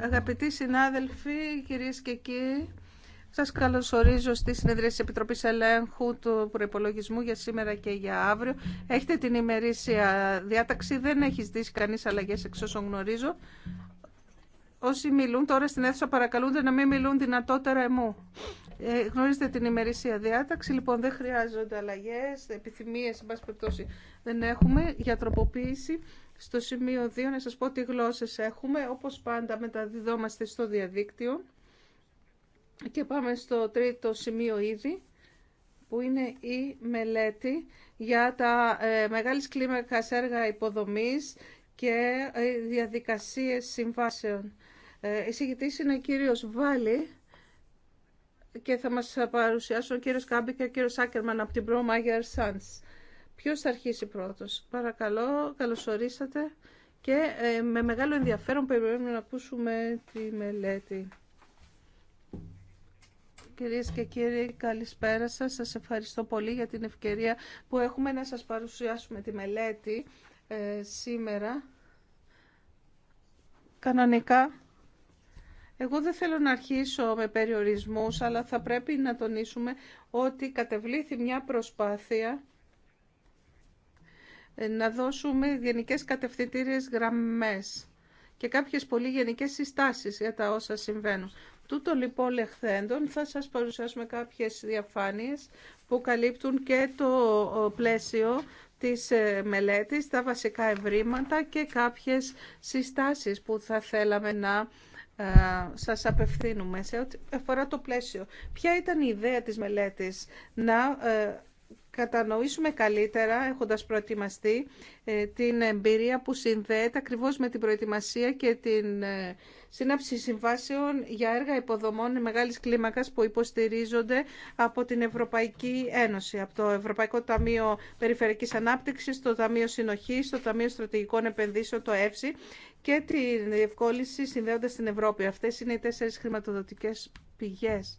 Αγαπητοί συνάδελφοι, κυρίε και κύριοι, σα καλωσορίζω στη συνεδρία τη Επιτροπή Ελέγχου του Προπολογισμού για σήμερα και για αύριο. Έχετε την ημερήσια διάταξη, δεν έχει δει κανεί αλλαγέ εξ όσων γνωρίζω. Όσοι μιλούν τώρα στην αίθουσα παρακαλούνται να μην μιλούν δυνατότερα εμού. Ε, γνωρίζετε την ημερήσια διάταξη, λοιπόν δεν χρειάζονται αλλαγέ, επιθυμίες, εν δεν έχουμε για τροποποίηση. Στο σημείο 2 να σα πω τι γλώσσε έχουμε, όπως πάντα μεταδιδόμαστε στο διαδίκτυο. Και πάμε στο τρίτο σημείο ήδη, που είναι η μελέτη για τα ε, μεγάλης κλίμακας έργα υποδομής και ε, διαδικασίες συμβάσεων. Ε, εισηγητής είναι ο κύριος Βάλλη και θα μας παρουσιάσουν ο κύριος Κάμπη και ο κύριος Άκερμαν από την Pro Mayer Sons. Ποιος θα αρχίσει πρώτος. Παρακαλώ, καλωσορίσατε και ε, με μεγάλο ενδιαφέρον περιμένουμε να ακούσουμε τη μελέτη. Κυρίες και κύριοι, καλησπέρα σας. Σας ευχαριστώ πολύ για την ευκαιρία που έχουμε να σας παρουσιάσουμε τη μελέτη ε, σήμερα. Κανονικά, εγώ δεν θέλω να αρχίσω με περιορισμούς, αλλά θα πρέπει να τονίσουμε ότι κατεβλήθη μια προσπάθεια να δώσουμε γενικές κατευθυντήριες γραμμές και κάποιες πολύ γενικές συστάσεις για τα όσα συμβαίνουν. Τούτο λοιπόν λεχθέντων θα σας παρουσιάσουμε κάποιες διαφάνειες που καλύπτουν και το πλαίσιο της ε, μελέτης, τα βασικά ευρήματα και κάποιες συστάσεις που θα θέλαμε να ε, σας απευθύνουμε σε ό,τι αφορά το πλαίσιο. Ποια ήταν η ιδέα της μελέτης να ε, κατανοήσουμε καλύτερα, έχοντας προετοιμαστεί, ε, την εμπειρία που συνδέεται ακριβώς με την προετοιμασία και την σύναψη συμβάσεων για έργα υποδομών μεγάλης κλίμακας που υποστηρίζονται από την Ευρωπαϊκή Ένωση, από το Ευρωπαϊκό Ταμείο Περιφερειακής Ανάπτυξης, το Ταμείο Συνοχής, το Ταμείο Στρατηγικών Επενδύσεων, το ΕΦΣΥ και την διευκόλυνση συνδέοντας την Ευρώπη. Αυτές είναι οι τέσσερις χρηματοδοτικές πηγές.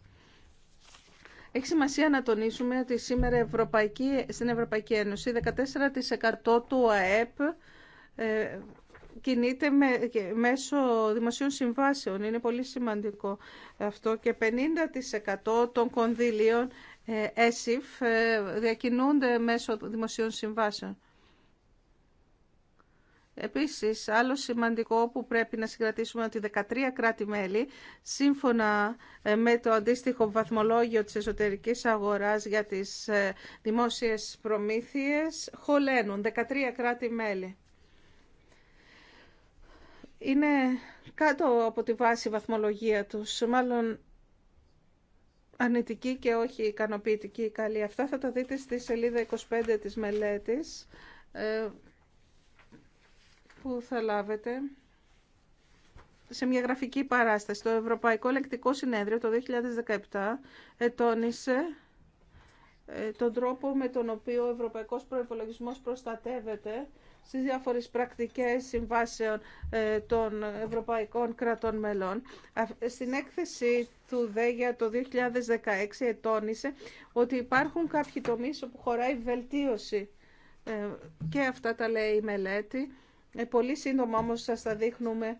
Έχει σημασία να τονίσουμε ότι σήμερα Ευρωπαϊκή, στην Ευρωπαϊκή Ένωση 14% του ΑΕΠ ε, κινείται μέσω δημοσίων συμβάσεων. Είναι πολύ σημαντικό αυτό και 50% των κονδυλίων ε, ΕΣΥΦ ε, διακινούνται μέσω δημοσίων συμβάσεων. Επίσης, άλλο σημαντικό που πρέπει να συγκρατήσουμε ότι 13 κράτη-μέλη, σύμφωνα ε, με το αντίστοιχο βαθμολόγιο της εσωτερικής αγοράς για τις ε, δημόσιες προμήθειες, χωλένουν 13 κράτη-μέλη. Είναι κάτω από τη βάση βαθμολογία τους, μάλλον αρνητική και όχι ικανοποιητική καλή. Αυτά θα τα δείτε στη σελίδα 25 της μελέτης ε, που θα λάβετε σε μια γραφική παράσταση. Το Ευρωπαϊκό Λεκτικό Συνέδριο το 2017 ετώνησε ε, τον τρόπο με τον οποίο ο Ευρωπαϊκός Προϋπολογισμός προστατεύεται στις διάφορες πρακτικές συμβάσεων ε, των ευρωπαϊκών κρατών μελών. Στην έκθεση του ΔΕΓΙΑ το 2016 ετώνησε ότι υπάρχουν κάποιοι τομείς όπου χωράει βελτίωση ε, και αυτά τα λέει η μελέτη ε, πολύ σύντομα όμως σας τα δείχνουμε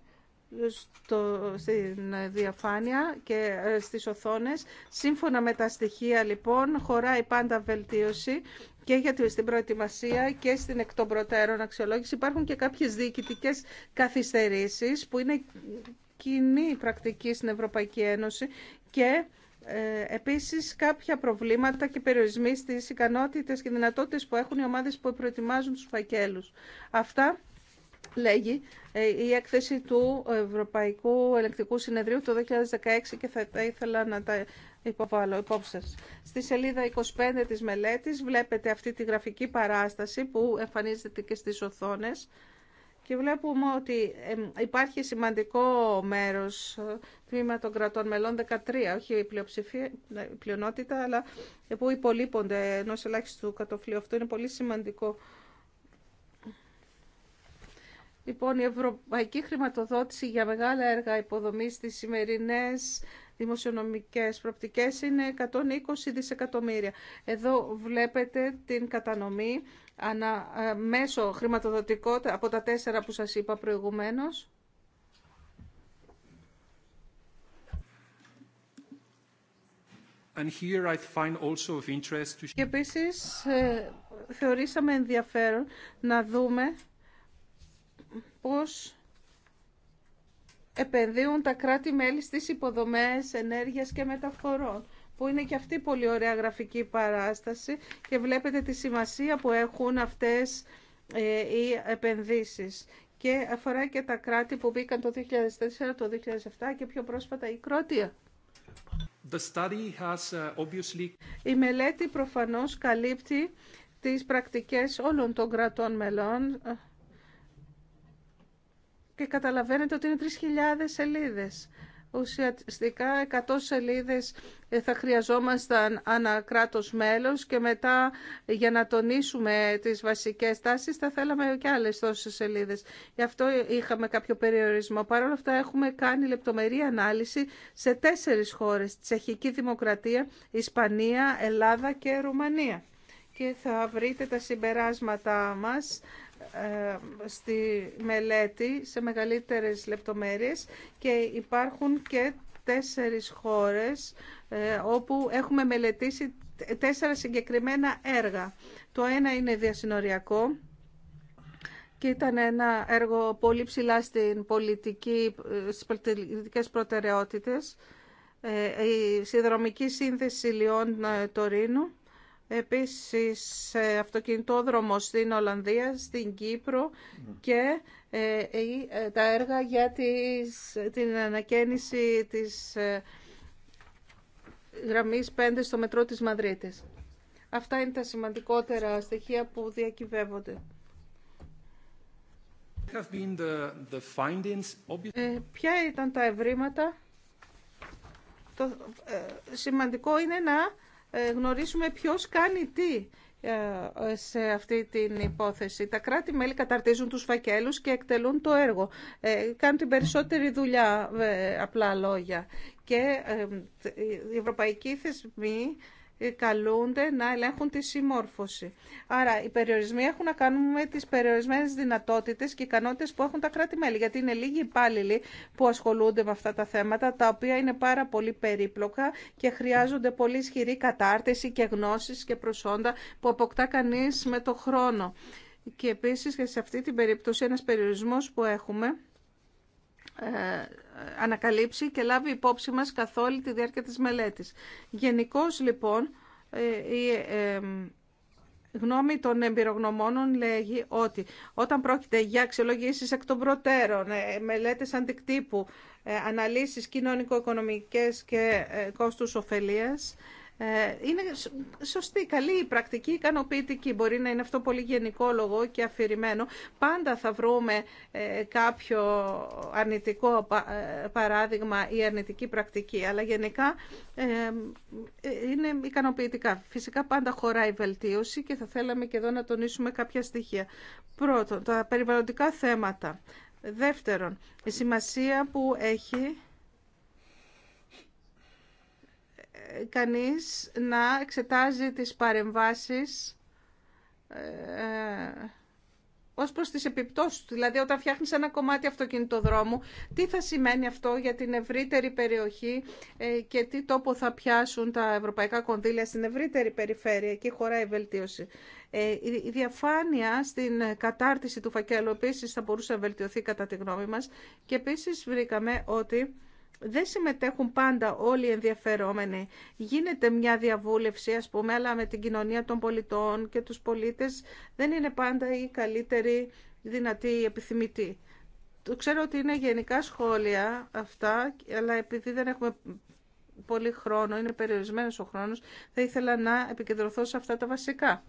στο, στην διαφάνεια και ε, στις οθόνες. Σύμφωνα με τα στοιχεία λοιπόν χωράει πάντα βελτίωση και για την προετοιμασία και στην εκ των προτέρων αξιολόγηση. Υπάρχουν και κάποιες διοικητικές καθυστερήσεις που είναι κοινή πρακτική στην Ευρωπαϊκή Ένωση και ε, επίσης κάποια προβλήματα και περιορισμοί στις ικανότητες και δυνατότητες που έχουν οι ομάδες που προετοιμάζουν τους φακέλους. Αυτά λέγει ε, η έκθεση του Ευρωπαϊκού Ελεκτικού Συνεδρίου το 2016 και θα ήθελα να τα υποβάλλω υπόψη σας. Στη σελίδα 25 της μελέτης βλέπετε αυτή τη γραφική παράσταση που εμφανίζεται και στις οθόνες και βλέπουμε ότι ε, υπάρχει σημαντικό μέρος ε, τμήμα των κρατών μελών 13, όχι η πλειονότητα, αλλά που υπολείπονται ενό ελάχιστου κατοφλίου. Αυτό είναι πολύ σημαντικό Λοιπόν, η ευρωπαϊκή χρηματοδότηση για μεγάλα έργα υποδομής στις σημερινές δημοσιονομικές προπτικές είναι 120 δισεκατομμύρια. Εδώ βλέπετε την κατανομή ανα, ε, μέσω χρηματοδοτικό από τα τέσσερα που σας είπα προηγουμένως. Και επίσης ε, θεωρήσαμε ενδιαφέρον να δούμε πώς επενδύουν τα κράτη-μέλη στις υποδομές ενέργειας και μεταφορών που είναι και αυτή πολύ ωραία γραφική παράσταση και βλέπετε τη σημασία που έχουν αυτές ε, οι επενδύσεις. Και αφορά και τα κράτη που μπήκαν το 2004, το 2007 και πιο πρόσφατα η Κρότια. The uh, Η μελέτη προφανώς καλύπτει τις πρακτικές όλων των κρατών μελών και καταλαβαίνετε ότι είναι 3.000 σελίδες. Ουσιαστικά 100 σελίδες θα χρειαζόμασταν ανά κράτος μέλος και μετά για να τονίσουμε τις βασικές τάσεις θα θέλαμε και άλλες τόσες σελίδες. Γι' αυτό είχαμε κάποιο περιορισμό. Παρ' όλα αυτά έχουμε κάνει λεπτομερή ανάλυση σε τέσσερις χώρες. Τσεχική Δημοκρατία, Ισπανία, Ελλάδα και Ρουμανία. Και θα βρείτε τα συμπεράσματα μας στη μελέτη σε μεγαλύτερες λεπτομέρειες και υπάρχουν και τέσσερις χώρες ε, όπου έχουμε μελετήσει τέσσερα συγκεκριμένα έργα. Το ένα είναι διασυνοριακό και ήταν ένα έργο πολύ ψηλά στην πολιτική, ε, στις πολιτικές προτεραιότητες. Ε, η συνδρομική σύνθεση Λιών Τωρίνου επίσης ε, αυτοκινητόδρομο στην Ολλανδία, στην Κύπρο και ε, ε, τα έργα για την ανακαίνιση της γραμμής 5 στο μετρό της Μαδρίτης. Αυτά είναι τα σημαντικότερα στοιχεία που διακυβεύονται. ποια ήταν τα ευρήματα. Το σημαντικό είναι να ε, γνωρίσουμε ποιος κάνει τι ε, σε αυτή την υπόθεση. Τα κράτη-μέλη καταρτίζουν τους φακέλους και εκτελούν το έργο. Ε, κάνουν την περισσότερη δουλειά, απλά λόγια. Και οι ευρωπαϊκοί θεσμοί ε, καλούνται να ελέγχουν τη συμμόρφωση. Άρα οι περιορισμοί έχουν να κάνουν με τις περιορισμένες δυνατότητες και ικανότητες που έχουν τα κράτη-μέλη, γιατί είναι λίγοι υπάλληλοι που ασχολούνται με αυτά τα θέματα, τα οποία είναι πάρα πολύ περίπλοκα και χρειάζονται πολύ ισχυρή κατάρτιση και γνώσει και προσόντα που αποκτά κανεί με το χρόνο. Και επίση, σε αυτή την περίπτωση ένα περιορισμό που έχουμε ε, ανακαλύψει και λάβει υπόψη μας καθ' όλη τη διάρκεια της μελέτης. Γενικώ λοιπόν ε, η ε, γνώμη των εμπειρογνωμόνων λέγει ότι όταν πρόκειται για αξιολογήσεις εκ των προτέρων, μελέτες αντικτύπου, αναλύσεις κοινωνικο-οικονομικές και κόστους ωφελίας, ε, είναι σωστή, καλή η πρακτική, ικανοποιητική. Μπορεί να είναι αυτό πολύ γενικό λόγο και αφηρημένο. Πάντα θα βρούμε ε, κάποιο αρνητικό ε, παράδειγμα ή αρνητική πρακτική, αλλά γενικά είναι ικανοποιητικά. Φυσικά πάντα χωράει βελτίωση και θα θέλαμε και εδώ να τονίσουμε κάποια στοιχεία. Πρώτον, τα περιβαλλοντικά θέματα. Δεύτερον, η σημασία που έχει κανείς να εξετάζει τις παρεμβάσεις ε, ως προς τις επιπτώσεις του. Δηλαδή όταν φτιάχνεις ένα κομμάτι αυτοκινητοδρόμου, τι θα σημαίνει αυτό για την ευρύτερη περιοχή ε, και τι τόπο θα πιάσουν τα ευρωπαϊκά κονδύλια στην ευρύτερη περιφέρεια και χωράει η βελτίωση. Ε, η διαφάνεια στην κατάρτιση του φακέλου επίση θα μπορούσε να βελτιωθεί κατά τη γνώμη μας και επίσης βρήκαμε ότι δεν συμμετέχουν πάντα όλοι οι ενδιαφερόμενοι. Γίνεται μια διαβούλευση, ας πούμε, αλλά με την κοινωνία των πολιτών και τους πολίτες δεν είναι πάντα η καλύτερη δυνατή επιθυμητή. Το ξέρω ότι είναι γενικά σχόλια αυτά, αλλά επειδή δεν έχουμε πολύ χρόνο, είναι περιορισμένος ο χρόνος, θα ήθελα να επικεντρωθώ σε αυτά τα βασικά.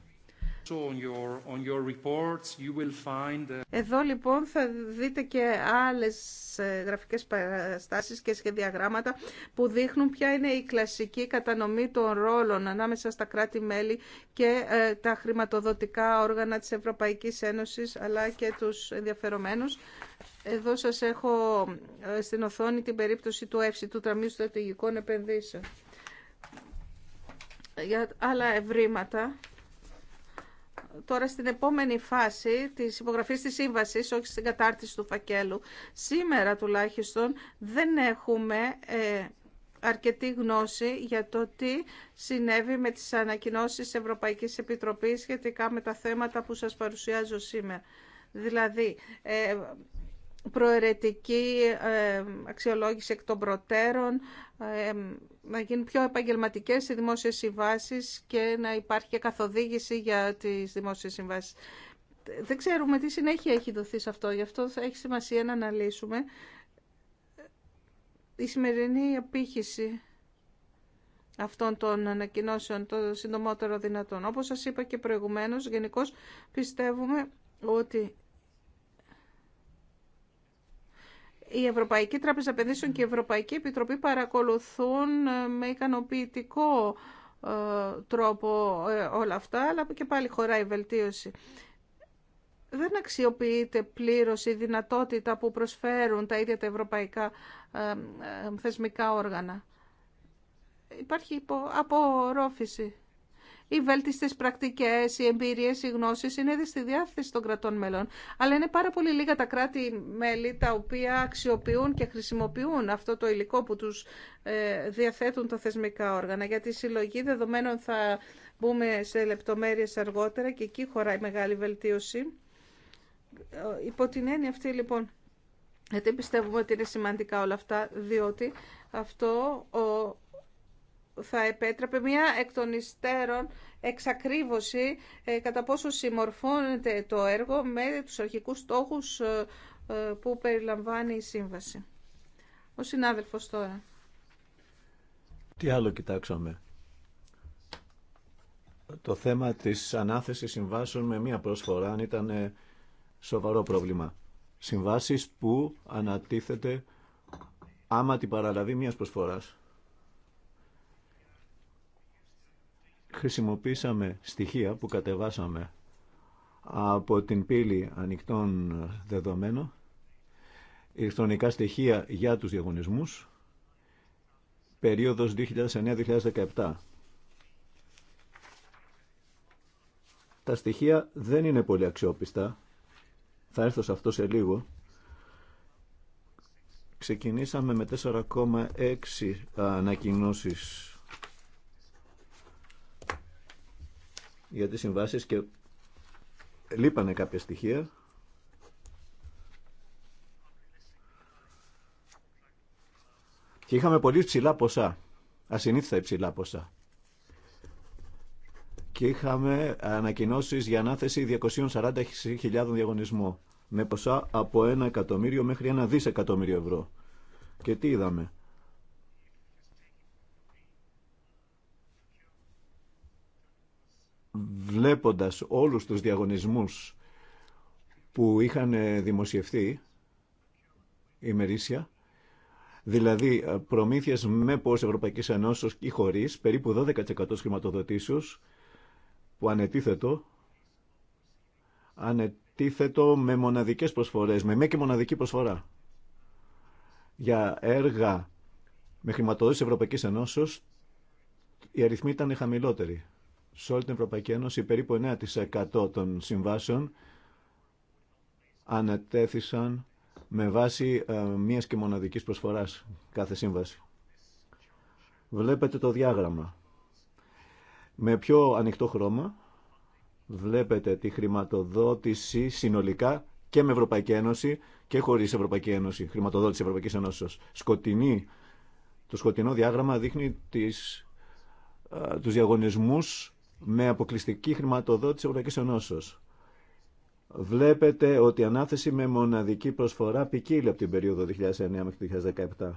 Εδώ λοιπόν θα δείτε και άλλες ε, γραφικές παραστάσεις και σχεδιαγράμματα που δείχνουν ποια είναι η κλασική κατανομή των ρόλων ανάμεσα στα κράτη-μέλη και ε, τα χρηματοδοτικά όργανα της Ευρωπαϊκής Ένωσης αλλά και τους ενδιαφερομένους. Εδώ σας έχω ε, στην οθόνη την περίπτωση του ΕΦΣΙ, του τραμίου Στρατηγικών Επενδύσεων. Για άλλα ευρήματα τώρα στην επόμενη φάση της υπογραφής της σύμβασης, όχι στην κατάρτιση του φακέλου. Σήμερα τουλάχιστον δεν έχουμε ε, αρκετή γνώση για το τι συνέβη με τις ανακοινώσεις της Ευρωπαϊκής Επιτροπής σχετικά με τα θέματα που σας παρουσιάζω σήμερα. Δηλαδή, ε, προαιρετική ε, αξιολόγηση εκ των προτέρων, ε, να γίνουν πιο επαγγελματικές οι δημόσιες συμβάσεις και να υπάρχει καθοδήγηση για τις δημόσιες συμβάσεις. Δεν ξέρουμε τι συνέχεια έχει δοθεί σε αυτό, γι' αυτό θα έχει σημασία να αναλύσουμε η σημερινή απήχηση αυτών των ανακοινώσεων των συντομότερο δυνατών. Όπως σας είπα και προηγουμένως, γενικώ πιστεύουμε ότι η Ευρωπαϊκή Τράπεζα Επενδύσεων και η Ευρωπαϊκή Επιτροπή παρακολουθούν ε, με ικανοποιητικό ε, τρόπο ε, όλα αυτά, αλλά και πάλι χωράει βελτίωση. Δεν αξιοποιείται πλήρως η δυνατότητα που προσφέρουν τα ίδια τα ευρωπαϊκά θεσμικά όργανα. Υπάρχει απορρόφηση οι βέλτιστες πρακτικές, οι εμπειρίε, οι γνώσει είναι στη διάθεση των κρατών μελών. Αλλά είναι πάρα πολύ λίγα τα κράτη-μέλη τα οποία αξιοποιούν και χρησιμοποιούν αυτό το υλικό που τους ε, διαθέτουν τα θεσμικά όργανα. Για τη συλλογή δεδομένων θα μπούμε σε λεπτομέρειες αργότερα και εκεί χωράει μεγάλη βελτίωση. Υπό την έννοια αυτή λοιπόν, γιατί πιστεύουμε ότι είναι σημαντικά όλα αυτά, διότι αυτό θα επέτρεπε μια εκ των υστέρων εξακρίβωση ε, κατά πόσο συμμορφώνεται το έργο με τους αρχικούς στόχους ε, ε, που περιλαμβάνει η σύμβαση. Ο συνάδελφος τώρα. Τι άλλο κοιτάξαμε. Το θέμα της ανάθεσης συμβάσεων με μία προσφορά ήταν σοβαρό πρόβλημα. Συμβάσεις που ανατίθεται άμα την παραλαβή μίας προσφοράς. χρησιμοποίησαμε στοιχεία που κατεβάσαμε από την πύλη ανοιχτών δεδομένων, ηλεκτρονικά στοιχεία για τους διαγωνισμούς, περίοδος 2009-2017. Τα στοιχεία δεν είναι πολύ αξιόπιστα. Θα έρθω σε αυτό σε λίγο. Ξεκινήσαμε με 4,6 ανακοινώσεις για τις συμβάσεις και λείπανε κάποια στοιχεία. Και είχαμε πολύ ψηλά ποσά, ασυνήθιστα υψηλά ποσά. Και είχαμε ανακοινώσεις για ανάθεση 240.000 διαγωνισμού με ποσά από 1 εκατομμύριο μέχρι ένα δισεκατομμύριο ευρώ. Και τι είδαμε. βλέποντας όλους τους διαγωνισμούς που είχαν δημοσιευθεί ημερήσια, δηλαδή προμήθειες με πώς Ευρωπαϊκής Ενώσεως ή χωρίς, περίπου 12% χρηματοδοτήσεως, που ανετίθετο, ανετίθετο με μοναδικές προσφορές, με μια και μοναδική προσφορά. Για έργα με χρηματοδότηση Ευρωπαϊκής Ενώσεως, οι αριθμοί ήταν χαμηλότεροι σε όλη την Ευρωπαϊκή Ένωση περίπου 9% των συμβάσεων ανατέθησαν με βάση ε, μίας και μοναδικής προσφοράς κάθε σύμβαση. Βλέπετε το διάγραμμα. Με πιο ανοιχτό χρώμα βλέπετε τη χρηματοδότηση συνολικά και με Ευρωπαϊκή Ένωση και χωρίς Ευρωπαϊκή Ένωση, χρηματοδότηση Ευρωπαϊκής Ένωσης. Σκοτεινή, το σκοτεινό διάγραμμα δείχνει τις, ε, τους διαγωνισμούς με αποκλειστική χρηματοδότηση Ευρωπαϊκή Ενώσεω. Βλέπετε ότι η ανάθεση με μοναδική προσφορά ποικίλει από την περίοδο 2009 μέχρι το 2017.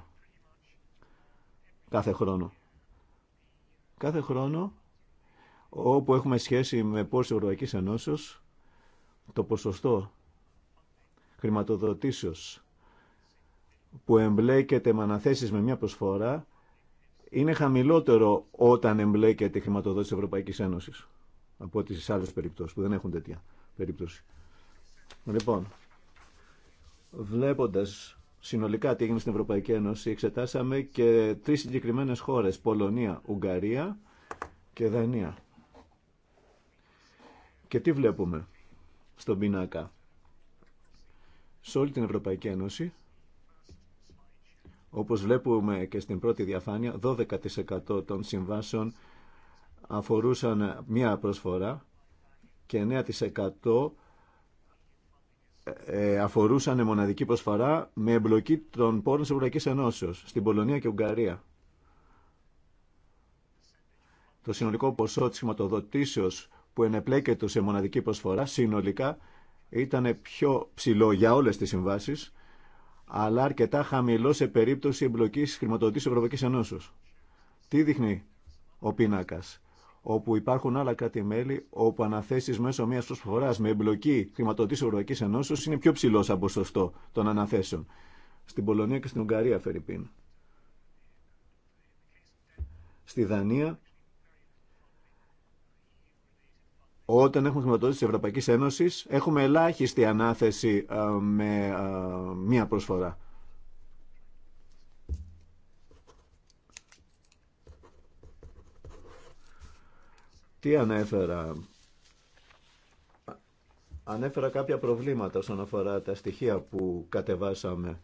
Κάθε χρόνο. Κάθε χρόνο όπου έχουμε σχέση με πόρους Ευρωπαϊκής Ενώσεως, το ποσοστό χρηματοδοτήσεως που εμπλέκεται με αναθέσεις με μια προσφορά είναι χαμηλότερο όταν εμπλέκεται η χρηματοδότηση της Ευρωπαϊκής Ένωσης από ό,τι στις άλλες περιπτώσεις που δεν έχουν τέτοια περίπτωση. Λοιπόν, βλέποντας συνολικά τι έγινε στην Ευρωπαϊκή Ένωση, εξετάσαμε και τρεις συγκεκριμένες χώρες, Πολωνία, Ουγγαρία και Δανία. Και τι βλέπουμε στον πίνακα. Σε όλη την Ευρωπαϊκή Ένωση όπως βλέπουμε και στην πρώτη διαφάνεια, 12% των συμβάσεων αφορούσαν μία προσφορά και 9% ε, αφορούσαν μοναδική προσφορά με εμπλοκή των πόρων της Ευρωπαϊκής Ενώσεως στην Πολωνία και Ουγγαρία. Το συνολικό ποσό της χρηματοδοτήσεως που ενεπλέκεται σε μοναδική προσφορά συνολικά ήταν πιο ψηλό για όλες τις συμβάσεις αλλά αρκετά χαμηλό σε περίπτωση εμπλοκή χρηματοδοτή Ευρωπαϊκή Ενώσεω. Τι δείχνει ο πίνακα, όπου υπάρχουν άλλα κράτη-μέλη όπου αναθέσει μέσω μια προσφορά με εμπλοκή χρηματοδοτή Ευρωπαϊκή Ενώσεω είναι πιο ψηλό από ποσοστό των αναθέσεων. Στην Πολωνία και στην Ουγγαρία, πίνα. Στη Δανία Όταν έχουμε χρηματοδότηση τη ευρωπαϊκή Ένωση έχουμε ελάχιστη ανάθεση ε, με ε, μία προσφορά. Τι ανέφερα. Ανέφερα κάποια προβλήματα όσον αφορά τα στοιχεία που κατεβάσαμε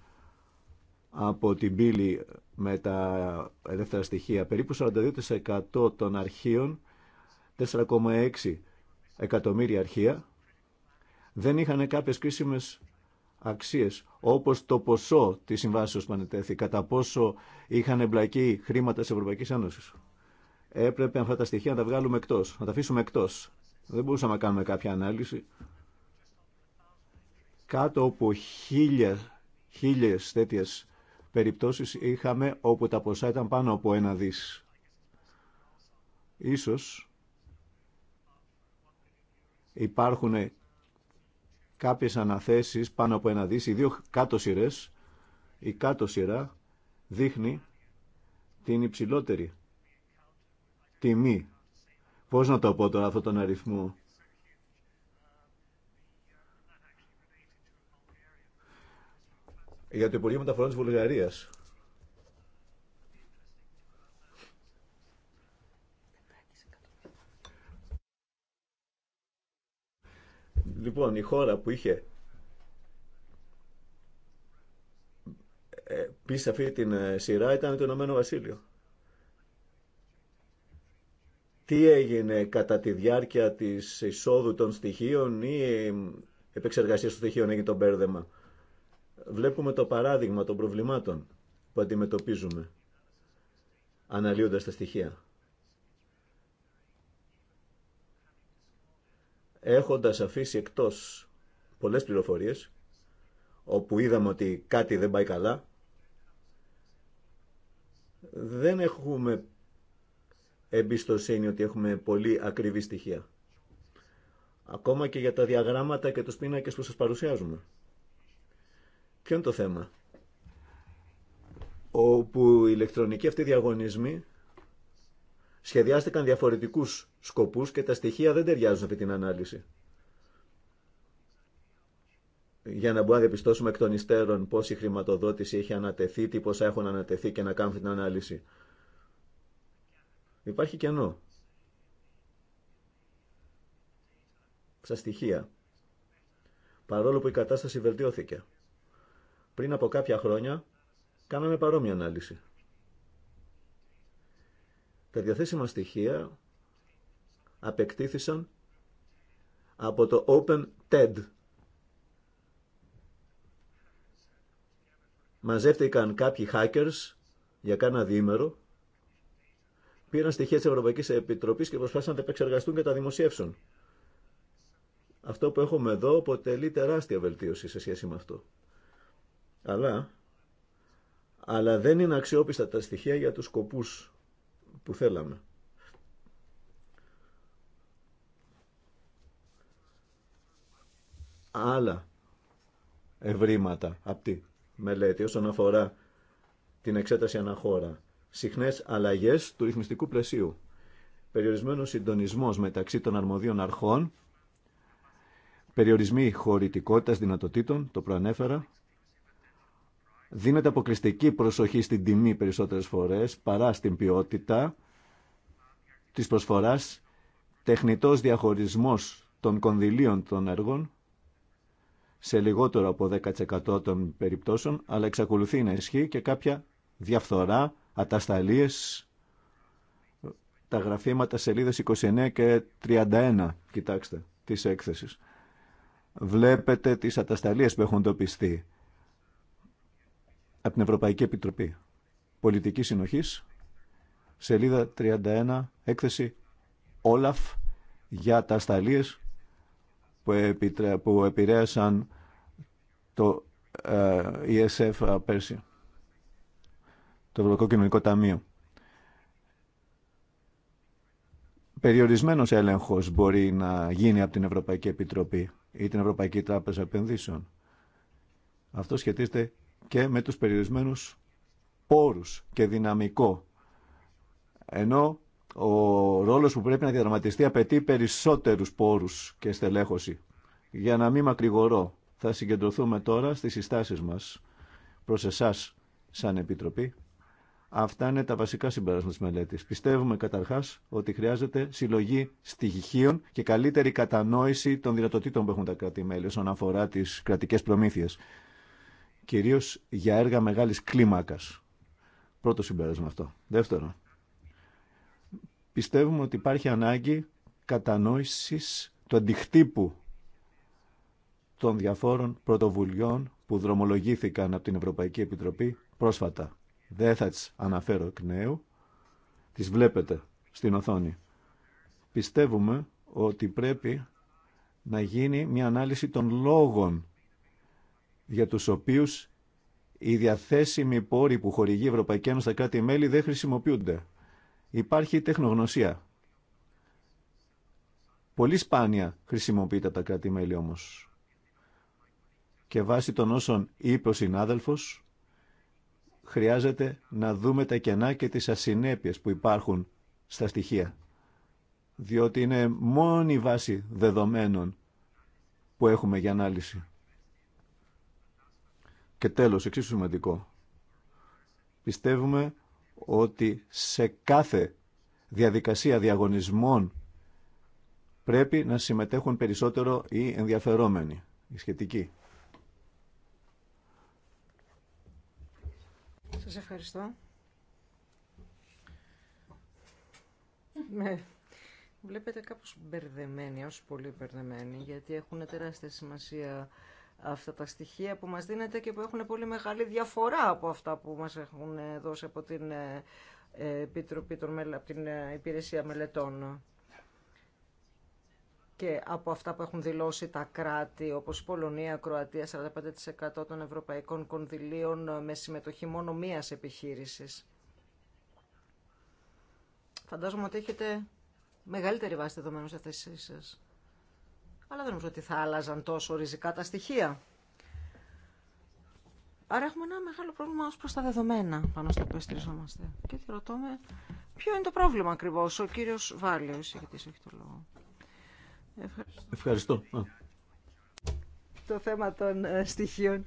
από την πύλη με τα ελεύθερα στοιχεία. Περίπου 42% των αρχείων, 4,6 εκατομμύρια αρχεία δεν είχαν κάποιες κρίσιμες αξίες, όπως το ποσό της συμβάσεως που ανετέθη, κατά πόσο είχαν εμπλακεί χρήματα της Ευρωπαϊκής Ένωση. Έπρεπε αυτά τα στοιχεία να τα βγάλουμε εκτός, να τα αφήσουμε εκτός. Δεν μπορούσαμε να κάνουμε κάποια ανάλυση. Κάτω από χίλια, χίλιες τέτοιες περιπτώσεις είχαμε όπου τα ποσά ήταν πάνω από ένα δις. Ίσως Υπάρχουν κάποιες αναθέσεις πάνω από ένα δις, οι δύο κάτω σειρές, η κάτω σειρά δείχνει την υψηλότερη τιμή. Πώς να το πω τώρα αυτόν τον αριθμό. Για το Υπουργείο Μεταφορών της Βουλγαρίας. Λοιπόν, η χώρα που είχε ε, πει αυτή την ε, σειρά ήταν το Ηνωμένο Βασίλειο. Τι έγινε κατά τη διάρκεια της εισόδου των στοιχείων ή ε, επεξεργασίας των στοιχείων έγινε το μπέρδεμα. Βλέπουμε το παράδειγμα των προβλημάτων που αντιμετωπίζουμε αναλύοντας τα στοιχεία. έχοντας αφήσει εκτός πολλές πληροφορίες, όπου είδαμε ότι κάτι δεν πάει καλά, δεν έχουμε εμπιστοσύνη ότι έχουμε πολύ ακριβή στοιχεία. Ακόμα και για τα διαγράμματα και τους πίνακες που σας παρουσιάζουμε. Ποιο είναι το θέμα. Όπου η ηλεκτρονική αυτή διαγωνισμοί σχεδιάστηκαν διαφορετικούς σκοπούς και τα στοιχεία δεν ταιριάζουν αυτή την ανάλυση. Για να μπορούμε να διαπιστώσουμε εκ των υστέρων πώς η χρηματοδότηση έχει ανατεθεί, τι ποσά έχουν ανατεθεί και να κάνουμε την ανάλυση. Υπάρχει κενό. Στα στοιχεία. Παρόλο που η κατάσταση βελτιώθηκε. Πριν από κάποια χρόνια κάναμε παρόμοια ανάλυση. Τα διαθέσιμα στοιχεία απεκτήθησαν από το Open TED. Μαζεύτηκαν κάποιοι hackers για κάνα διήμερο, πήραν στοιχεία της Ευρωπαϊκής Επιτροπής και προσπάθησαν να τα επεξεργαστούν και τα δημοσιεύσουν. Αυτό που έχουμε εδώ αποτελεί τεράστια βελτίωση σε σχέση με αυτό. Αλλά, αλλά δεν είναι αξιόπιστα τα στοιχεία για τους σκοπούς που θέλαμε. Άλλα ευρήματα από τη μελέτη όσον αφορά την εξέταση αναχώρα. Συχνές αλλαγές του ρυθμιστικού πλαισίου. Περιορισμένος συντονισμός μεταξύ των αρμοδίων αρχών. Περιορισμοί χωρητικότητας δυνατοτήτων, το προανέφερα δίνεται αποκλειστική προσοχή στην τιμή περισσότερες φορές παρά στην ποιότητα της προσφοράς, τεχνητός διαχωρισμός των κονδυλίων των έργων σε λιγότερο από 10% των περιπτώσεων, αλλά εξακολουθεί να ισχύει και κάποια διαφθορά, ατασταλίες, τα γραφήματα σελίδες 29 και 31, κοιτάξτε, της έκθεσης. Βλέπετε τις ατασταλίες που έχουν τοπιστεί από την Ευρωπαϊκή Επιτροπή Πολιτικής Συνοχής, σελίδα 31, έκθεση Όλαφ για τα σταλίες που, που επηρέασαν το ε, ESF πέρσι, το Ευρωπαϊκό Κοινωνικό Ταμείο. Περιορισμένος έλεγχος μπορεί να γίνει από την Ευρωπαϊκή Επιτροπή ή την Ευρωπαϊκή Τράπεζα Επενδύσεων. Αυτό σχετίζεται και με τους περιορισμένους πόρους και δυναμικό. Ενώ ο ρόλος που πρέπει να διαδραματιστεί απαιτεί περισσότερους πόρους και στελέχωση. Για να μην μακρηγορώ, θα συγκεντρωθούμε τώρα στις συστάσεις μας προς εσάς σαν Επιτροπή. Αυτά είναι τα βασικά συμπεράσματα της μελέτης. Πιστεύουμε καταρχάς ότι χρειάζεται συλλογή στοιχείων και καλύτερη κατανόηση των δυνατοτήτων που έχουν τα κράτη-μέλη όσον αφορά τις κρατικές προμήθειες κυρίως για έργα μεγάλης κλίμακας. Πρώτο συμπέρασμα αυτό. Δεύτερο, πιστεύουμε ότι υπάρχει ανάγκη κατανόηση του αντιχτύπου των διαφόρων πρωτοβουλειών που δρομολογήθηκαν από την Ευρωπαϊκή Επιτροπή πρόσφατα. Δεν θα τις αναφέρω εκ νέου, τις βλέπετε στην οθόνη. Πιστεύουμε ότι πρέπει να γίνει μια ανάλυση των λόγων για τους οποίους οι διαθέσιμοι πόροι που χορηγεί η Ευρωπαϊκή Ένωση στα κράτη-μέλη δεν χρησιμοποιούνται. Υπάρχει τεχνογνωσία. Πολύ σπάνια χρησιμοποιείται τα κράτη-μέλη όμως. Και βάσει των όσων είπε ο συνάδελφος, χρειάζεται να δούμε τα κενά και τις ασυνέπειες που υπάρχουν στα στοιχεία. Διότι είναι μόνη βάση δεδομένων που έχουμε για ανάλυση. Και τέλος, εξίσου σημαντικό. Πιστεύουμε ότι σε κάθε διαδικασία διαγωνισμών πρέπει να συμμετέχουν περισσότερο οι ενδιαφερόμενοι, οι σχετικοί. Σας ευχαριστώ. βλέπετε κάπως μπερδεμένοι, όσο πολύ μπερδεμένοι, γιατί έχουν τεράστια σημασία αυτά τα στοιχεία που μας δίνεται και που έχουν πολύ μεγάλη διαφορά από αυτά που μας έχουν δώσει από την, ε, Επιτροπή των, από την ε, Υπηρεσία Μελετών και από αυτά που έχουν δηλώσει τα κράτη, όπως Πολωνία, Κροατία, 45% των ευρωπαϊκών κονδυλίων ε, με συμμετοχή μόνο μίας επιχείρησης. Φαντάζομαι ότι έχετε μεγαλύτερη βάση δεδομένων σε θέση σας αλλά δεν νομίζω ότι θα άλλαζαν τόσο ριζικά τα στοιχεία. Άρα έχουμε ένα μεγάλο πρόβλημα ως προς τα δεδομένα πάνω στο οποίο στηριζόμαστε. Και τη ρωτώ με ποιο είναι το πρόβλημα ακριβώς. Ο κύριος Βάλιος, γιατί έχει το λόγο. Ευχαριστώ. Ευχαριστώ. Το θέμα των ε, στοιχείων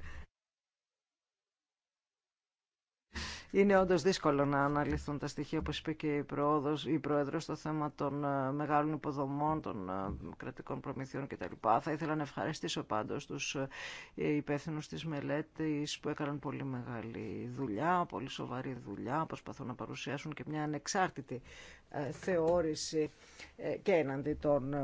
Είναι όντω δύσκολο να αναλυθούν τα στοιχεία, όπω είπε και η, Πρόεδρο, στο θέμα των ε, μεγάλων υποδομών, των ε, κρατικών προμηθειών κτλ. Θα ήθελα να ευχαριστήσω πάντω του ε, υπεύθυνου τη μελέτη που έκαναν πολύ μεγάλη δουλειά, πολύ σοβαρή δουλειά. Προσπαθούν να παρουσιάσουν και μια ανεξάρτητη θεώρηση και έναντι των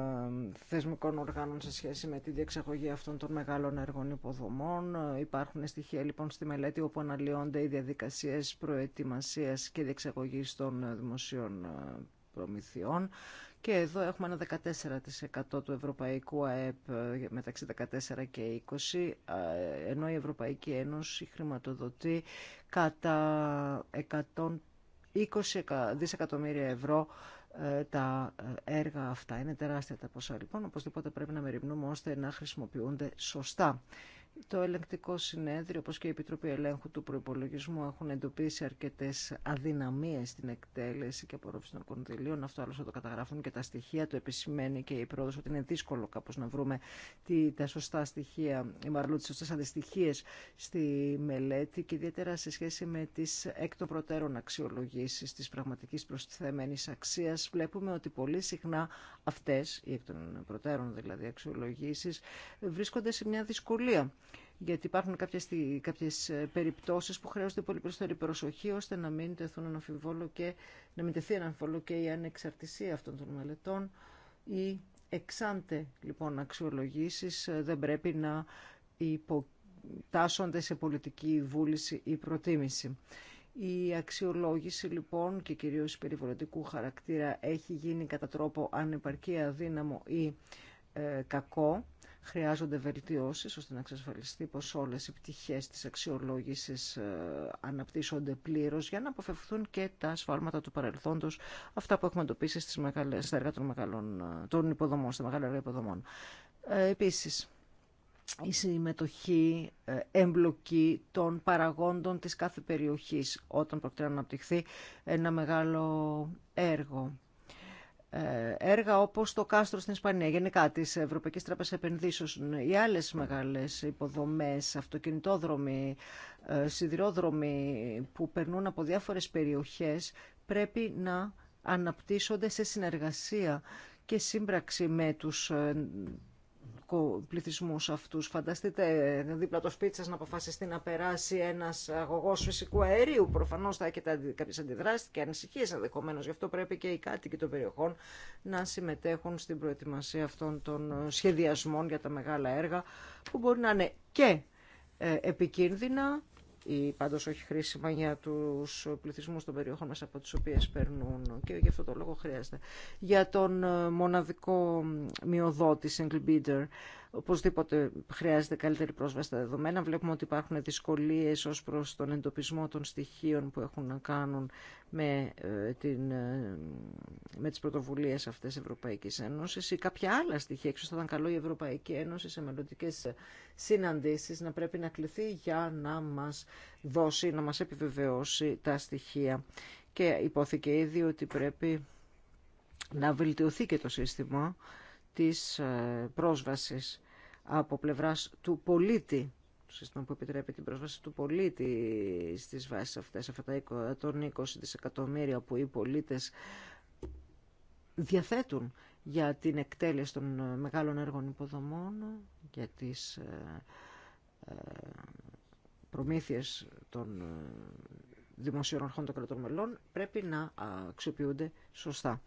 θεσμικών οργάνων σε σχέση με τη διεξαγωγή αυτών των μεγάλων έργων υποδομών. Υπάρχουν στοιχεία λοιπόν στη μελέτη όπου αναλύονται οι διαδικασίε προετοιμασίας και διεξαγωγής των δημοσίων ε, προμηθειών. Και εδώ έχουμε ένα 14% του ευρωπαϊκού ΑΕΠ ε, μεταξύ 14 και 20, ε, ενώ η Ευρωπαϊκή Ένωση χρηματοδοτεί κατά 120 δισεκατομμύρια ευρώ τα έργα αυτά. Είναι τεράστια τα ποσά λοιπόν, οπωσδήποτε πρέπει να μεριμνούμε ώστε να χρησιμοποιούνται σωστά το ελεγκτικό συνέδριο, όπως και η Επιτροπή Ελέγχου του Προϋπολογισμού, έχουν εντοπίσει αρκετές αδυναμίες στην εκτέλεση και απορρόφηση των κονδυλίων. Αυτό άλλωστε το καταγράφουν και τα στοιχεία. Το επισημαίνει και η πρόοδος ότι είναι δύσκολο κάπως να βρούμε τι, τα σωστά στοιχεία, ή μαρλού τις σωστές αντιστοιχίες στη μελέτη και ιδιαίτερα σε σχέση με τις εκ των προτέρων αξιολογήσεις της πραγματικής προστιθέμενης αξίας. Βλέπουμε ότι πολύ συχνά αυτές, οι εκ των προτέρων δηλαδή αξιολογήσεις, βρίσκονται σε μια δυσκολία γιατί υπάρχουν κάποιες, κάποιες ε, περιπτώσεις που χρειάζονται πολύ περισσότερη προσοχή ώστε να μην, τεθούν και, να μην τεθεί και η ανεξαρτησία αυτών των μελετών. Οι εξάντε λοιπόν αξιολογήσεις ε, δεν πρέπει να υποτάσσονται σε πολιτική βούληση ή προτίμηση. Η αξιολόγηση λοιπόν και κυρίως περιβολητικού χαρακτήρα έχει γίνει κατά τρόπο ανεπαρκή, αδύναμο ή ε, κακό χρειάζονται βελτιώσεις ώστε να εξασφαλιστεί πως όλες οι πτυχές της αξιολόγησης ε, αναπτύσσονται πλήρως για να αποφευθούν και τα σφάλματα του παρελθόντος, αυτά που έχουμε εντοπίσει στις μεγάλες, στα έργα των, μεγαλών, ε, των υποδομών, στα μεγάλα έργα υποδομών. Ε, επίσης, η συμμετοχή, εμπλοκή των παραγόντων της κάθε περιοχής όταν πρόκειται να αναπτυχθεί ένα μεγάλο έργο ε, έργα όπως το κάστρο στην Ισπανία, γενικά της Ευρωπαϊκής Τράπεζας Επενδύσεων, οι άλλες μεγάλες υποδομές, αυτοκινητόδρομοι, ε, σιδηρόδρομοι που περνούν από διάφορες περιοχές πρέπει να αναπτύσσονται σε συνεργασία και σύμπραξη με τους ε, πληθυσμούς αυτούς. Φανταστείτε δίπλα το σπίτι σα να αποφασιστεί να περάσει ένα αγωγό φυσικού αερίου. Προφανώς θα έχετε κάποιε αντιδράσει και ανησυχίε ενδεχομένω. Γι' αυτό πρέπει και οι κάτοικοι των περιοχών να συμμετέχουν στην προετοιμασία αυτών των σχεδιασμών για τα μεγάλα έργα που μπορεί να είναι και ε, επικίνδυνα ή πάντως όχι χρήσιμα για τους πληθυσμούς των περιοχών μας από τις οποίες περνούν και γι' αυτό το λόγο χρειάζεται. Για τον ε, μοναδικό μειοδότη, single bidder, Οπωσδήποτε χρειάζεται καλύτερη πρόσβαση στα δεδομένα. Βλέπουμε ότι υπάρχουν δυσκολίες ως προς τον εντοπισμό των στοιχείων που έχουν να κάνουν με, ε, την, ε, με τις πρωτοβουλίες αυτές Ευρωπαϊκής Ένωσης ή κάποια άλλα στοιχεία. Έξω θα ήταν καλό η Ευρωπαϊκή Ένωση σε μελλοντικέ συναντήσεις να πρέπει να κληθεί για να μας δώσει, να μας επιβεβαιώσει τα στοιχεία. Και υπόθηκε ήδη ότι πρέπει να βελτιωθεί και το σύστημα της ε, πρόσβασης από πλευράς του πολίτη το σύστημα που επιτρέπει την πρόσβαση του πολίτη στις βάσεις αυτές, αυτά τα 20 δισεκατομμύρια που οι πολίτες διαθέτουν για την εκτέλεση των ε, μεγάλων έργων υποδομών, για τις ε, προμήθειες των δημοσίων αρχών των κρατών μελών, πρέπει να αξιοποιούνται σωστά.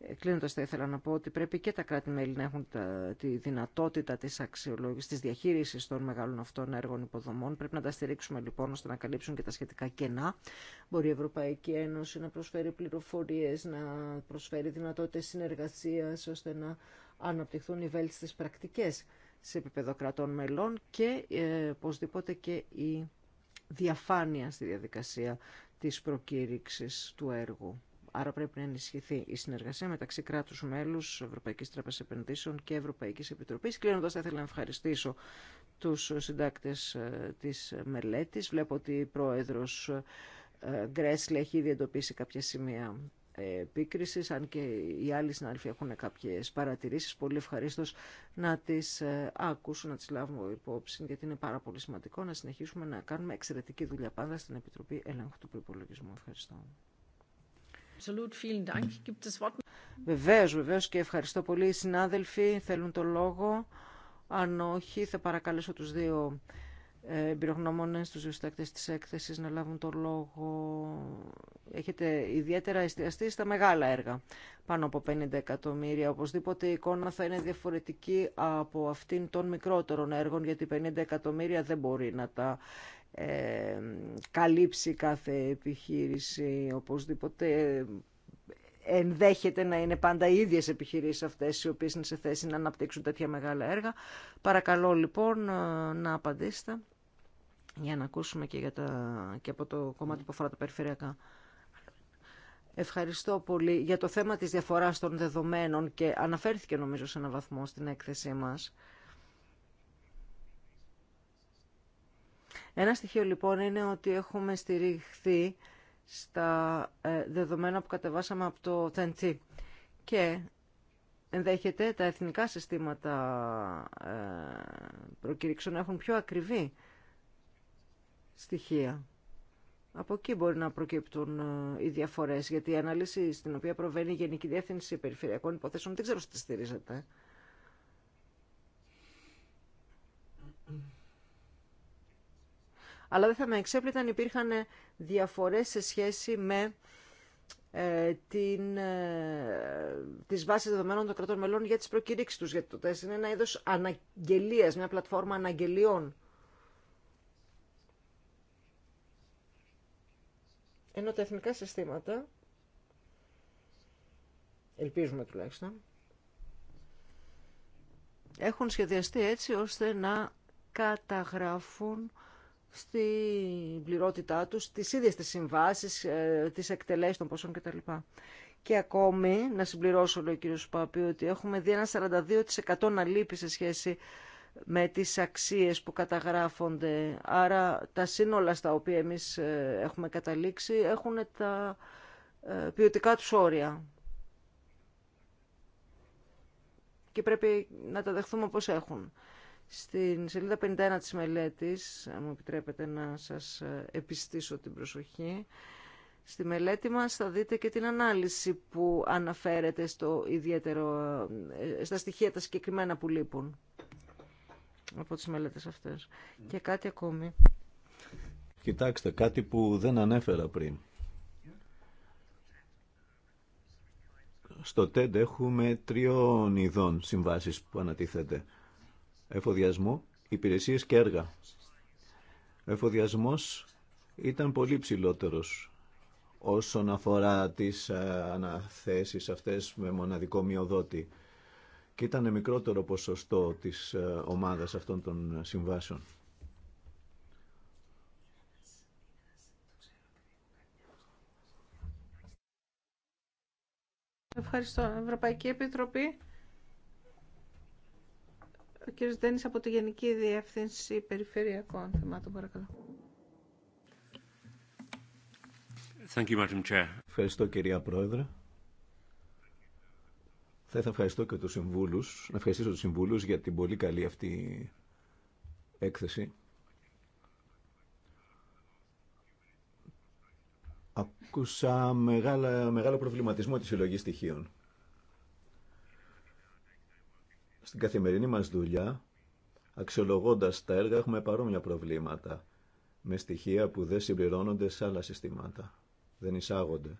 Ε, Κλείνοντα, θα ήθελα να πω ότι πρέπει και τα κράτη-μέλη να έχουν τη δυνατότητα τη αξιολόγηση, τη διαχείριση των μεγάλων αυτών έργων υποδομών. Πρέπει να τα στηρίξουμε λοιπόν ώστε να καλύψουν και τα σχετικά κενά. Μπορεί η Ευρωπαϊκή Ένωση να προσφέρει πληροφορίε, να προσφέρει δυνατότητε συνεργασία, ώστε να αναπτυχθούν οι βέλτιστε πρακτικέ σε επίπεδο κρατών μελών και ε, οπωσδήποτε και η διαφάνεια στη διαδικασία της προκήρυξης του έργου. Άρα πρέπει να ενισχυθεί η συνεργασία μεταξύ κράτου κράτους-μέλους, Ευρωπαϊκής Τράπεζας Επενδύσεων και Ευρωπαϊκής Επιτροπής. Κλείνοντας, θα ήθελα να ευχαριστήσω τους συντάκτες ε, της μελέτης. Βλέπω ότι η πρόεδρος ε, Γκρέσλε έχει ήδη εντοπίσει κάποια σημεία ε, επίκριση, αν και οι άλλοι συνάδελφοι έχουν κάποιε παρατηρήσει. Πολύ ευχαρίστω να τι ακούσουν, να τι λάβουμε υπόψη, γιατί είναι πάρα πολύ σημαντικό να συνεχίσουμε να κάνουμε εξαιρετική δουλειά πάντα στην Επιτροπή Ελέγχου του Προπολογισμού. Ευχαριστώ. Βεβαίως, βεβαίως και ευχαριστώ πολύ οι συνάδελφοι, θέλουν το λόγο. Αν όχι, θα παρακαλέσω τους δύο ε, εμπειρογνώμονες, τους δύο συντάκτες της έκθεσης να λάβουν το λόγο. Έχετε ιδιαίτερα εστιαστεί στα μεγάλα έργα, πάνω από 50 εκατομμύρια. Οπωσδήποτε η εικόνα θα είναι διαφορετική από αυτήν των μικρότερων έργων, γιατί 50 εκατομμύρια δεν μπορεί να τα ε, καλύψει κάθε επιχείρηση οπωσδήποτε ενδέχεται να είναι πάντα οι ίδιες επιχειρήσεις αυτές οι οποίες είναι σε θέση να αναπτύξουν τέτοια μεγάλα έργα. Παρακαλώ λοιπόν ε, να απαντήσετε για να ακούσουμε και, για τα, και από το κομμάτι που αφορά τα περιφερειακά. Ευχαριστώ πολύ για το θέμα της διαφοράς των δεδομένων και αναφέρθηκε νομίζω σε έναν βαθμό στην έκθεσή μας. Ένα στοιχείο λοιπόν είναι ότι έχουμε στηριχθεί στα ε, δεδομένα που κατεβάσαμε από το TNT και ενδέχεται τα εθνικά συστήματα ε, προκηρύξεων να έχουν πιο ακριβή στοιχεία. Από εκεί μπορεί να προκύπτουν ε, οι διαφορές, Γιατί η ανάλυση στην οποία προβαίνει η Γενική Διεύθυνση Περιφερειακών Υποθέσεων δεν ξέρω τι στηρίζεται. αλλά δεν θα με εξέπλητα αν υπήρχαν διαφορές σε σχέση με ε, την, ε, τις βάσεις δεδομένων των κρατών μελών για τις προκηρύξεις τους, γιατί το τεστ είναι ένα είδος αναγγελίας, μια πλατφόρμα αναγγελιών. Ενώ τα εθνικά συστήματα, ελπίζουμε τουλάχιστον, έχουν σχεδιαστεί έτσι ώστε να καταγράφουν στην πληρότητά τους, τις ίδιες τις συμβάσεις, ε, τις εκτελέσεις των ποσών κτλ. Και ακόμη, να συμπληρώσω, λέει ο κύριος Παπή, ότι έχουμε δει ένα 42% να λείπει σε σχέση με τις αξίες που καταγράφονται. Άρα τα σύνολα στα οποία εμείς ε, έχουμε καταλήξει έχουν τα ε, ποιοτικά τους όρια. Και πρέπει να τα δεχθούμε όπως έχουν. Στην σελίδα 51 της μελέτης, αν μου επιτρέπετε να σας ε, επιστήσω την προσοχή, στη μελέτη μας θα δείτε και την ανάλυση που αναφέρεται στο ιδιαίτερο, ε, στα στοιχεία τα συγκεκριμένα που λείπουν από τις μελέτες αυτές. Ναι. Και κάτι ακόμη. Κοιτάξτε, κάτι που δεν ανέφερα πριν. Στο TED έχουμε τριών ειδών συμβάσεις που ανατίθεται εφοδιασμό, υπηρεσίες και έργα. Ο εφοδιασμός ήταν πολύ ψηλότερος όσον αφορά τις ε, αναθέσεις αυτές με μοναδικό μειοδότη και ήταν μικρότερο ποσοστό της ε, ομάδας αυτών των συμβάσεων. Ευχαριστώ. Ευρωπαϊκή Επιτροπή. Ο κύριο Δένης από τη Γενική Διεύθυνση Περιφερειακών Θεμάτων, παρακαλώ. Thank you, Madam Chair. Ευχαριστώ, κυρία Πρόεδρε. Θα ήθελα ευχαριστώ και τους συμβούλους, να ευχαριστήσω τους συμβούλους για την πολύ καλή αυτή έκθεση. Ακούσα μεγάλο προβληματισμό της συλλογής στοιχείων. Στην καθημερινή μας δουλειά, αξιολογώντας τα έργα, έχουμε παρόμοια προβλήματα με στοιχεία που δεν συμπληρώνονται σε άλλα συστήματα, δεν εισάγονται.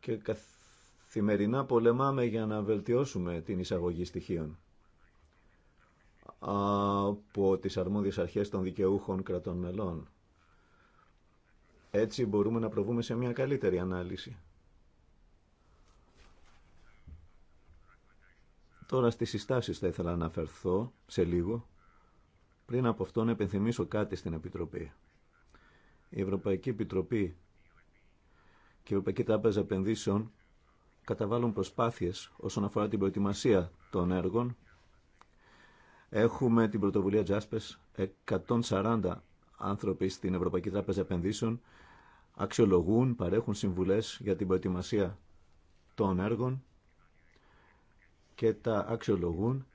Και καθημερινά πολεμάμε για να βελτιώσουμε την εισαγωγή στοιχείων από τις αρμόδιες αρχές των δικαιούχων κρατών μελών. Έτσι μπορούμε να προβούμε σε μια καλύτερη ανάλυση. Τώρα στις συστάσεις θα ήθελα να αναφερθώ σε λίγο. Πριν από αυτό να επενθυμίσω κάτι στην Επιτροπή. Η Ευρωπαϊκή Επιτροπή και η Ευρωπαϊκή Τράπεζα Επενδύσεων καταβάλουν προσπάθειες όσον αφορά την προετοιμασία των έργων. Έχουμε την πρωτοβουλία Jaspers, 140 άνθρωποι στην Ευρωπαϊκή Τράπεζα Επενδύσεων αξιολογούν, παρέχουν συμβουλές για την προετοιμασία των έργων και τα αξιολογούν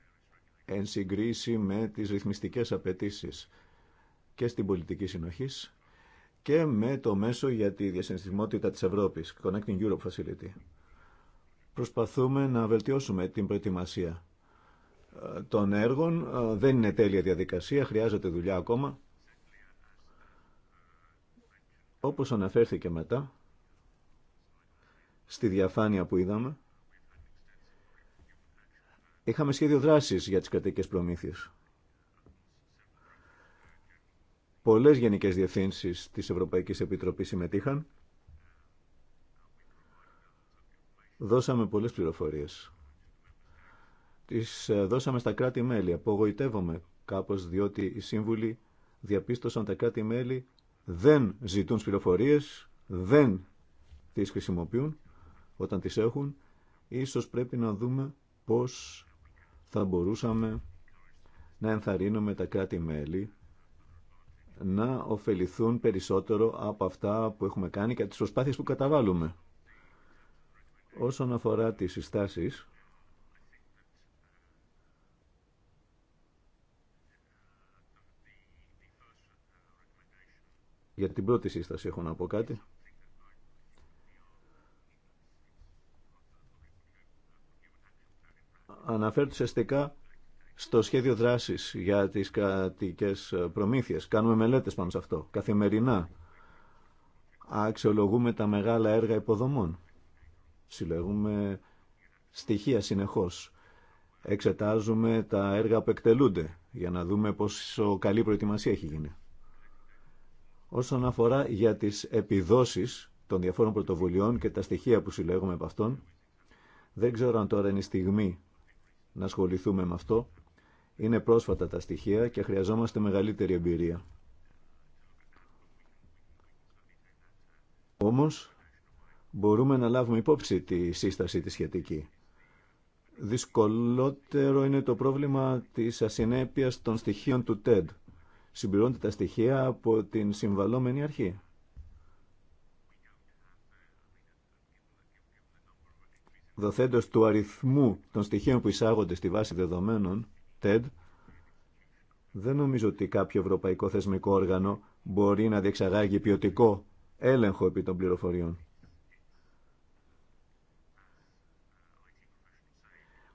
εν συγκρίση με τις ρυθμιστικές απαιτήσεις και στην πολιτική συνοχής και με το μέσο για τη διασυνστημότητα της Ευρώπης, Connecting Europe Facility. Προσπαθούμε να βελτιώσουμε την προετοιμασία ε, των έργων. Ε, δεν είναι τέλεια διαδικασία, χρειάζεται δουλειά ακόμα. Όπως αναφέρθηκε μετά, στη διαφάνεια που είδαμε, Είχαμε σχέδιο δράσης για τις κρατικές προμήθειες. Πολλές γενικές διευθύνσεις της Ευρωπαϊκής Επιτροπής συμμετείχαν. Δώσαμε πολλές πληροφορίες. Τις ε, δώσαμε στα κράτη-μέλη. Απογοητεύομαι κάπως διότι οι σύμβουλοι διαπίστωσαν τα κράτη-μέλη δεν ζητούν πληροφορίες, δεν τις χρησιμοποιούν όταν τις έχουν. Ίσως πρέπει να δούμε πώς θα μπορούσαμε να ενθαρρύνουμε τα κράτη-μέλη να ωφεληθούν περισσότερο από αυτά που έχουμε κάνει και τις προσπάθειες που καταβάλουμε. Όσον αφορά τις συστάσεις, για την πρώτη σύσταση έχω να πω κάτι. αναφέρει ουσιαστικά στο σχέδιο δράσης για τις κρατικέ προμήθειες. Κάνουμε μελέτες πάνω σε αυτό. Καθημερινά αξιολογούμε τα μεγάλα έργα υποδομών. Συλλέγουμε στοιχεία συνεχώς. Εξετάζουμε τα έργα που εκτελούνται για να δούμε πόσο καλή προετοιμασία έχει γίνει. Όσον αφορά για τις επιδόσεις των διαφόρων πρωτοβουλειών και τα στοιχεία που συλλέγουμε από αυτών, δεν ξέρω αν τώρα είναι η στιγμή να ασχοληθούμε με αυτό. Είναι πρόσφατα τα στοιχεία και χρειαζόμαστε μεγαλύτερη εμπειρία. Όμως, μπορούμε να λάβουμε υπόψη τη σύσταση τη σχετική. Δυσκολότερο είναι το πρόβλημα της ασυνέπειας των στοιχείων του TED. Συμπληρώνται τα στοιχεία από την συμβαλόμενη αρχή. δοθέντος του αριθμού των στοιχείων που εισάγονται στη βάση δεδομένων, TED, δεν νομίζω ότι κάποιο ευρωπαϊκό θεσμικό όργανο μπορεί να διεξαγάγει ποιοτικό έλεγχο επί των πληροφοριών.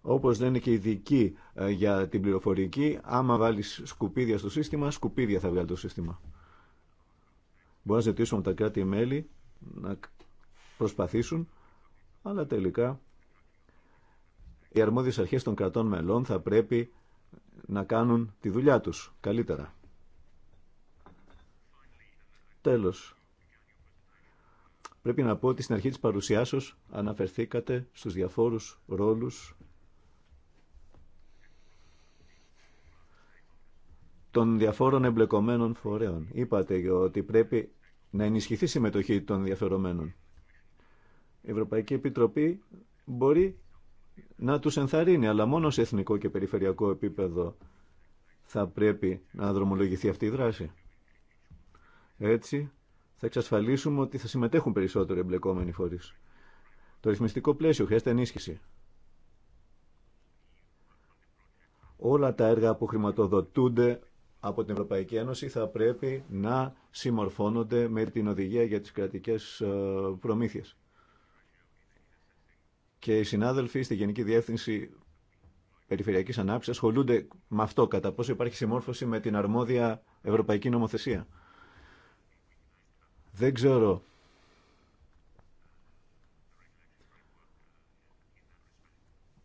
Όπως λένε και και ειδικοί ε, για την πληροφορική, άμα βάλεις σκουπίδια στο σύστημα, σκουπίδια θα βγάλει το σύστημα. Μπορεί να ζητήσουμε τα κράτη-μέλη να προσπαθήσουν, αλλά τελικά οι αρμόδιες αρχές των κρατών μελών θα πρέπει να κάνουν τη δουλειά τους καλύτερα. Τέλος. Πρέπει να πω ότι στην αρχή της παρουσιάσεως αναφερθήκατε στους διαφόρους ρόλους των διαφόρων εμπλεκομένων φορέων. Είπατε ότι πρέπει να ενισχυθεί η συμμετοχή των ενδιαφερομένων. Η Ευρωπαϊκή Επιτροπή μπορεί να τους ενθαρρύνει, αλλά μόνο σε εθνικό και περιφερειακό επίπεδο θα πρέπει να δρομολογηθεί αυτή η δράση. Έτσι θα εξασφαλίσουμε ότι θα συμμετέχουν περισσότερο εμπλεκόμενοι φορείς. Το ρυθμιστικό πλαίσιο χρειάζεται ενίσχυση. Όλα τα έργα που χρηματοδοτούνται από την Ευρωπαϊκή Ένωση θα πρέπει να συμμορφώνονται με την οδηγία για τις κρατικές ε, προμήθειες και οι συνάδελφοι στη Γενική Διεύθυνση Περιφερειακής Ανάπτυξης ασχολούνται με αυτό, κατά πόσο υπάρχει συμμόρφωση με την αρμόδια ευρωπαϊκή νομοθεσία. Δεν ξέρω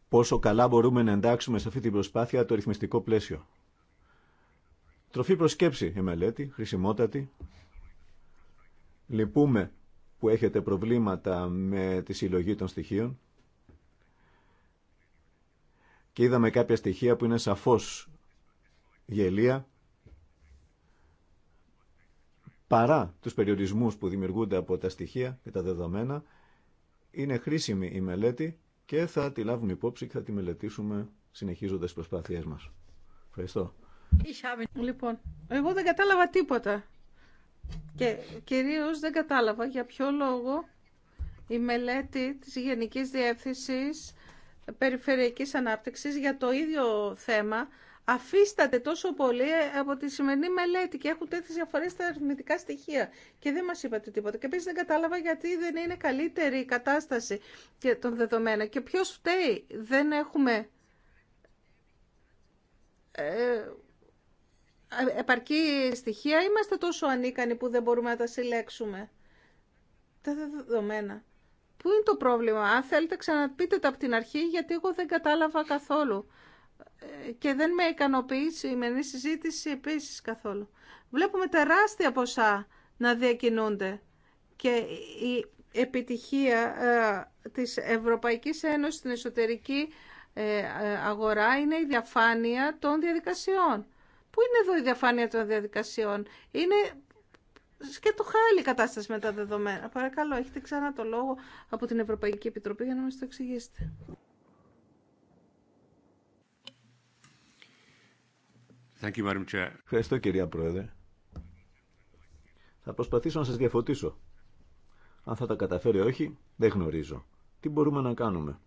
πόσο καλά μπορούμε να εντάξουμε σε αυτή την προσπάθεια το ρυθμιστικό πλαίσιο. Τροφή προσκέψη η μελέτη, χρησιμότατη. Λυπούμε που έχετε προβλήματα με τη συλλογή των στοιχείων και είδαμε κάποια στοιχεία που είναι σαφώς γελία παρά τους περιορισμούς που δημιουργούνται από τα στοιχεία και τα δεδομένα είναι χρήσιμη η μελέτη και θα τη λάβουμε υπόψη και θα τη μελετήσουμε συνεχίζοντας τις προσπάθειές μας. Ευχαριστώ. Λοιπόν, εγώ δεν κατάλαβα τίποτα και κυρίως δεν κατάλαβα για ποιο λόγο η μελέτη της Γενικής Διεύθυνσης περιφερειακής ανάπτυξης για το ίδιο θέμα αφίσταται τόσο πολύ από τη σημερινή μελέτη και έχουν τέτοιες διαφορές στα αριθμητικά στοιχεία και δεν μας είπατε τίποτα. Και επίσης δεν κατάλαβα γιατί δεν είναι καλύτερη η κατάσταση των δεδομένων και ποιος φταίει. Δεν έχουμε ε, επαρκή στοιχεία, είμαστε τόσο ανίκανοι που δεν μπορούμε να τα συλλέξουμε. Τα δεδομένα. Πού είναι το πρόβλημα. Αν θέλετε ξαναπείτε τα από την αρχή γιατί εγώ δεν κατάλαβα καθόλου. Ε, και δεν με ικανοποιεί η σημερινή συζήτηση επίσης καθόλου. Βλέπουμε τεράστια ποσά να διακινούνται και η επιτυχία ε, της Ευρωπαϊκής Ένωσης στην εσωτερική ε, αγορά είναι η διαφάνεια των διαδικασιών. Πού είναι εδώ η διαφάνεια των διαδικασιών. Είναι σκέτο χάλι κατάσταση με τα δεδομένα. Παρακαλώ, έχετε ξανά το λόγο από την Ευρωπαϊκή Επιτροπή για να μας το εξηγήσετε. Thank you, Madam Chair. Ευχαριστώ κυρία Πρόεδρε. Θα προσπαθήσω να σας διαφωτίσω. Αν θα τα καταφέρει όχι, δεν γνωρίζω. Τι μπορούμε να κάνουμε.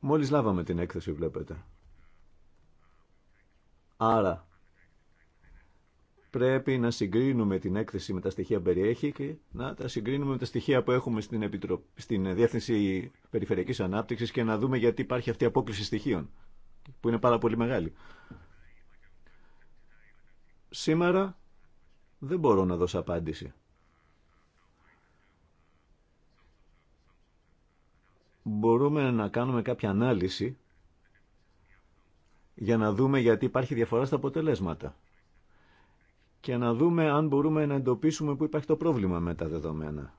Μόλις λάβαμε την έκθεση βλέπετε. Άρα πρέπει να συγκρίνουμε την έκθεση με τα στοιχεία που περιέχει και να τα συγκρίνουμε με τα στοιχεία που έχουμε στην, στην Διεύθυνση Περιφερειακής Ανάπτυξης και να δούμε γιατί υπάρχει αυτή η απόκληση στοιχείων, που είναι πάρα πολύ μεγάλη. Σήμερα δεν μπορώ να δώσω απάντηση. Μπορούμε να κάνουμε κάποια ανάλυση για να δούμε γιατί υπάρχει διαφορά στα αποτελέσματα και να δούμε αν μπορούμε να εντοπίσουμε που υπάρχει το πρόβλημα με τα δεδομένα.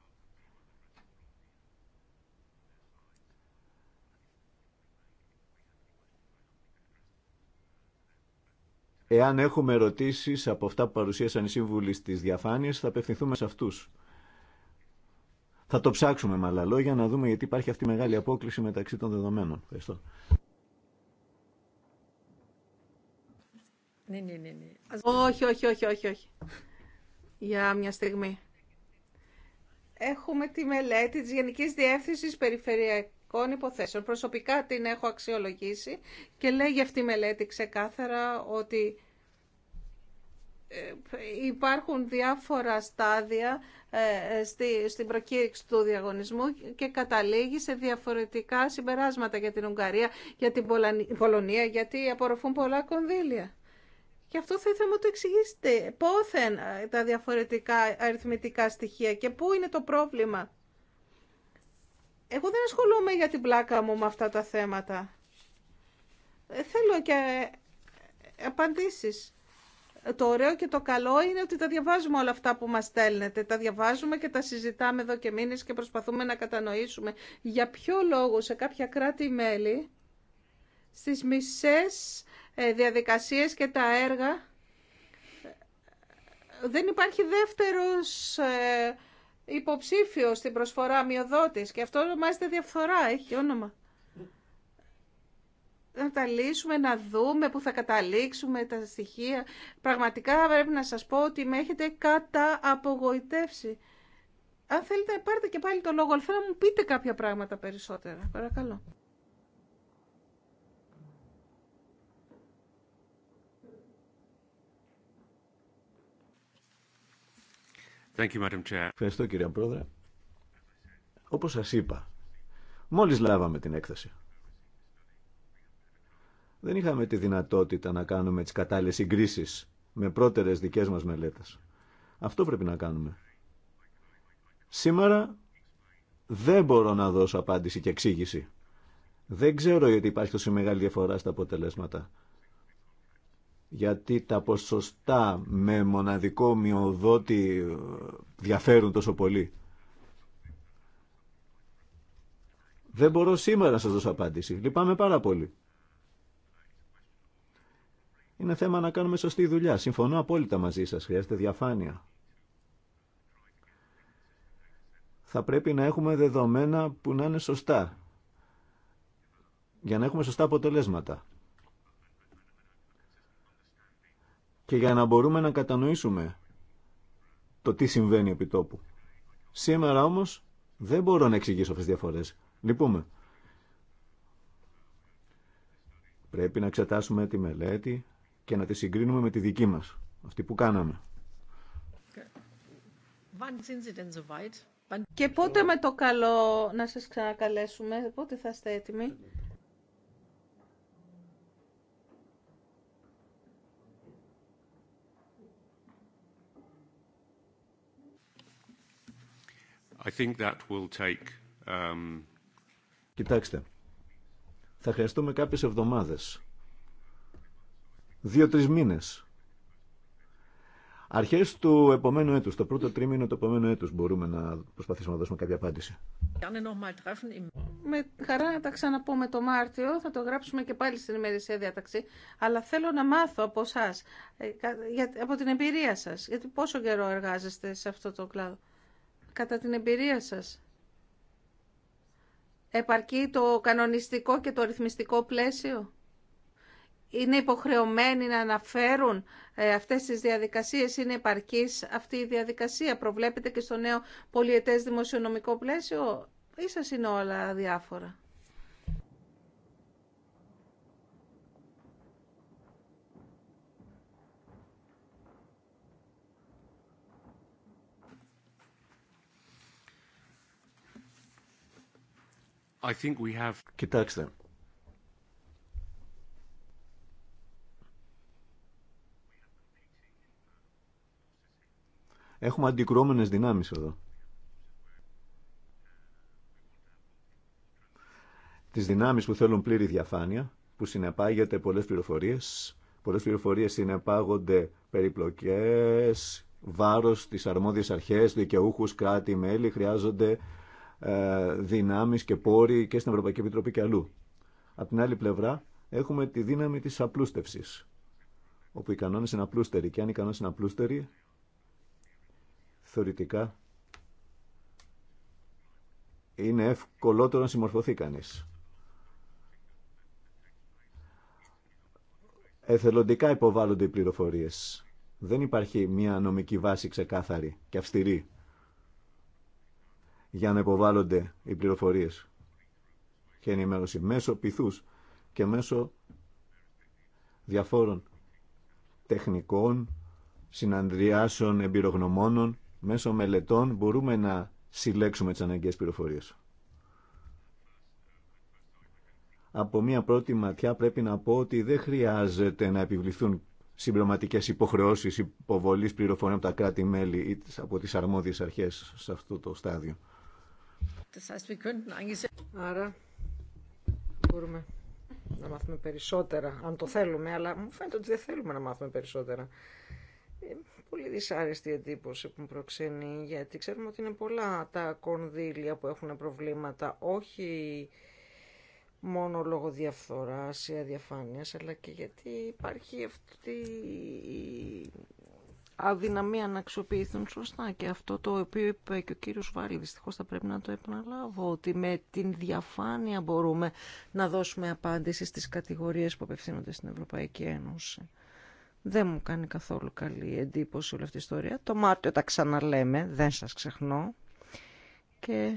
Εάν έχουμε ερωτήσεις από αυτά που παρουσίασαν οι σύμβουλοι στις διαφάνειες, θα απευθυνθούμε σε αυτούς. Θα το ψάξουμε με άλλα λόγια να δούμε γιατί υπάρχει αυτή η μεγάλη απόκληση μεταξύ των δεδομένων. Ευχαριστώ. Ναι, ναι, ναι, ναι. Όχι, όχι, όχι, όχι, όχι. Για μια στιγμή. Έχουμε τη μελέτη της Γενικής Διεύθυνσης Περιφερειακών Υποθέσεων. Προσωπικά την έχω αξιολογήσει και λέγει αυτή η μελέτη ξεκάθαρα ότι ε, υπάρχουν διάφορα στάδια ε, στην προκήρυξη του διαγωνισμού και καταλήγει σε διαφορετικά συμπεράσματα για την Ουγγαρία, για την Πολωνία, γιατί απορροφούν πολλά κονδύλια. Γι' αυτό θα ήθελα να το εξηγήσετε. Πόθεν ε, τα διαφορετικά αριθμητικά στοιχεία και πού είναι το πρόβλημα. Εγώ δεν ασχολούμαι για την πλάκα μου με αυτά τα θέματα. Ε, θέλω και ε, απαντήσεις. Το ωραίο και το καλό είναι ότι τα διαβάζουμε όλα αυτά που μας στέλνετε. Τα διαβάζουμε και τα συζητάμε εδώ και μήνες και προσπαθούμε να κατανοήσουμε για ποιο λόγο σε κάποια κράτη-μέλη στις μισές ε, διαδικασίες και τα έργα. Δεν υπάρχει δεύτερος ε, υποψήφιο στην προσφορά μειοδότης και αυτό ονομάζεται διαφθορά, έχει όνομα. Να τα λύσουμε, να δούμε που θα καταλήξουμε τα στοιχεία. Πραγματικά πρέπει να σας πω ότι με έχετε κατά Αν θέλετε πάρτε και πάλι το λόγο, αλλά θέλω να μου πείτε κάποια πράγματα περισσότερα. Παρακαλώ. Thank you, Madam Chair. Ευχαριστώ κύριε Πρόεδρε. Όπως σας είπα, μόλις λάβαμε την έκθεση. Δεν είχαμε τη δυνατότητα να κάνουμε τις κατάλληλες συγκρίσεις με πρώτερες δικές μας μελέτες. Αυτό πρέπει να κάνουμε. Σήμερα δεν μπορώ να δώσω απάντηση και εξήγηση. Δεν ξέρω γιατί υπάρχει τόσο μεγάλη διαφορά στα αποτελέσματα γιατί τα ποσοστά με μοναδικό μειοδότη διαφέρουν τόσο πολύ. Δεν μπορώ σήμερα να σας δώσω απάντηση. Λυπάμαι πάρα πολύ. Είναι θέμα να κάνουμε σωστή δουλειά. Συμφωνώ απόλυτα μαζί σας. Χρειάζεται διαφάνεια. Θα πρέπει να έχουμε δεδομένα που να είναι σωστά. Για να έχουμε σωστά αποτελέσματα. και για να μπορούμε να κατανοήσουμε το τι συμβαίνει επί τόπου. Σήμερα όμως δεν μπορώ να εξηγήσω αυτές τις διαφορές. Λυπούμε. Πρέπει να εξετάσουμε τη μελέτη και να τη συγκρίνουμε με τη δική μας, αυτή που κάναμε. Και πότε με το καλό να σας ξανακαλέσουμε, πότε θα είστε έτοιμοι. Um, Κοιτάξτε, θα χρειαστούμε κάποιες εβδομάδες, δύο-τρεις μήνες. Αρχές του επομένου έτους, το πρώτο τρίμηνο του επομένου έτους μπορούμε να προσπαθήσουμε να δώσουμε κάποια απάντηση. Με χαρά να τα ξαναπώ με το Μάρτιο, θα το γράψουμε και πάλι στην ημερησία διάταξη, αλλά θέλω να μάθω από εσά, ε, από την εμπειρία σας, γιατί πόσο καιρό εργάζεστε σε αυτό το κλάδο κατά την εμπειρία σας. Επαρκεί το κανονιστικό και το ρυθμιστικό πλαίσιο. Είναι υποχρεωμένοι να αναφέρουν ε, αυτές τις διαδικασίες. Είναι επαρκής αυτή η διαδικασία. Προβλέπετε και στο νέο πολιετές δημοσιονομικό πλαίσιο ή σας είναι όλα διάφορα. I think we have... Κοιτάξτε. Έχουμε αντικρουόμενες δυνάμεις εδώ. Τις δυνάμεις που θέλουν πλήρη διαφάνεια, που συνεπάγεται πολλές πληροφορίες. Πολλές πληροφορίες συνεπάγονται περιπλοκές, βάρος, τις αρμόδιες αρχές, δικαιούχους, κράτη, μέλη, χρειάζονται ε, δυνάμεις και πόροι και στην Ευρωπαϊκή Επιτροπή και αλλού. Από την άλλη πλευρά έχουμε τη δύναμη της απλούστευσης, όπου οι κανόνες είναι απλούστεροι και αν οι κανόνες είναι απλούστεροι, θεωρητικά είναι ευκολότερο να συμμορφωθεί κανείς. Εθελοντικά υποβάλλονται οι πληροφορίες. Δεν υπάρχει μια νομική βάση ξεκάθαρη και αυστηρή για να υποβάλλονται οι πληροφορίες και ενημέρωση μέσω πυθούς και μέσω διαφόρων τεχνικών, συναντριάσεων εμπειρογνωμόνων, μέσω μελετών μπορούμε να συλλέξουμε τις αναγκαίες πληροφορίες. Από μία πρώτη ματιά πρέπει να πω ότι δεν χρειάζεται να επιβληθούν συμπληρωματικέ υποχρεώσεις υποβολής πληροφοριών από τα κράτη-μέλη ή από τις αρμόδιες αρχές σε αυτό το στάδιο. Άρα μπορούμε να μάθουμε περισσότερα, αν το θέλουμε, αλλά μου φαίνεται ότι δεν θέλουμε να μάθουμε περισσότερα. Ε, πολύ δυσάρεστη εντύπωση που μου προξενεί, γιατί ξέρουμε ότι είναι πολλά τα κονδύλια που έχουν προβλήματα, όχι μόνο λόγω διαφθοράς ή αδιαφάνειας, αλλά και γιατί υπάρχει αυτή η αδιαφανειας αλλα και γιατι υπαρχει αυτη αδυναμία να αξιοποιηθούν σωστά και αυτό το οποίο είπε και ο κύριος Βάλη δυστυχώς θα πρέπει να το επαναλάβω ότι με την διαφάνεια μπορούμε να δώσουμε απάντηση στις κατηγορίες που απευθύνονται στην Ευρωπαϊκή Ένωση. Δεν μου κάνει καθόλου καλή εντύπωση όλη αυτή η ιστορία. Το Μάρτιο τα ξαναλέμε, δεν σας ξεχνώ. Και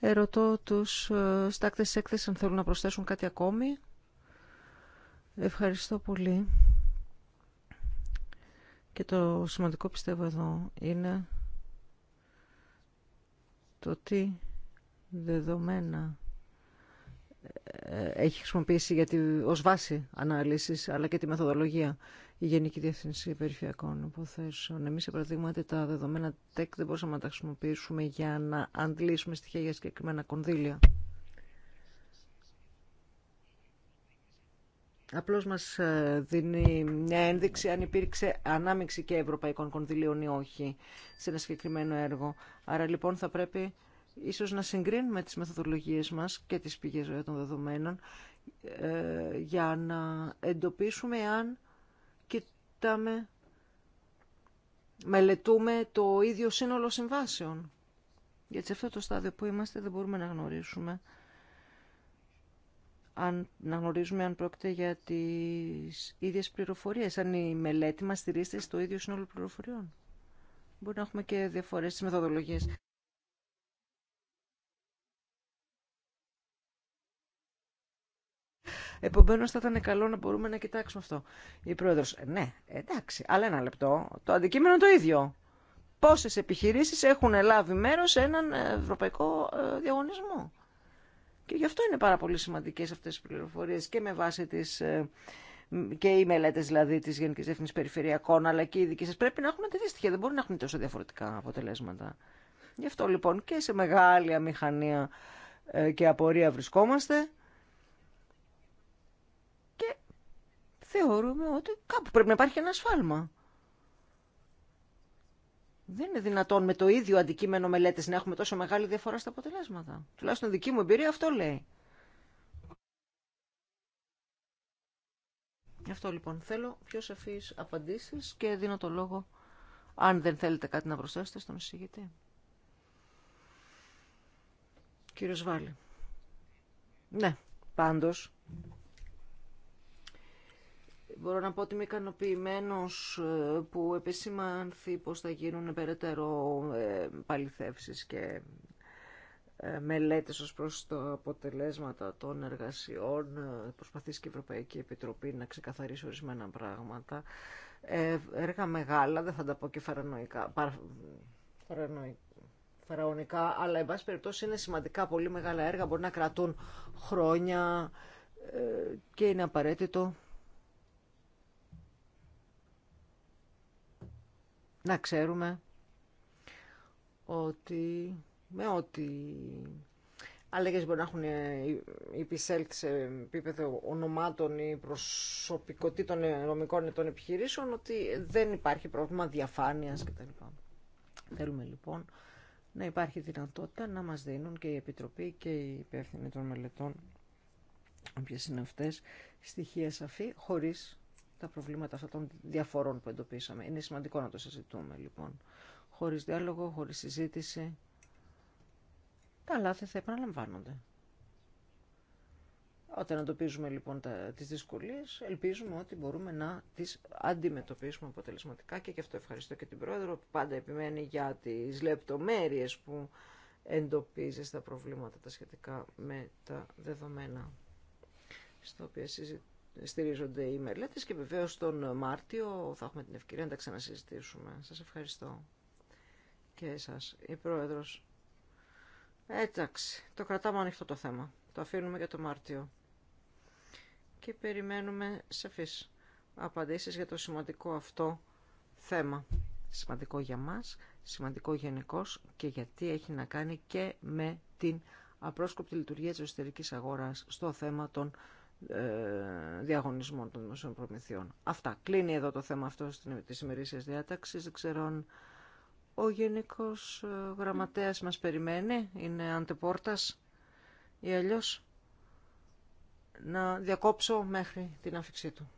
ερωτώ τους ε, στάκτες έκθεση αν θέλουν να προσθέσουν κάτι ακόμη. Ευχαριστώ πολύ. Και το σημαντικό πιστεύω εδώ είναι το τι δεδομένα ε, έχει χρησιμοποιήσει για ως βάση ανάλυσης αλλά και τη μεθοδολογία η Γενική Διευθυνσία Περιφερειακών Υποθέσεων. Εμείς, σε παραδείγμα, τα δεδομένα ΤΕΚ δεν μπορούσαμε να τα χρησιμοποιήσουμε για να αντλήσουμε στοιχεία για συγκεκριμένα κονδύλια. Απλώς μας ε, δίνει μια ένδειξη αν υπήρξε ανάμειξη και ευρωπαϊκών κονδυλίων ή όχι σε ένα συγκεκριμένο έργο. Άρα λοιπόν θα πρέπει ίσως να συγκρίνουμε τις μεθοδολογίες μας και τις πηγές των δεδομένων ε, για να εντοπίσουμε αν κοιτάμε, μελετούμε το ίδιο σύνολο συμβάσεων. Γιατί σε αυτό το στάδιο που είμαστε δεν μπορούμε να γνωρίσουμε αν, να γνωρίζουμε αν πρόκειται για τις ίδιες πληροφορίες, αν η μελέτη μας στηρίζεται στο ίδιο σύνολο πληροφοριών. Μπορεί να έχουμε και διαφορές στις μεθοδολογίες. Επομένω θα ήταν καλό να μπορούμε να κοιτάξουμε αυτό. Η πρόεδρος, ε, ναι, εντάξει, αλλά ένα λεπτό, το αντικείμενο είναι το ίδιο. Πόσε επιχειρήσει έχουν λάβει μέρο σε έναν ευρωπαϊκό ε, διαγωνισμό. Και γι' αυτό είναι πάρα πολύ σημαντικές αυτές οι πληροφορίες και με βάση τις ε, και οι μελέτε δηλαδή τη Γενική Διεύθυνση Περιφερειακών, αλλά και οι δικοί σα πρέπει να έχουν αντίστοιχα. Δεν μπορεί να έχουν τόσο διαφορετικά αποτελέσματα. Γι' αυτό λοιπόν και σε μεγάλη αμηχανία ε, και απορία βρισκόμαστε. Και θεωρούμε ότι κάπου πρέπει να υπάρχει ένα σφάλμα. Δεν είναι δυνατόν με το ίδιο αντικείμενο μελέτης να έχουμε τόσο μεγάλη διαφορά στα αποτελέσματα. Τουλάχιστον δική μου εμπειρία αυτό λέει. Αυτό λοιπόν. Θέλω πιο σαφείς απαντήσεις και δίνω το λόγο, αν δεν θέλετε κάτι να προσθέσετε, στον εισηγητή. Κύριος Βάλη. Ναι, πάντως, Μπορώ να πω ότι είμαι ικανοποιημένο ε, που επισημάνθη πως θα γίνουν περαιτέρω ε, παληθεύσεις και ε, μελέτες ως προς τα αποτελέσματα των εργασιών. Προσπαθήσει και η Ευρωπαϊκή Επιτροπή να ξεκαθαρίσει ορισμένα πράγματα. Έργα μεγάλα, δεν θα τα πω και φαρανοϊκά, φαραωνικά, αλλά εν πάση περιπτώσει είναι σημαντικά πολύ μεγάλα έργα, μπορεί να κρατούν χρόνια και είναι απαραίτητο να ξέρουμε ότι με ό,τι αλλαγές μπορεί να έχουν υπησέλθει σε επίπεδο ονομάτων ή προσωπικότητων νομικών των επιχειρήσεων, ότι δεν υπάρχει πρόβλημα διαφάνειας κτλ. Θέλουμε λοιπόν να υπάρχει δυνατότητα να μας δίνουν και η Επιτροπή και οι υπεύθυνοι των μελετών, όποιες είναι αυτές, στοιχεία σαφή, χωρίς τα προβλήματα αυτών των διαφορών που εντοπίσαμε. Είναι σημαντικό να το συζητούμε λοιπόν. Χωρίς διάλογο, χωρίς συζήτηση, τα λάθη θα επαναλαμβάνονται. Όταν εντοπίζουμε λοιπόν τα, τις δυσκολίες, ελπίζουμε ότι μπορούμε να τις αντιμετωπίσουμε αποτελεσματικά και γι' αυτό ευχαριστώ και την Πρόεδρο που πάντα επιμένει για τις λεπτομέρειες που εντοπίζει στα προβλήματα τα σχετικά με τα δεδομένα στα οποία συζητούμε στηρίζονται οι μελέτες και βεβαίως τον Μάρτιο θα έχουμε την ευκαιρία να τα ξανασυζητήσουμε. Σας ευχαριστώ και εσάς, η Πρόεδρος. Εντάξει, το κρατάμε ανοιχτό το θέμα. Το αφήνουμε για το Μάρτιο. Και περιμένουμε σαφείς απαντήσεις για το σημαντικό αυτό θέμα. Σημαντικό για μας, σημαντικό γενικώ και γιατί έχει να κάνει και με την απρόσκοπτη λειτουργία της εσωτερικής αγοράς στο θέμα των ε, διαγωνισμών των δημοσίων προμηθειών. Αυτά. Κλείνει εδώ το θέμα αυτό τη ημερήσια διάταξη. Δεν ξέρω αν ο Γενικό ε, Γραμματέα μας περιμένει, είναι αντεπόρτας ή αλλιώ να διακόψω μέχρι την άφηξή του.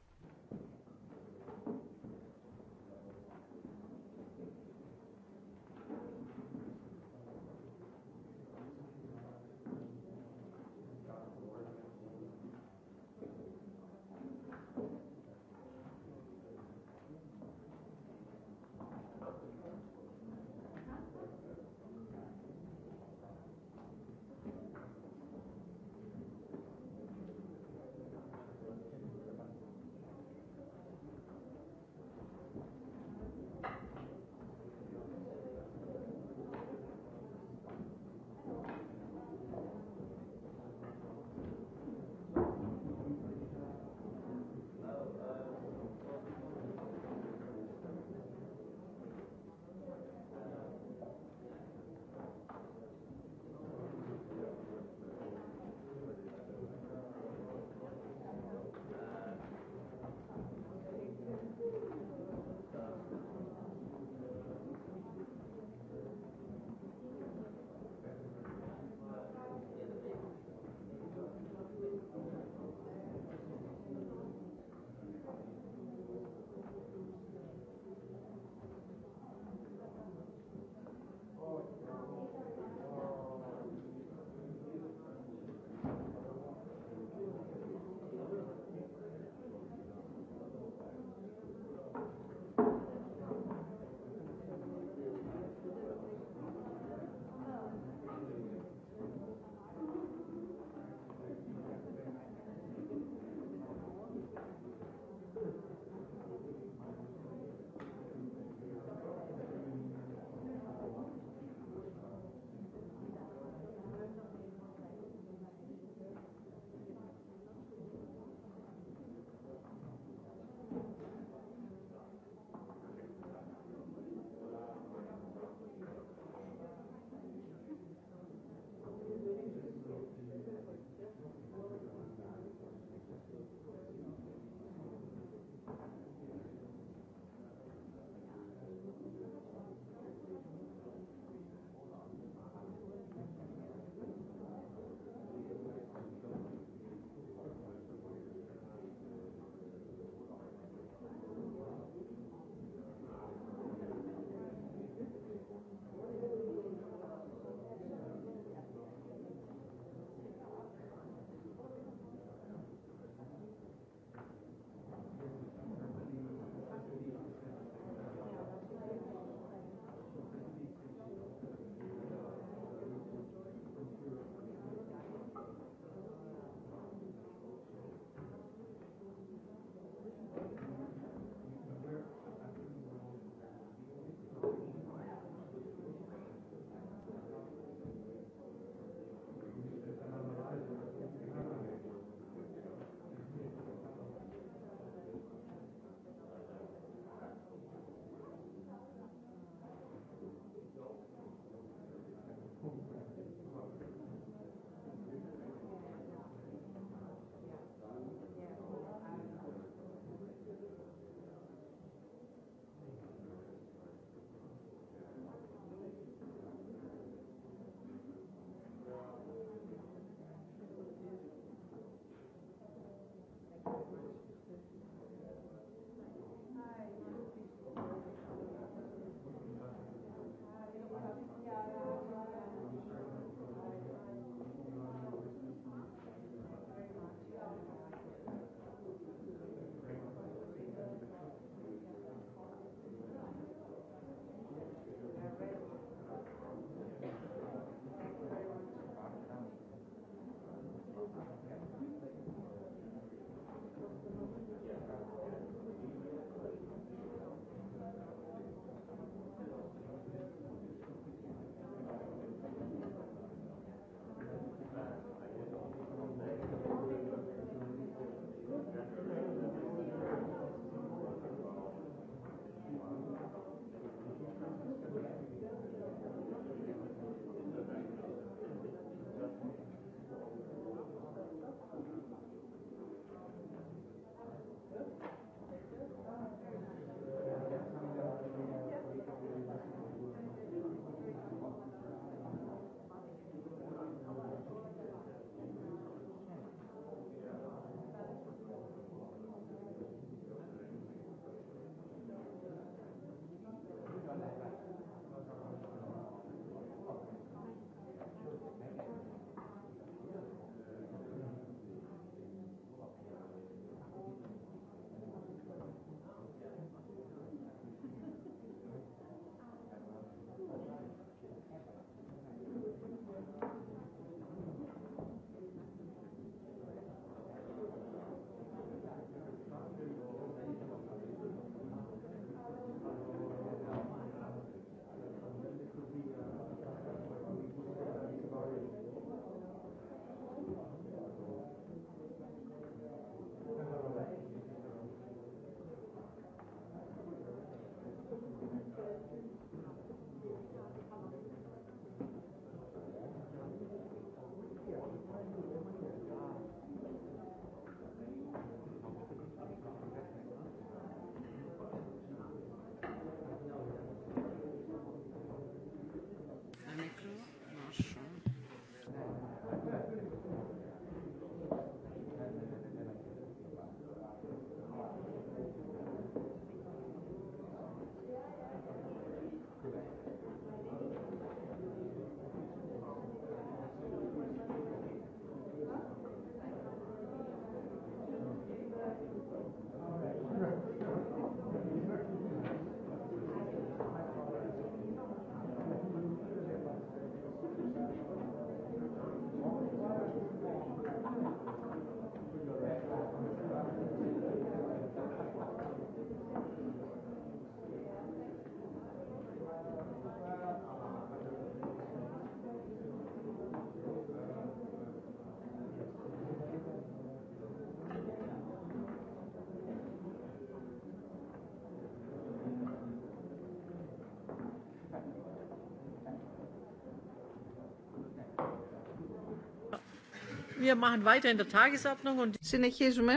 Συνεχίζουμε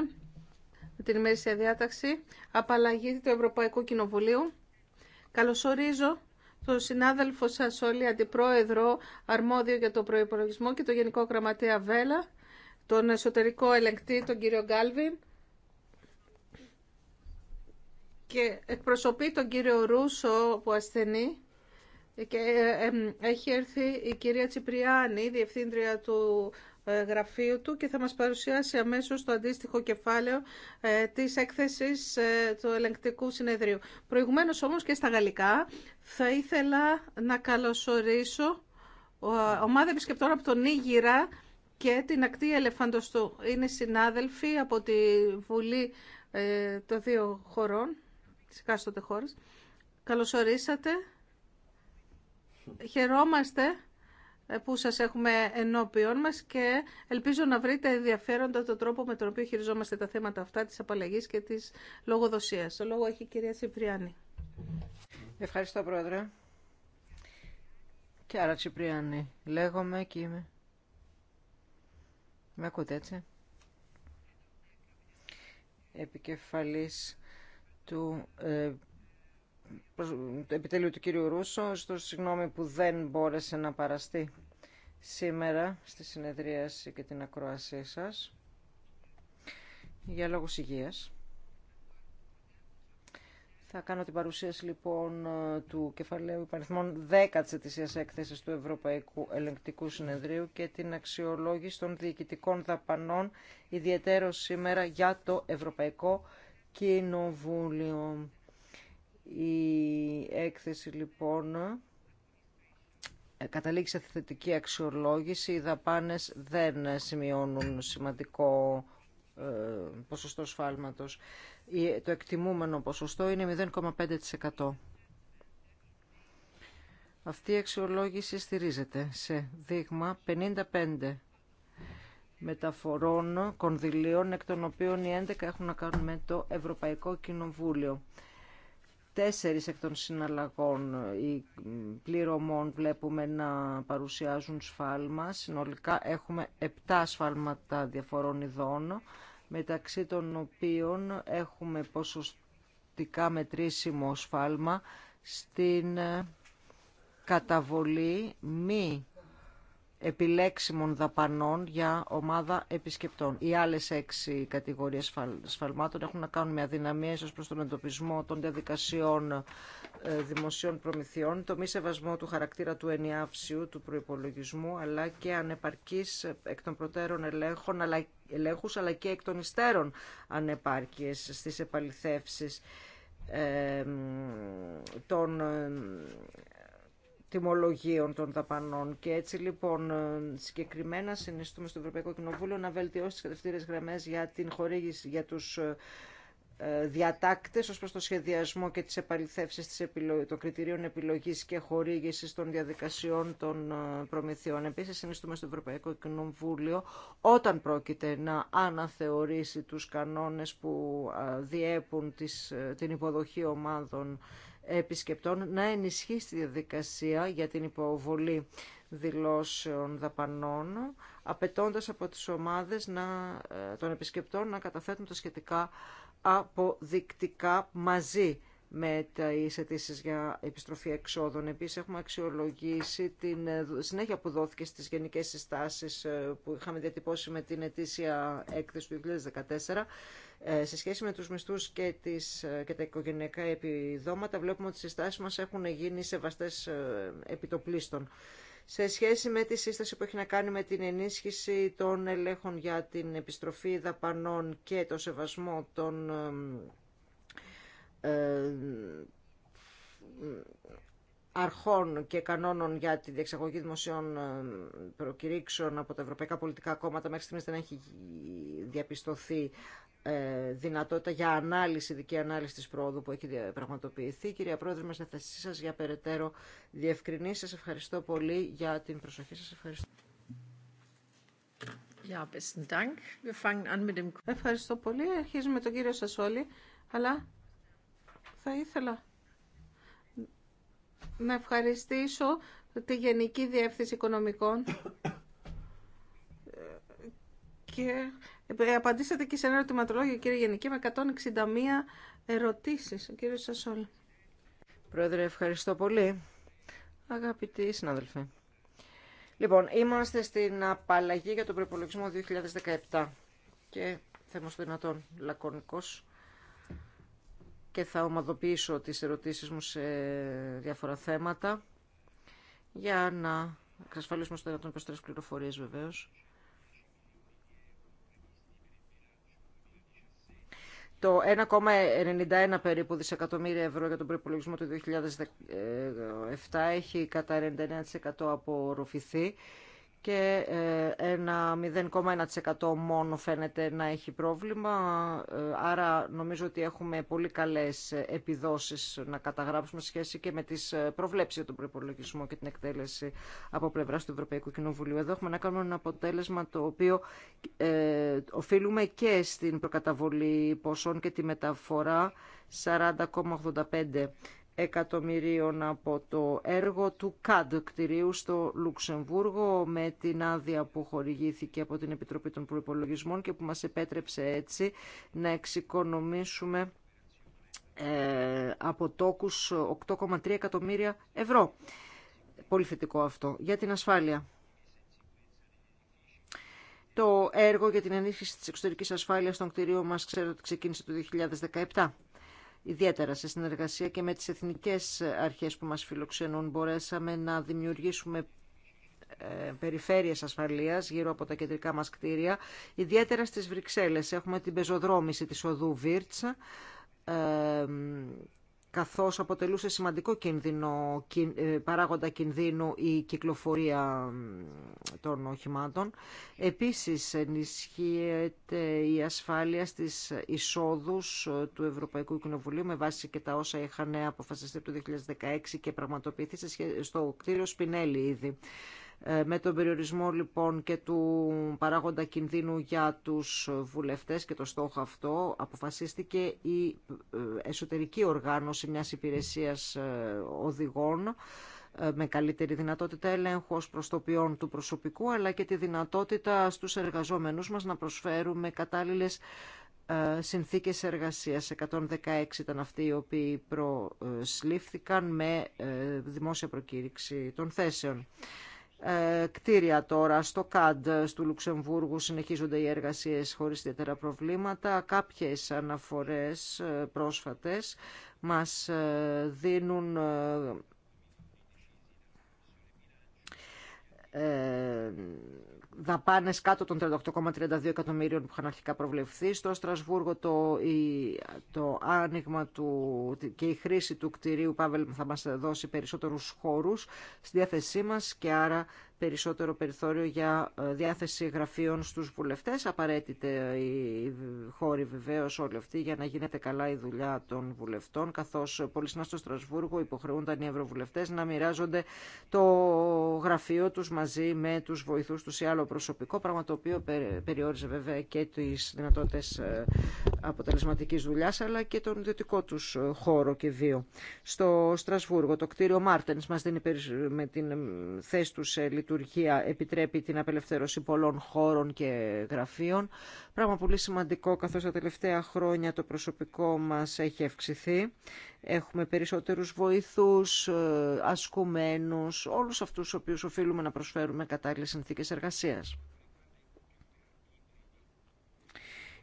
με την ημερήσια διάταξη. Απαλλαγή του Ευρωπαϊκού Κοινοβουλίου. Καλωσορίζω τον συνάδελφο σα όλοι, αντιπρόεδρο αρμόδιο για τον Προπολογισμό και τον Γενικό Γραμματέα Βέλα, τον εσωτερικό ελεγκτή, τον κύριο Γκάλβιν και εκπροσωπεί τον κύριο Ρούσο που ασθενεί και ε, ε, ε, έχει έρθει η κυρία Τσιπριάνη, διευθύντρια του ε, γραφείου του και θα μας παρουσιάσει αμέσως το αντίστοιχο κεφάλαιο ε, της έκθεσης ε, του ελεγκτικού συνεδρίου. Προηγουμένως όμως και στα γαλλικά θα ήθελα να καλωσορίσω ομάδα επισκεπτών από τον Νίγηρα και την ακτή Ελεφαντοστού. Είναι συνάδελφοι από τη Βουλή των δύο χωρών, της κάστοτε χώρας. Καλωσορίσατε. Χαιρόμαστε ε, που σας έχουμε ενώπιον μας και ελπίζω να βρείτε ενδιαφέροντα τον τρόπο με τον οποίο χειριζόμαστε τα θέματα αυτά της απαλλαγής και της λογοδοσίας. Το λόγο έχει η κυρία Τσιπριάνη. Ευχαριστώ Πρόεδρε. Και άρα Τσιπριάνη. Λέγομαι και είμαι. Με ακούτε έτσι. Επικεφαλής του ε, επιτέλειο του κύριου Ρούσο. Στο συγγνώμη που δεν μπόρεσε να παραστεί σήμερα στη συνεδρίαση και την ακροασή σας για λόγους υγείας. Θα κάνω την παρουσίαση λοιπόν του κεφαλαίου υπαριθμών 10 της ετησίας έκθεσης του Ευρωπαϊκού Ελεγκτικού Συνεδρίου και την αξιολόγηση των διοικητικών δαπανών, ιδιαίτερο σήμερα για το Ευρωπαϊκό Κοινοβούλιο. Η έκθεση λοιπόν καταλήγει σε θετική αξιολόγηση. Οι δαπάνες δεν σημειώνουν σημαντικό ε, ποσοστό σφάλματος. Το εκτιμούμενο ποσοστό είναι 0,5%. Αυτή η αξιολόγηση στηρίζεται σε δείγμα 55 μεταφορών κονδυλίων, εκ των οποίων οι 11 έχουν να κάνουν με το Ευρωπαϊκό Κοινοβούλιο τέσσερις εκ των συναλλαγών ή πληρωμών βλέπουμε να παρουσιάζουν σφάλμα. Συνολικά έχουμε επτά σφάλματα διαφορών ειδών, μεταξύ των οποίων έχουμε ποσοστικά μετρήσιμο σφάλμα στην καταβολή μη επιλέξιμων δαπανών για ομάδα επισκεπτών. Οι άλλε έξι κατηγορίε σφαλμάτων έχουν να κάνουν με αδυναμίες ω προς τον εντοπισμό των διαδικασιών ε, δημοσίων προμηθειών, το μη σεβασμό του χαρακτήρα του ενιαύσιου, του προπολογισμού, αλλά και ανεπαρκής εκ των προτέρων ελέγχων, αλλά, ελέγχους, αλλά και εκ των υστέρων ανεπάρκειες στις επαληθεύσεις ε, των ε, τιμολογίων των δαπανών. Και έτσι λοιπόν ε, συγκεκριμένα συνιστούμε στο Ευρωπαϊκό Κοινοβούλιο να βελτιώσει τις κατευθύνες γραμμές για την χορήγηση για τους ε, ε, διατάκτες ως προς το σχεδιασμό και τις επαληθεύσεις των κριτηρίων επιλογής και χορήγησης των διαδικασιών των προμηθειών. Επίσης, συνιστούμε στο Ευρωπαϊκό Κοινοβούλιο όταν πρόκειται να αναθεωρήσει τους κανόνες που διέπουν την υποδοχή ομάδων επισκεπτών να ενισχύσει τη διαδικασία για την υποβολή δηλώσεων δαπανών, απαιτώντας από τις ομάδες να, ε, των επισκεπτών να καταθέτουν τα σχετικά αποδεικτικά μαζί με τις αιτήσει για επιστροφή εξόδων. Επίσης έχουμε αξιολογήσει την ε, συνέχεια που δόθηκε στις γενικές συστάσεις ε, που είχαμε διατυπώσει με την ετήσια έκθεση του 2014. Ε, σε σχέση με τους μισθούς και, τις, και τα οικογενειακά επιδόματα βλέπουμε ότι οι συστάσεις μας έχουν γίνει σεβαστές επιτοπλίστων σε σχέση με τη σύσταση που έχει να κάνει με την ενίσχυση των ελέγχων για την επιστροφή δαπανών και το σεβασμό των ε, αρχών και κανόνων για τη διεξαγωγή δημοσίων ε, προκηρύξεων από τα ευρωπαϊκά πολιτικά κόμματα μέχρι στιγμής δεν έχει διαπιστωθεί ε, δυνατότητα για ανάλυση, δική ανάλυση της πρόοδου που έχει πραγματοποιηθεί. Κυρία Πρόεδρε, μας θέσή σας για περαιτέρω διευκρινή. Σας ευχαριστώ πολύ για την προσοχή σας. Ευχαριστώ. Ευχαριστώ πολύ. Αρχίζουμε τον κύριο Σασόλη, αλλά θα ήθελα να ευχαριστήσω τη Γενική Διεύθυνση Οικονομικών και απαντήσατε και σε ένα ερωτηματολόγιο, κύριε Γενική, με 161 ερωτήσεις. Κύριε Σασόλη Σασόλ. Πρόεδρε, ευχαριστώ πολύ. Αγαπητοί συνάδελφοι. Λοιπόν, είμαστε στην απαλλαγή για τον προπολογισμό 2017 και θέμα στο δυνατόν λακωνικός και θα ομαδοποιήσω τις ερωτήσεις μου σε διάφορα θέματα για να εξασφαλίσουμε στο δυνατόν περισσότερες πληροφορίες βεβαίως. Το 1,91 περίπου δισεκατομμύρια ευρώ για τον προϋπολογισμό του 2007 έχει κατά 99% απορροφηθεί και ε, ένα 0,1% μόνο φαίνεται να έχει πρόβλημα. Ε, άρα νομίζω ότι έχουμε πολύ καλές επιδόσεις να καταγράψουμε σχέση και με τις ε, προβλέψεις για τον προπολογισμό και την εκτέλεση από πλευρά του Ευρωπαϊκού Κοινοβουλίου. Εδώ έχουμε να κάνουμε ένα αποτέλεσμα το οποίο οφείλουμε και στην προκαταβολή ποσών και τη μεταφορά 40,85 εκατομμυρίων από το έργο του ΚΑΔ κτηρίου στο Λουξεμβούργο με την άδεια που χορηγήθηκε από την Επιτροπή των Προϋπολογισμών και που μας επέτρεψε έτσι να εξοικονομήσουμε ε, από τόκους 8,3 εκατομμύρια ευρώ. Πολύ αυτό. Για την ασφάλεια. Το έργο για την ενίσχυση της εξωτερικής ασφάλειας των κτηρίων μας ξέρω ότι ξεκίνησε το 2017 ιδιαίτερα σε συνεργασία και με τις εθνικές αρχές που μας φιλοξενούν μπορέσαμε να δημιουργήσουμε ε, περιφέρειες ασφαλείας γύρω από τα κεντρικά μας κτίρια, ιδιαίτερα στις Βρυξέλλες. Έχουμε την πεζοδρόμηση της οδού Βίρτσα, ε, καθώς αποτελούσε σημαντικό κίνδυνο, ε, παράγοντα κινδύνου η κυκλοφορία των οχημάτων. Επίσης ενισχύεται η ασφάλεια στις εισόδους ε, του Ευρωπαϊκού Κοινοβουλίου με βάση και τα όσα είχαν αποφασιστεί το 2016 και πραγματοποιηθεί στο κτίριο Σπινέλη ήδη. Ε, με τον περιορισμό λοιπόν και του παράγοντα κινδύνου για τους βουλευτές και το στόχο αυτό αποφασίστηκε η ε, εσωτερική οργάνωση μιας υπηρεσίας ε, οδηγών με καλύτερη δυνατότητα έλεγχου ως του προσωπικού αλλά και τη δυνατότητα στους εργαζόμενους μας να προσφέρουμε κατάλληλες συνθήκες εργασίας. 116 ήταν αυτοί οι οποίοι προσλήφθηκαν με δημόσια προκήρυξη των θέσεων. Ε, κτίρια τώρα στο ΚΑΝΤ του Λουξεμβούργου συνεχίζονται οι εργασίες χωρίς ιδιαίτερα προβλήματα. Κάποιες αναφορές ε, πρόσφατες μας ε, δίνουν δαπάνες κάτω των 38,32 εκατομμύριων που είχαν αρχικά προβλεφθεί. Στο Στρασβούργο το, το άνοιγμα του, και η χρήση του κτηρίου Παύελ, θα μας δώσει περισσότερους χώρους στη διάθεσή μας και άρα περισσότερο περιθώριο για ε, διάθεση γραφείων στους βουλευτές. Απαραίτητε οι χώροι βεβαίως όλοι αυτοί για να γίνεται καλά η δουλειά των βουλευτών, καθώς πολύ συχνά στο Στρασβούργο υποχρεούνταν οι ευρωβουλευτές να μοιράζονται το γραφείο τους μαζί με τους βοηθούς του ή άλλο προσωπικό, πράγμα το οποίο περιόριζε βέβαια και τις δυνατότητες ε, αποτελεσματικής δουλειάς, αλλά και τον ιδιωτικό τους χώρο και βίο. Στο Στρασβούργο το κτίριο Μάρτενς μας δίνει με την ε, θέση του σε Τουρκία επιτρέπει την απελευθέρωση πολλών χώρων και γραφείων. Πράγμα πολύ σημαντικό καθώς τα τελευταία χρόνια το προσωπικό μας έχει αυξηθεί. Έχουμε περισσότερους βοηθούς, ε, ασκουμένους, όλους αυτούς τους οποίους οφείλουμε να προσφέρουμε κατάλληλες συνθήκες εργασίας.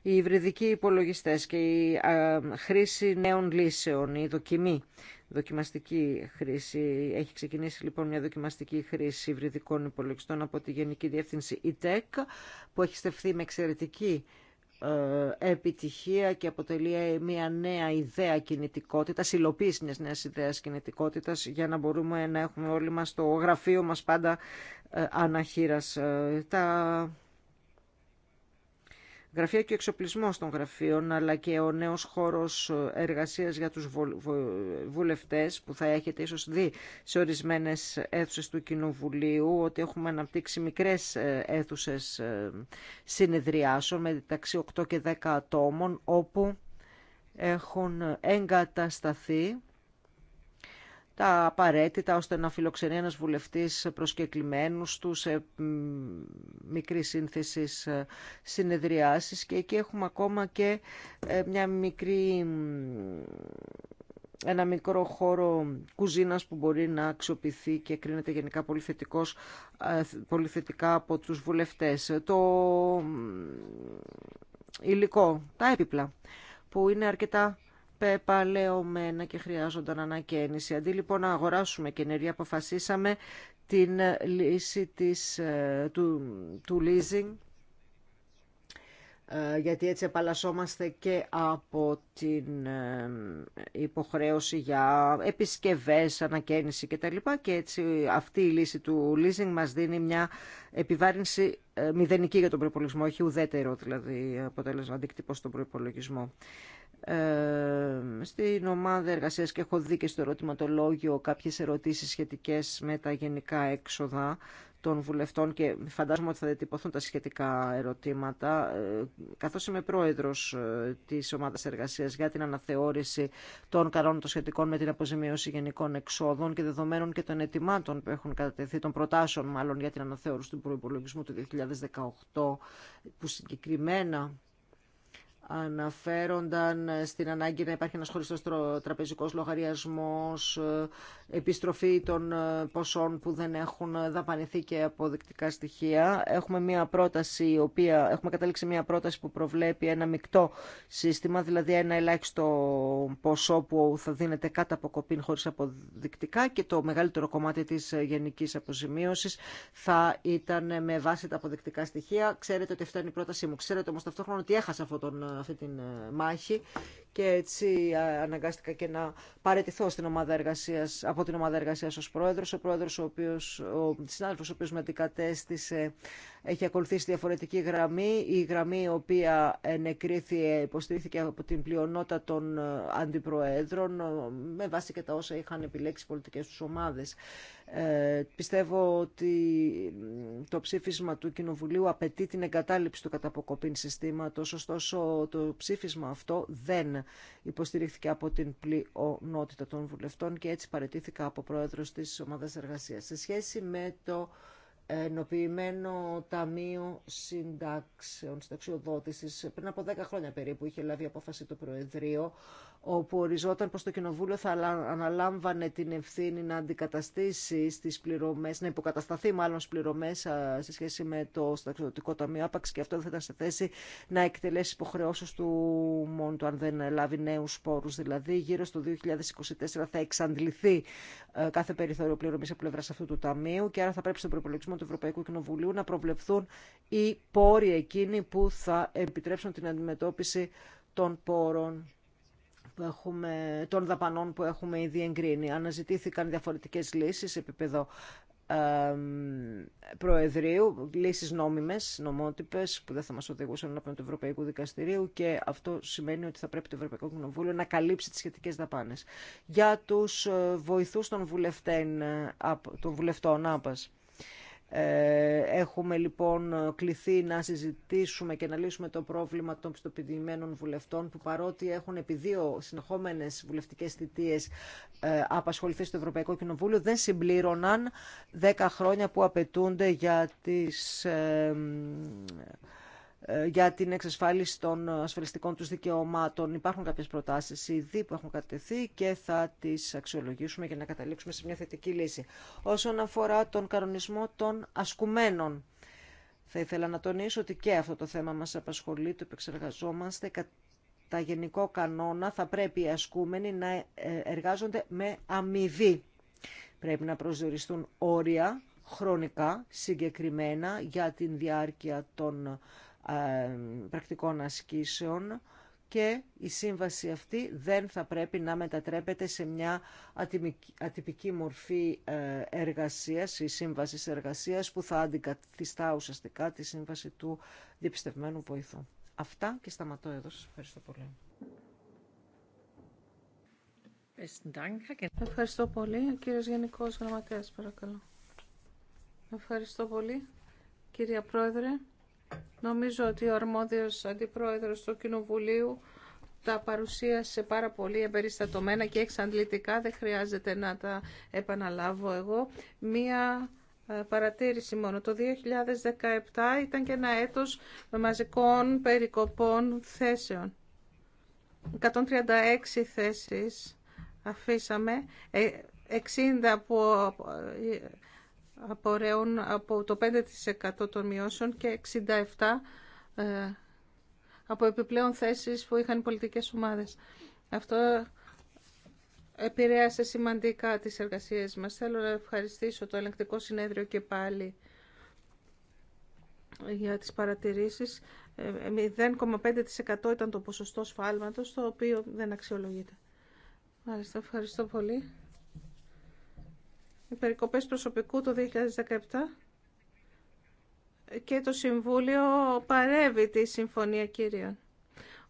Οι υβριδικοί υπολογιστές και η ε, χρήση νέων λύσεων, η δοκιμή δοκιμαστική χρήση. Έχει ξεκινήσει λοιπόν μια δοκιμαστική χρήση υβριδικών υπολογιστών από τη Γενική Διεύθυνση ΙΤΕΚ που έχει στεφθεί με εξαιρετική ε, επιτυχία και αποτελεί ε, μια νέα ιδέα κινητικότητας, υλοποίηση μιας νέας ιδέας κινητικότητας για να μπορούμε να έχουμε όλοι μας το γραφείο μας πάντα ε, αναχείρας. Τα γραφεία και ο εξοπλισμός των γραφείων, αλλά και ο νέος χώρος εργασίας για τους βουλευτές που θα έχετε ίσως δει σε ορισμένες αίθουσες του Κοινοβουλίου, ότι έχουμε αναπτύξει μικρές ε, αίθουσες ε, συνεδριάσεων με μεταξύ 8 και 10 ατόμων, όπου έχουν εγκατασταθεί τα απαραίτητα ώστε να φιλοξενεί ένας βουλευτής προσκεκλημένου του σε μικρή σύνθεση ε, συνεδριάσεις και εκεί έχουμε ακόμα και ε, μια μικρή ένα μικρό χώρο κουζίνας που μπορεί να αξιοποιηθεί και κρίνεται γενικά πολύ, θετικός, ε, από τους βουλευτές. Το υλικό, τα έπιπλα, που είναι αρκετά πεπαλαιωμένα και χρειάζονταν ανακαίνιση. Αντί λοιπόν να αγοράσουμε καινούργια, αποφασίσαμε την λύση της, ε, του, του leasing, ε, γιατί έτσι απαλλασσόμαστε και από την ε, υποχρέωση για επισκευές, ανακαίνιση κτλ. Και έτσι αυτή η λύση του leasing μας δίνει μια επιβάρυνση μηδενική για τον προπολογισμό, όχι ουδέτερο δηλαδή αποτέλεσμα αντίκτυπο στον προπολογισμό. Ε, στην ομάδα εργασίας και έχω δει και στο ερωτηματολόγιο κάποιες ερωτήσεις σχετικές με τα γενικά έξοδα των βουλευτών και φαντάζομαι ότι θα διατυπωθούν τα σχετικά ερωτήματα. Ε, καθώς είμαι πρόεδρος ε, της ομάδας εργασίας για την αναθεώρηση των κανόνων των σχετικών με την αποζημίωση γενικών εξόδων και δεδομένων και των ετοιμάτων που έχουν κατατεθεί, των προτάσεων μάλλον για την αναθεώρηση του προϋπολογισμού του 2018 που συγκεκριμένα αναφέρονταν στην ανάγκη να υπάρχει ένας χωριστός τραπεζικός λογαριασμός, επιστροφή των ε, ποσών που δεν έχουν δαπανηθεί και αποδεικτικά στοιχεία. Έχουμε, μια πρόταση, η οποία, έχουμε καταλήξει μια πρόταση που προβλέπει ένα μεικτό σύστημα, δηλαδή ένα ελάχιστο ποσό που θα δίνεται κάτω από κοπήν χωρίς αποδεικτικά και το μεγαλύτερο κομμάτι της γενικής αποζημίωσης θα ήταν με βάση τα αποδεικτικά στοιχεία. Ξέρετε ότι αυτή είναι η πρότασή μου. Ξέρετε όμως ταυτόχρονα ότι έχασα αυτόν τον ε, αυτή την ε, μάχη και έτσι αναγκάστηκα και να παρετηθώ στην ομάδα εργασίας, από την ομάδα εργασίας ως πρόεδρος, ο πρόεδρος ο οποίος, ο συνάδελφος ο οποίος με αντικατέστησε έχει ακολουθήσει διαφορετική γραμμή. Η γραμμή η οποία ενεκρίθηκε, υποστηρίχθηκε από την πλειονότητα των ε, αντιπροέδρων ε, με βάση και τα όσα είχαν επιλέξει οι πολιτικές τους ομάδες. Ε, πιστεύω ότι το ψήφισμα του Κοινοβουλίου απαιτεί την εγκατάλειψη του καταποκοπήν συστήματος, ωστόσο το ψήφισμα αυτό δεν υποστηρίχθηκε από την πλειονότητα των βουλευτών και έτσι παρετήθηκα από πρόεδρος της ομάδας εργασίας. Σε σχέση με το ενοποιημένο ταμείο συντάξεων, συνταξιοδότησης. Πριν από 10 χρόνια περίπου είχε λάβει απόφαση το Προεδρείο όπου οριζόταν πως το Κοινοβούλιο θα αναλάμβανε την ευθύνη να αντικαταστήσει στις πληρωμές, να υποκατασταθεί μάλλον στις πληρωμές σε σχέση με το Σταξιδοτικό Ταμείο Άπαξ και αυτό δεν θα ήταν σε θέση να εκτελέσει υποχρεώσεις του μόνο του αν δεν λάβει νέους σπόρους. Δηλαδή γύρω στο 2024 θα εξαντληθεί ε, κάθε περιθώριο πληρωμής από πλευρά αυτού του Ταμείου και άρα θα πρέπει στον προπολογισμό του Ευρωπαϊκού Κοινοβουλίου να προβλεφθούν οι πόροι εκείνοι που θα επιτρέψουν την αντιμετώπιση των πόρων που έχουμε, των δαπανών που έχουμε ήδη εγκρίνει. Αναζητήθηκαν διαφορετικές λύσεις σε επίπεδο ε, προεδρείου, λύσεις νόμιμες, νομότυπες που δεν θα μας οδηγούσαν από το Ευρωπαϊκό Δικαστηρίο και αυτό σημαίνει ότι θα πρέπει το Ευρωπαϊκό Κοινοβούλιο να καλύψει τις σχετικές δαπάνες. Για τους ε, βοηθούς των, ε, βουλευτών, των ε, έχουμε λοιπόν κληθεί να συζητήσουμε και να λύσουμε το πρόβλημα των πιστοποιημένων βουλευτών που παρότι έχουν επί δύο συνεχόμενες βουλευτικές θητείες ε, απασχοληθεί στο Ευρωπαϊκό Κοινοβούλιο δεν συμπλήρωναν 10 χρόνια που απαιτούνται για τις ε, ε, για την εξασφάλιση των ασφαλιστικών τους δικαιωμάτων. Υπάρχουν κάποιες προτάσεις ήδη που έχουν κατευθεί και θα τις αξιολογήσουμε για να καταλήξουμε σε μια θετική λύση. Όσον αφορά τον κανονισμό των ασκουμένων, θα ήθελα να τονίσω ότι και αυτό το θέμα μας απασχολεί, το επεξεργαζόμαστε κατά γενικό κανόνα θα πρέπει οι ασκούμενοι να ε, εργάζονται με αμοιβή. Πρέπει να προσδιοριστούν όρια χρονικά συγκεκριμένα για την διάρκεια των ε, πρακτικών ασκήσεων και η σύμβαση αυτή δεν θα πρέπει να μετατρέπεται σε μια ατυπική μορφή ε, εργασίας ή σύμβασης εργασίας που θα αντικαθιστά ουσιαστικά τη σύμβαση του διεπιστευμένου βοηθού. Αυτά και σταματώ εδώ. Σας ευχαριστώ πολύ. Ευχαριστώ πολύ. Ο κύριος Γενικός Γραμματέας, παρακαλώ. Ευχαριστώ πολύ, κυρία Πρόεδρε. Νομίζω ότι ο αρμόδιος αντιπρόεδρος του Κοινοβουλίου τα παρουσίασε πάρα πολύ εμπεριστατωμένα και εξαντλητικά, δεν χρειάζεται να τα επαναλάβω εγώ. Μία ε, παρατήρηση μόνο. Το 2017 ήταν και ένα έτος μαζικών περικοπών θέσεων. 136 θέσεις αφήσαμε, 60 ε, που ε, απορρέουν από το 5% των μειώσεων και 67% ε, από επιπλέον θέσεις που είχαν οι πολιτικές ομάδες. Αυτό επηρέασε σημαντικά τις εργασίες μας. Θέλω να ευχαριστήσω το ελεγκτικό συνέδριο και πάλι για τις παρατηρήσεις. 0,5% ε, ήταν το ποσοστό σφάλματος, το οποίο δεν αξιολογείται. ευχαριστώ πολύ οι περικοπές προσωπικού το 2017 και το Συμβούλιο παρεύει τη Συμφωνία Κύριων.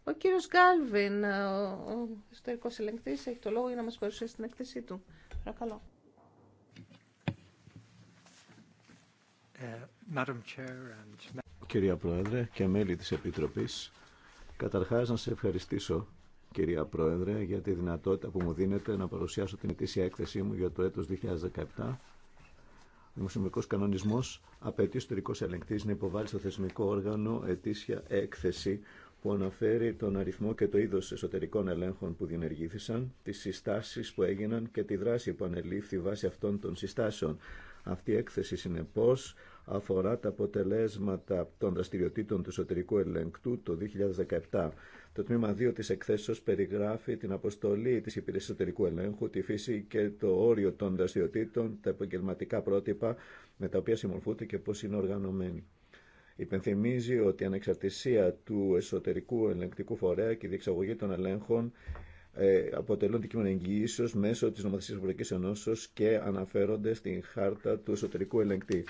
Ο κύριος Γκάλβιν, ο ιστορικός ελεγκτής, έχει το λόγο για να μας παρουσιάσει την έκθεσή του. Παρακαλώ. Ε, Κυρία Πρόεδρε και μέλη της Επιτροπής, καταρχάς να σε ευχαριστήσω κυρία Πρόεδρε, για τη δυνατότητα που μου δίνετε να παρουσιάσω την ετήσια έκθεσή μου για το έτος 2017. Ο δημοσιονομικός κανονισμός απαιτεί στο ιστορικός ελεγκτής να υποβάλει στο θεσμικό όργανο ετήσια έκθεση που αναφέρει τον αριθμό και το είδος εσωτερικών ελέγχων που διενεργήθησαν, τις συστάσεις που έγιναν και τη δράση που ανελήφθη βάσει αυτών των συστάσεων. Αυτή η έκθεση, συνεπώς, αφορά τα αποτελέσματα των δραστηριοτήτων του εσωτερικού ελεγκτού το 2017. Το τμήμα 2 της εκθέσεως περιγράφει την αποστολή της υπηρεσίας εσωτερικού ελέγχου, τη φύση και το όριο των δραστηριοτήτων, τα επαγγελματικά πρότυπα με τα οποία συμμορφούνται και πώς είναι οργανωμένοι. Υπενθυμίζει ότι η ανεξαρτησία του εσωτερικού ελεγκτικού φορέα και η διεξαγωγή των ελέγχων ε, αποτελούν αντικείμενο εγγυήσεω μέσω τη νομοθεσία Ευρωπαϊκή Ενώσεω και αναφέρονται στην χάρτα του εσωτερικού ελεγκτή.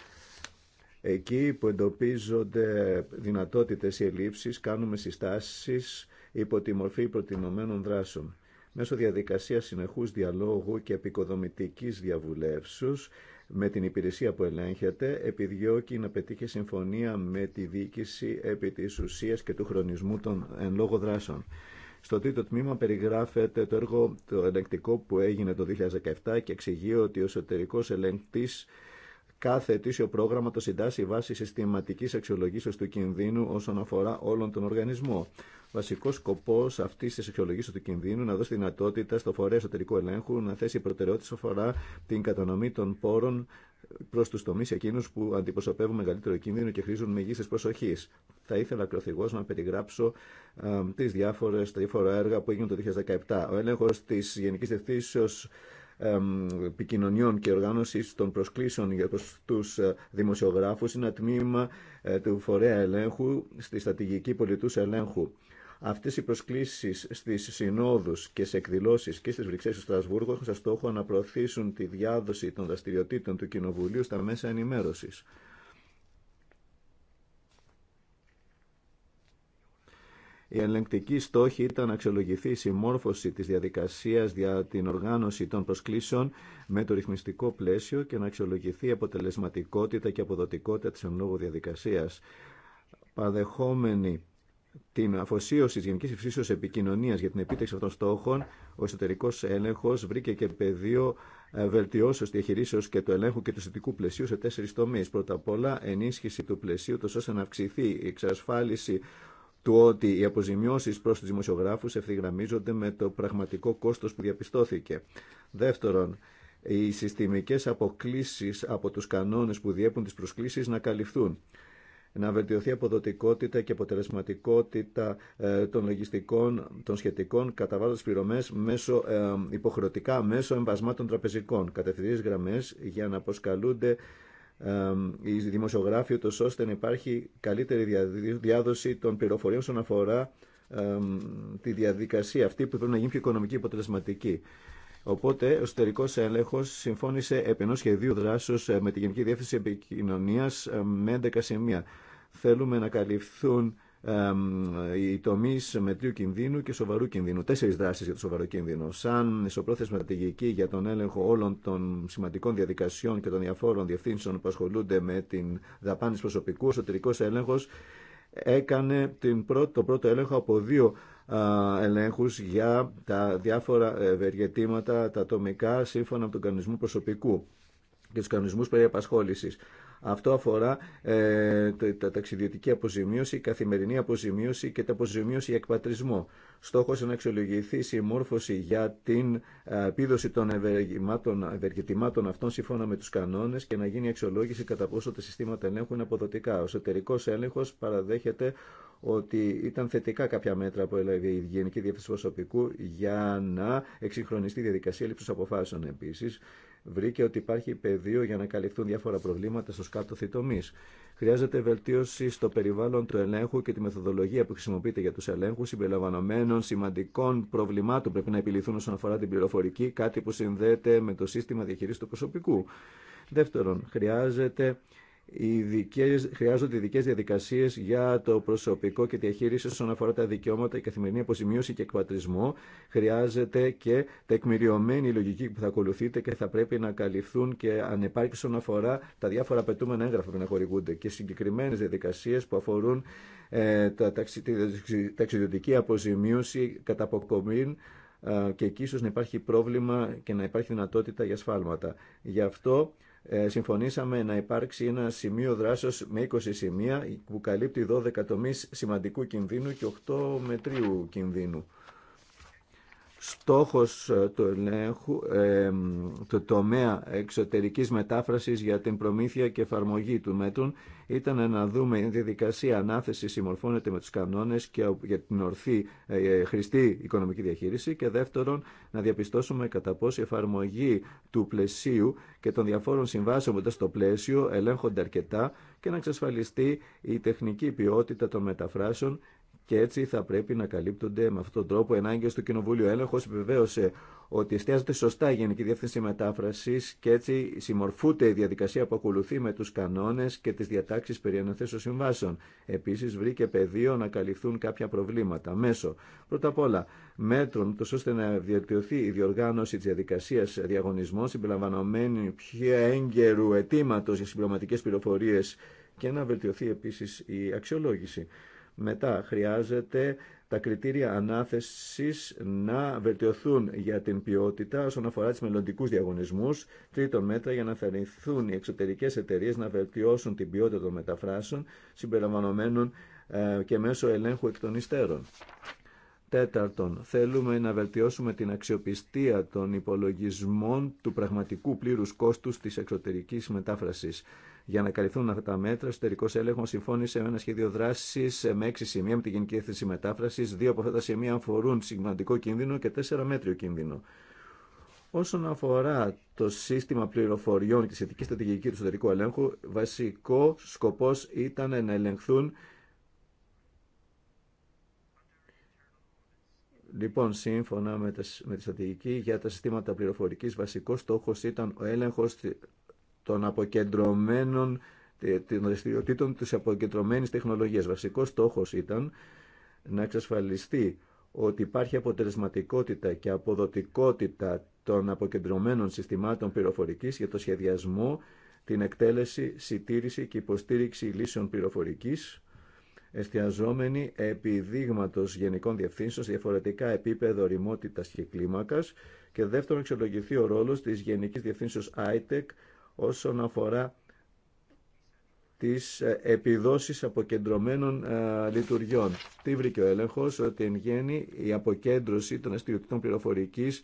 Εκεί που εντοπίζονται δυνατότητες ή ελλείψεις, κάνουμε συστάσεις υπό τη μορφή προτινομένων δράσεων. Μέσω διαδικασίας συνεχούς διαλόγου και επικοδομητικής διαβουλεύσεως με την υπηρεσία που ελέγχεται, επιδιώκει να πετύχει συμφωνία με τη διοίκηση επί της ουσίας και του χρονισμού των εν λόγω δράσεων. Στο τρίτο τμήμα περιγράφεται το έργο το ελεγκτικό που έγινε το 2017 και εξηγεί ότι ο εσωτερικός ελεγκτής Κάθε ετήσιο πρόγραμμα το συντάσσει βάσει συστηματική αξιολογήσεω του κινδύνου όσον αφορά όλον τον οργανισμό. Βασικό σκοπό αυτή τη αξιολογήσεω του κινδύνου να δώσει δυνατότητα στο φορέα εσωτερικού ελέγχου να θέσει προτεραιότητε αφορά την κατανομή των πόρων προ του τομεί εκείνου που αντιπροσωπεύουν μεγαλύτερο κίνδυνο και χρήζουν μεγίστη προσοχή. Θα ήθελα ακροθυγώ να περιγράψω τι διάφορε διάφορες, έργα που έγιναν το 2017. Ο έλεγχο τη Γενική Διευθύνσεω επικοινωνιών και οργάνωσης των προσκλήσεων για τους ε, δημοσιογράφους είναι ένα τμήμα ε, του φορέα ελέγχου στη στατηγική Πολιτού. ελέγχου. Αυτές οι προσκλήσεις στις συνόδους και σε εκδηλώσεις και στις Βρυξέλλες του Στρασβούργου έχουν σαν στόχο να προωθήσουν τη διάδοση των δραστηριοτήτων του Κοινοβουλίου στα μέσα ενημέρωσης. Η ελεγκτική στόχη ήταν να αξιολογηθεί η συμμόρφωση της διαδικασίας για την οργάνωση των προσκλήσεων με το ρυθμιστικό πλαίσιο και να αξιολογηθεί η αποτελεσματικότητα και αποδοτικότητα της εν λόγω διαδικασίας. Παδεχόμενη την αφοσίωση τη Γενική Υψήσεω Επικοινωνία για την επίτευξη αυτών των στόχων, ο εσωτερικό έλεγχο βρήκε και πεδίο ε, βελτιώσεω διαχειρήσεω και του ελέγχου και του συντικού πλαισίου σε τέσσερι τομεί. Πρώτα απ' όλα, ενίσχυση του πλαισίου, τόσο ώστε να αυξηθεί η εξασφάλιση του ότι οι αποζημιώσει προς τους δημοσιογράφους ευθυγραμμίζονται με το πραγματικό κόστος που διαπιστώθηκε. Δεύτερον, οι συστημικές αποκλήσει από τους κανόνες που διέπουν τις προσκλήσει να καλυφθούν να βελτιωθεί αποδοτικότητα και αποτελεσματικότητα ε, των λογιστικών, των σχετικών καταβάλλοντα πληρωμές ε, υποχρεωτικά μέσω εμβασμάτων τραπεζικών, Κατευθυντήριε γραμμέ για να αποσκαλούνται οι δημοσιογράφοι, ούτως ώστε να υπάρχει καλύτερη διάδοση των πληροφοριών όσον αφορά τη διαδικασία αυτή που πρέπει να γίνει πιο οικονομική αποτελεσματική. Οπότε ο εσωτερικό έλεγχο συμφώνησε επ' ενό σχεδίου δράσεω ε, με τη Γενική Διεύθυνση Επικοινωνία ε, με 11 σημεία. Θέλουμε να καλυφθούν οι τομεί μετρίου κινδύνου και σοβαρού κινδύνου. Τέσσερι δράσει για το σοβαρό κίνδυνο. Σαν ισοπρόθεσμη στρατηγική για τον έλεγχο όλων των σημαντικών διαδικασιών και των διαφόρων διευθύνσεων που ασχολούνται με την δαπάνη προσωπικού, ο εσωτερικό έλεγχο έκανε την το πρώτο έλεγχο από δύο ελέγχους για τα διάφορα ευεργετήματα, τα ατομικά, σύμφωνα με τον κανονισμό προσωπικού και τους κανονισμούς περί αυτό αφορά ε, τα ταξιδιωτική αποζημίωση, η καθημερινή αποζημίωση και τα αποζημίωση για εκπατρισμό. Στόχο είναι να αξιολογηθεί η συμμόρφωση για την ε, επίδοση των ευεργετημάτων αυτών σύμφωνα με του κανόνε και να γίνει η αξιολόγηση κατά πόσο τα συστήματα ελέγχου αποδοτικά. Ο εσωτερικό έλεγχο παραδέχεται ότι ήταν θετικά κάποια μέτρα που η Γενική Διεύθυνση Προσωπικού για να εξυγχρονιστεί η διαδικασία λήψη αποφάσεων επίση βρήκε ότι υπάρχει πεδίο για να καλυφθούν διάφορα προβλήματα στο κάτω θητομή. Χρειάζεται βελτίωση στο περιβάλλον του ελέγχου και τη μεθοδολογία που χρησιμοποιείται για του ελέγχου συμπεριλαμβανομένων σημαντικών προβλημάτων πρέπει να επιληθούν όσον αφορά την πληροφορική, κάτι που συνδέεται με το σύστημα διαχείριση του προσωπικού. Δεύτερον, χρειάζεται χρειάζονται ειδικέ διαδικασίε για το προσωπικό και διαχείριση όσον αφορά τα δικαιώματα, η καθημερινή αποζημίωση και εκπατρισμό. Χρειάζεται και τεκμηριωμένη λογική που θα ακολουθείτε και θα πρέπει να καλυφθούν και ανεπάρκει όσον αφορά τα διάφορα απαιτούμενα έγγραφα που να χορηγούνται και συγκεκριμένε διαδικασίε που αφορούν ε, τα, ταξιδιωτική αποζημίωση κατά αποκομήν ε, και εκεί ίσως να υπάρχει πρόβλημα και να υπάρχει δυνατότητα για σφάλματα. Γι' αυτό ε, συμφωνήσαμε να υπάρξει ένα σημείο δράσεως με 20 σημεία που καλύπτει 12 τομείς σημαντικού κινδύνου και 8 μετρίου κινδύνου στόχος ε, του ελέγχου, ε, τομέα εξωτερικής μετάφρασης για την προμήθεια και εφαρμογή του μέτρων ήταν να δούμε η διαδικασία ανάθεση συμμορφώνεται με τους κανόνες και για την ορθή ε, χρηστή οικονομική διαχείριση και δεύτερον να διαπιστώσουμε κατά πόσο η εφαρμογή του πλαισίου και των διαφόρων συμβάσεων μετά στο πλαίσιο ελέγχονται αρκετά και να εξασφαλιστεί η τεχνική ποιότητα των μεταφράσεων και έτσι θα πρέπει να καλύπτονται με αυτόν τον τρόπο ενάγκε του Κοινοβούλιο. Έλεγχο επιβεβαίωσε ότι εστιάζεται σωστά η Γενική Διεύθυνση Μετάφραση και έτσι συμμορφούται η διαδικασία που ακολουθεί με του κανόνε και τι διατάξει περί αναθέσεων συμβάσεων. Επίση, βρήκε πεδίο να καλυφθούν κάποια προβλήματα μέσω πρώτα απ' όλα μέτρων, τόσο ώστε να βελτιωθεί η διοργάνωση τη διαδικασία διαγωνισμών συμπεριλαμβανομένη πιο έγκαιρου αιτήματο για συμπληρωματικέ πληροφορίε και να βελτιωθεί επίση η αξιολόγηση. Μετά χρειάζεται τα κριτήρια ανάθεσης να βελτιωθούν για την ποιότητα όσον αφορά τις μελλοντικού διαγωνισμούς. Τρίτον, μέτρα για να θεωρηθούν οι εξωτερικές εταιρείες να βελτιώσουν την ποιότητα των μεταφράσεων συμπεριλαμβανομένων ε, και μέσω ελέγχου εκ των υστέρων. Τέταρτον, θέλουμε να βελτιώσουμε την αξιοπιστία των υπολογισμών του πραγματικού πλήρους κόστους της εξωτερικής μετάφρασης. Για να καλυφθούν αυτά τα μέτρα, ο εσωτερικό έλεγχο συμφώνησε με ένα σχέδιο δράση με έξι σημεία με τη Γενική έθεση Μετάφραση. Δύο από αυτά τα σημεία αφορούν σημαντικό κίνδυνο και τέσσερα μέτριο κίνδυνο. Όσον αφορά το σύστημα πληροφοριών και τη σχετική στρατηγική του εσωτερικού ελέγχου, βασικό σκοπό ήταν να ελεγχθούν. Λοιπόν, σύμφωνα με τη στρατηγική για τα συστήματα πληροφορική. Βασικό στόχο ήταν ο έλεγχο των αποκεντρωμένων των δραστηριοτήτων της αποκεντρωμένης τεχνολογίας. Βασικός στόχος ήταν να εξασφαλιστεί ότι υπάρχει αποτελεσματικότητα και αποδοτικότητα των αποκεντρωμένων συστημάτων πληροφορικής για το σχεδιασμό, την εκτέλεση, συντήρηση και υποστήριξη λύσεων πληροφορικής, εστιαζόμενοι επί δείγματος γενικών διευθύνσεων σε διαφορετικά επίπεδα οριμότητας και κλίμακας και δεύτερον εξολογηθεί ο ρόλος της Γενικής Διευθύνσεως ITEC όσον αφορά τις ε, επιδόσεις αποκεντρωμένων ε, λειτουργιών. Τι βρήκε ο έλεγχος, ότι εν γέννη η αποκέντρωση των αστυνομικών πληροφορικής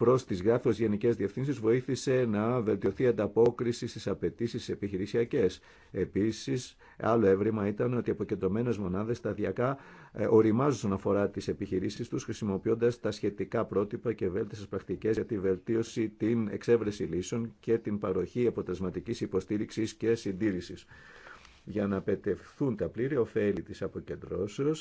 προ τι γράφω γενικέ διευθύνσει βοήθησε να βελτιωθεί η ανταπόκριση στι απαιτήσει επιχειρησιακέ. Επίση, άλλο έβριμα ήταν ότι οι αποκεντρωμένε μονάδε σταδιακά ε, οριμάζουν αφορά τι επιχειρήσει του, χρησιμοποιώντα τα σχετικά πρότυπα και βέλτιστε πρακτικέ για τη βελτίωση, την εξέβρεση λύσεων και την παροχή αποτελεσματική υποστήριξη και συντήρηση. Για να πετευθούν τα πλήρη ωφέλη της αποκεντρώσεω,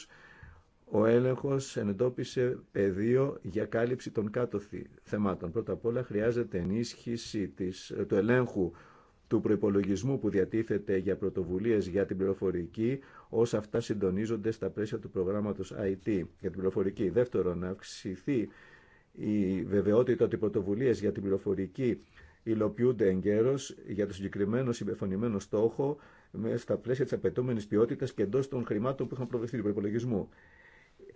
ο έλεγχος ενετόπισε πεδίο για κάλυψη των κάτω θεμάτων. Πρώτα απ' όλα χρειάζεται ενίσχυση της, του ελέγχου του προϋπολογισμού που διατίθεται για πρωτοβουλίες για την πληροφορική, όσα αυτά συντονίζονται στα πλαίσια του προγράμματος IT για την πληροφορική. Δεύτερον, να αυξηθεί η βεβαιότητα ότι οι πρωτοβουλίες για την πληροφορική υλοποιούνται εγκαίρως για το συγκεκριμένο συμπεφωνημένο στόχο στα πλαίσια τη απαιτούμενη ποιότητα και εντό των χρημάτων που είχαν προβληθεί του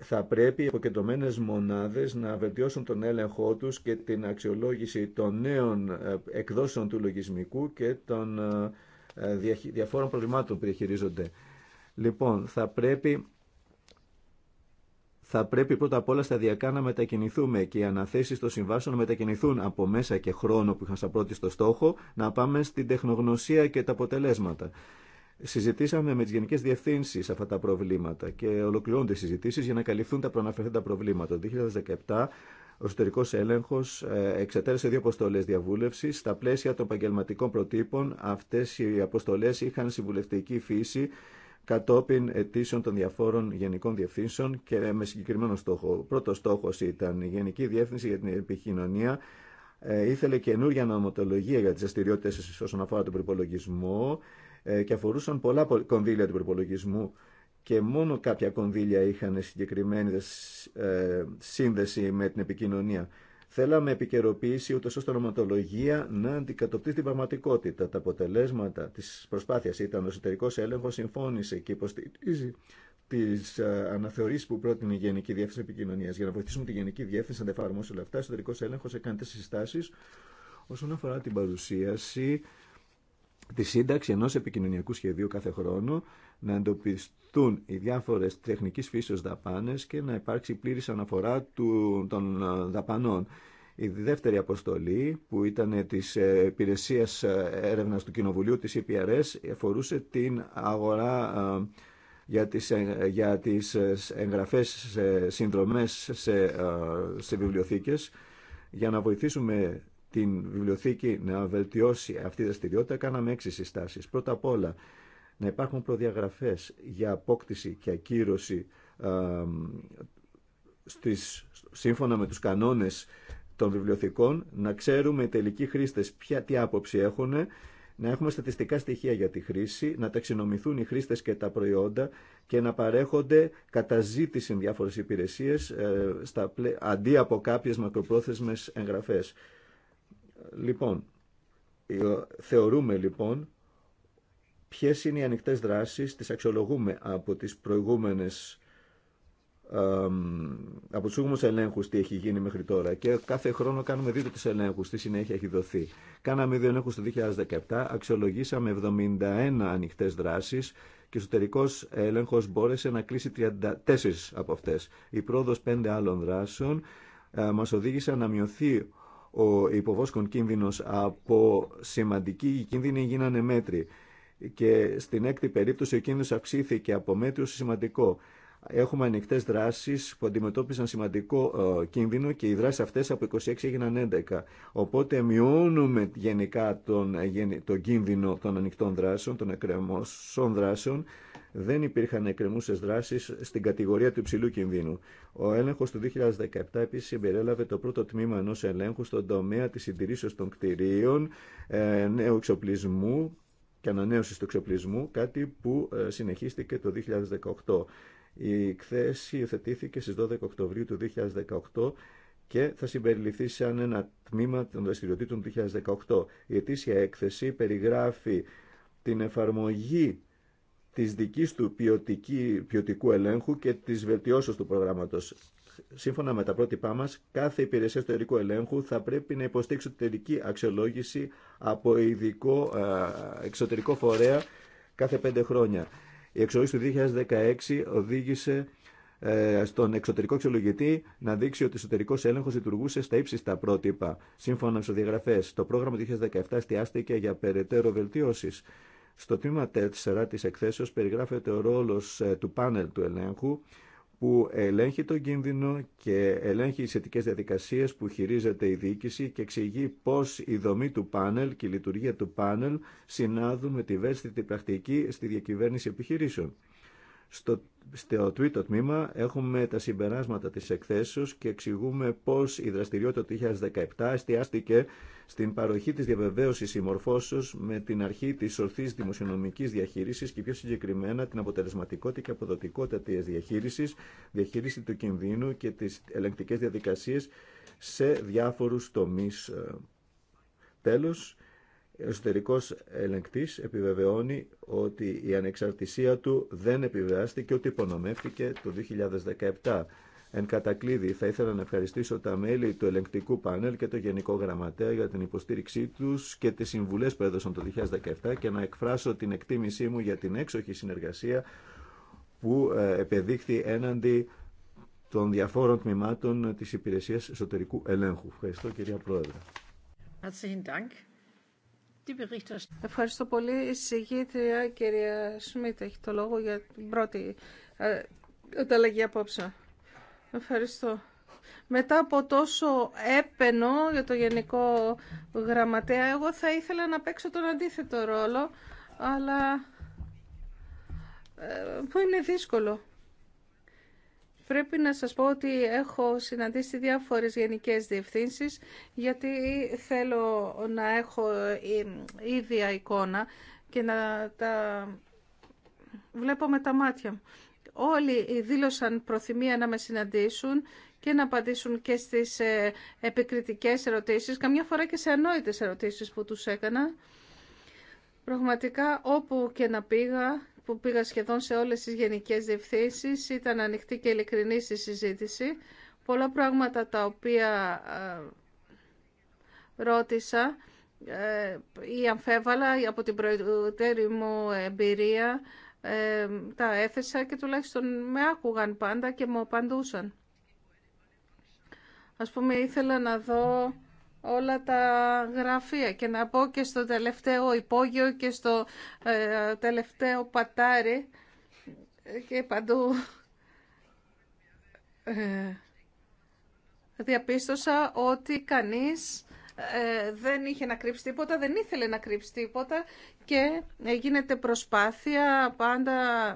θα πρέπει οι αποκεντρωμένες μονάδες να βελτιώσουν τον έλεγχό τους και την αξιολόγηση των νέων ε, εκδόσεων του λογισμικού και των ε, ε, διαφόρων προβλημάτων που διαχειρίζονται. Λοιπόν, θα πρέπει, θα πρέπει πρώτα απ' όλα σταδιακά να μετακινηθούμε και οι αναθέσεις των συμβάσεων να μετακινηθούν από μέσα και χρόνο που είχαν σαν πρώτη στο στόχο να πάμε στην τεχνογνωσία και τα αποτελέσματα. Συζητήσαμε με τι γενικέ διευθύνσει αυτά τα προβλήματα και ολοκληρώνονται οι συζητήσει για να καλυφθούν τα προαναφερθέντα προβλήματα. Το 2017 ο εσωτερικό έλεγχο ε, εξετέλεσε δύο αποστολέ διαβούλευση. Στα πλαίσια των επαγγελματικών προτύπων, αυτέ οι αποστολέ είχαν συμβουλευτική φύση κατόπιν αιτήσεων των διαφόρων γενικών διευθύνσεων και με συγκεκριμένο στόχο. Πρώτο στόχο ήταν η Γενική Διεύθυνση για την Επικοινωνία. Ε, ήθελε καινούργια νομοτολογία για τι όσον αφορά τον προπολογισμό ε, και αφορούσαν πολλά κονδύλια του προπολογισμού και μόνο κάποια κονδύλια είχαν συγκεκριμένη ε, σύνδεση με την επικοινωνία. Θέλαμε επικαιροποίηση ούτω ώστε η ονοματολογία να αντικατοπτεί την πραγματικότητα. Τα αποτελέσματα τη προσπάθεια ήταν ο εσωτερικό έλεγχο συμφώνησε και υποστηρίζει τι ε, αναθεωρήσει που πρότεινε η Γενική Διεύθυνση Επικοινωνία. Για να βοηθήσουμε τη Γενική Διεύθυνση να τα εφαρμόσει όλα αυτά, ο εσωτερικό έλεγχο έκανε τι συστάσει όσον αφορά την παρουσίαση τη σύνταξη ενό επικοινωνιακού σχεδίου κάθε χρόνο, να εντοπιστούν οι διάφορες τεχνική φύσεω δαπάνε και να υπάρξει πλήρης αναφορά του, των ε, δαπανών. Η δεύτερη αποστολή που ήταν της ε, υπηρεσία ε, έρευνας του Κοινοβουλίου της EPRS αφορούσε την αγορά για τις, για τις εγγραφές σε συνδρομές σε, σε βιβλιοθήκες για να βοηθήσουμε την βιβλιοθήκη να βελτιώσει αυτή τη δραστηριότητα, κάναμε έξι συστάσεις. Πρώτα απ' όλα, να υπάρχουν προδιαγραφές για απόκτηση και ακύρωση στις, σύμφωνα με τους κανόνες των βιβλιοθηκών, να ξέρουμε οι τελικοί χρήστες ποια τι άποψη έχουν, να έχουμε στατιστικά στοιχεία για τη χρήση, να ταξινομηθούν οι χρήστες και τα προϊόντα και να παρέχονται κατά ζήτηση διάφορες υπηρεσίες ε, στα, αντί από κάποιες μακροπρόθεσμες εγγραφές. Λοιπόν, ε, θεωρούμε λοιπόν ποιες είναι οι ανοιχτές δράσεις, τις αξιολογούμε από τις προηγούμενες από τους ούγμους ελέγχους τι έχει γίνει μέχρι τώρα και κάθε χρόνο κάνουμε δύο τους ελέγχους, τι συνέχεια έχει δοθεί. Κάναμε δύο ελέγχους το 2017, αξιολογήσαμε 71 ανοιχτέ δράσεις και εσωτερικό έλεγχος μπόρεσε να κλείσει 34 από αυτές. Η πρόοδος πέντε άλλων δράσεων ε, μας οδήγησε να μειωθεί ο υποβόσκων κίνδυνος από σημαντική κίνδυνη γίνανε μέτρη και στην έκτη περίπτωση ο κίνδυνος αυξήθηκε από μέτριο σε σημαντικό. Έχουμε ανοιχτέ δράσει που αντιμετώπισαν σημαντικό ε, κίνδυνο και οι δράσει αυτέ από 26 έγιναν 11. Οπότε μειώνουμε γενικά τον, ε, τον κίνδυνο των ανοιχτών δράσεων, των εκκρεμώσεων δράσεων. Δεν υπήρχαν εκκρεμούσε δράσει στην κατηγορία του υψηλού κινδύνου. Ο έλεγχο του 2017 επίση συμπεριέλαβε το πρώτο τμήμα ενό ελέγχου στον τομέα τη συντηρήσεω των κτηρίων, ε, νέου εξοπλισμού και ανανέωση του εξοπλισμού, κάτι που συνεχίστηκε το 2018. Η εκθέση υιοθετήθηκε στις 12 Οκτωβρίου του 2018 και θα συμπεριληφθεί σαν ένα τμήμα των δραστηριοτήτων του 2018. Η ετήσια έκθεση περιγράφει την εφαρμογή της δικής του ποιοτική, ποιοτικού ελέγχου και της βελτιώσεως του προγράμματος. Σύμφωνα με τα πρότυπά μα, κάθε υπηρεσία εσωτερικού ελέγχου θα πρέπει να υποστήξει εξωτερική αξιολόγηση από ειδικό ε, εξωτερικό φορέα κάθε πέντε χρόνια. Η εξορίση του 2016 οδήγησε ε, στον εξωτερικό αξιολογητή να δείξει ότι ο εσωτερικό έλεγχο λειτουργούσε στα ύψιστα πρότυπα. Σύμφωνα με τι διαγραφές. το πρόγραμμα του 2017 εστιάστηκε για περαιτέρω βελτίωση. Στο τμήμα 4 τη εκθέσεω περιγράφεται ο ρόλο ε, του πάνελ του ελέγχου που ελέγχει τον κίνδυνο και ελέγχει οι αιτικές διαδικασίες που χειρίζεται η διοίκηση και εξηγεί πώς η δομή του πάνελ και η λειτουργία του πάνελ συνάδουν με τη βέστητη πρακτική στη διακυβέρνηση επιχειρήσεων. Στο, στο τρίτο τμήμα έχουμε τα συμπεράσματα της εκθέσεως και εξηγούμε πώς η δραστηριότητα του 2017 εστιάστηκε στην παροχή της διαβεβαίωσης συμμορφώσεως με την αρχή της ορθής δημοσιονομικής διαχείρισης και πιο συγκεκριμένα την αποτελεσματικότητα και αποδοτικότητα της διαχείρισης, διαχείριση του κινδύνου και τις ελεγκτικές διαδικασίες σε διάφορους τομείς. Ε, τέλος, εσωτερικός ελεγκτής επιβεβαιώνει ότι η ανεξαρτησία του δεν επιβεβαιάστηκε ότι υπονομεύτηκε το 2017. Εν κατακλείδη, θα ήθελα να ευχαριστήσω τα μέλη του ελεγκτικού πάνελ και το Γενικό Γραμματέα για την υποστήριξή του και τι συμβουλέ που έδωσαν το 2017 και να εκφράσω την εκτίμησή μου για την έξοχη συνεργασία που ε, επεδείχθη έναντι των διαφόρων τμήματων της Υπηρεσίας Εσωτερικού Ελέγχου. Ευχαριστώ κυρία Πρόεδρε. Ευχαριστώ πολύ. Η συγγήτρια κυρία Σμίτ έχει το λόγο για την πρώτη ε, ανταλλαγή απόψε. Ευχαριστώ. Μετά από τόσο έπαινο για το Γενικό Γραμματέα, εγώ θα ήθελα να παίξω τον αντίθετο ρόλο, αλλά ε, που είναι δύσκολο. Πρέπει να σας πω ότι έχω συναντήσει διάφορες γενικές διευθύνσεις γιατί θέλω να έχω ίδια εικόνα και να τα βλέπω με τα μάτια μου. Όλοι δήλωσαν προθυμία να με συναντήσουν και να απαντήσουν και στις ε, επικριτικές ερωτήσεις, καμιά φορά και σε ανόητες ερωτήσεις που τους έκανα. Πραγματικά όπου και να πήγα που πήγα σχεδόν σε όλες τις γενικές διευθύνσεις. Ήταν ανοιχτή και ειλικρινή στη συζήτηση. Πολλά πράγματα τα οποία ε, ρώτησα ε, ή αμφέβαλα από την προηγουμένη μου εμπειρία ε, τα έθεσα και τουλάχιστον με άκουγαν πάντα και μου απαντούσαν. Ας πούμε, ήθελα να δω όλα τα γραφεία και να πω και στο τελευταίο υπόγειο και στο ε, τελευταίο πατάρι ε, και παντού ε, διαπίστωσα ότι κανείς ε, δεν είχε να κρύψει τίποτα, δεν ήθελε να κρύψει τίποτα και γίνεται προσπάθεια πάντα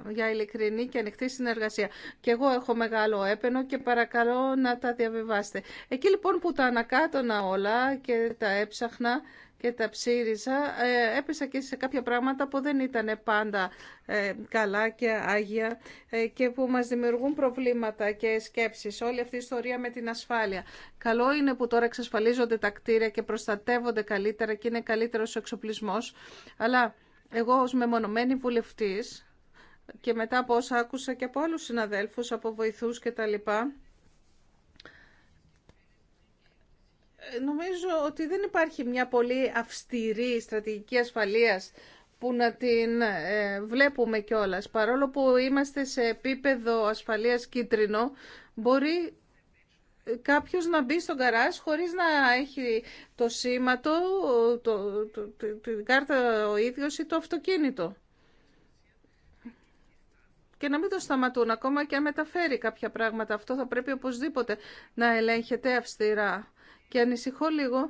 για ειλικρινή και ανοιχτή συνεργασία. Και εγώ έχω μεγάλο έπαινο και παρακαλώ να τα διαβιβάσετε. Εκεί λοιπόν που τα ανακάτωνα όλα και τα έψαχνα, και τα ψήριζα, ε, έπεσα και σε κάποια πράγματα που δεν ήταν πάντα ε, καλά και άγια ε, και που μας δημιουργούν προβλήματα και σκέψεις. Όλη αυτή η ιστορία με την ασφάλεια. Καλό είναι που τώρα εξασφαλίζονται τα κτίρια και προστατεύονται καλύτερα και είναι καλύτερος ο εξοπλισμός, αλλά εγώ ως μεμονωμένη βουλευτής και μετά από όσα άκουσα και από άλλους συναδέλφους, από βοηθούς και νομίζω ότι δεν υπάρχει μια πολύ αυστηρή στρατηγική ασφαλείας που να την ε, βλέπουμε κιόλας. Παρόλο που είμαστε σε επίπεδο ασφαλείας κίτρινο, μπορεί κάποιος να μπει στον καράζ χωρίς να έχει το σήμα το, το, την κάρτα ο ίδιος ή το αυτοκίνητο. Και να μην το σταματούν, ακόμα και αν μεταφέρει κάποια πράγματα. Αυτό θα πρέπει οπωσδήποτε να ελέγχεται αυστηρά και ανησυχώ λίγο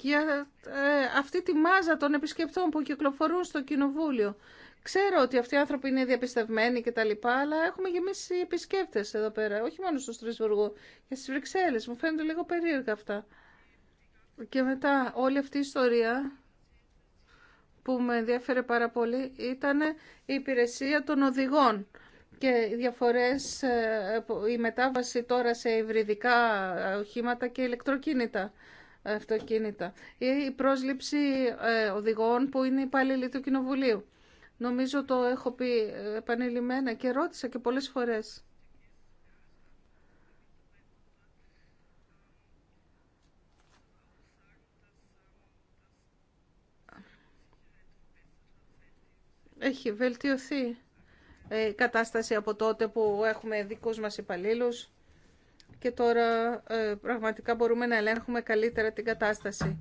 για ε, αυτή τη μάζα των επισκεπτών που κυκλοφορούν στο κοινοβούλιο. Ξέρω ότι αυτοί οι άνθρωποι είναι διαπιστευμένοι και τα λοιπά, αλλά έχουμε γεμίσει επισκέπτε εδώ πέρα, όχι μόνο στο Στρασβουργό και στι Βρυξέλλε. Μου φαίνονται λίγο περίεργα αυτά. Και μετά όλη αυτή η ιστορία που με ενδιαφέρε πάρα πολύ ήταν η υπηρεσία των οδηγών και οι διαφορές, ε, η μετάβαση τώρα σε υβριδικά οχήματα και ηλεκτροκίνητα αυτοκίνητα ή η πρόσληψη ε, οδηγών που είναι υπάλληλοι του Κοινοβουλίου. Νομίζω το έχω πει ε, επανειλημμένα και ρώτησα και πολλές φορές. Έχει βελτιωθεί ε, η κατάσταση από τότε που έχουμε δικούς μας υπαλλήλους και τώρα ε, πραγματικά μπορούμε να ελέγχουμε καλύτερα την κατάσταση.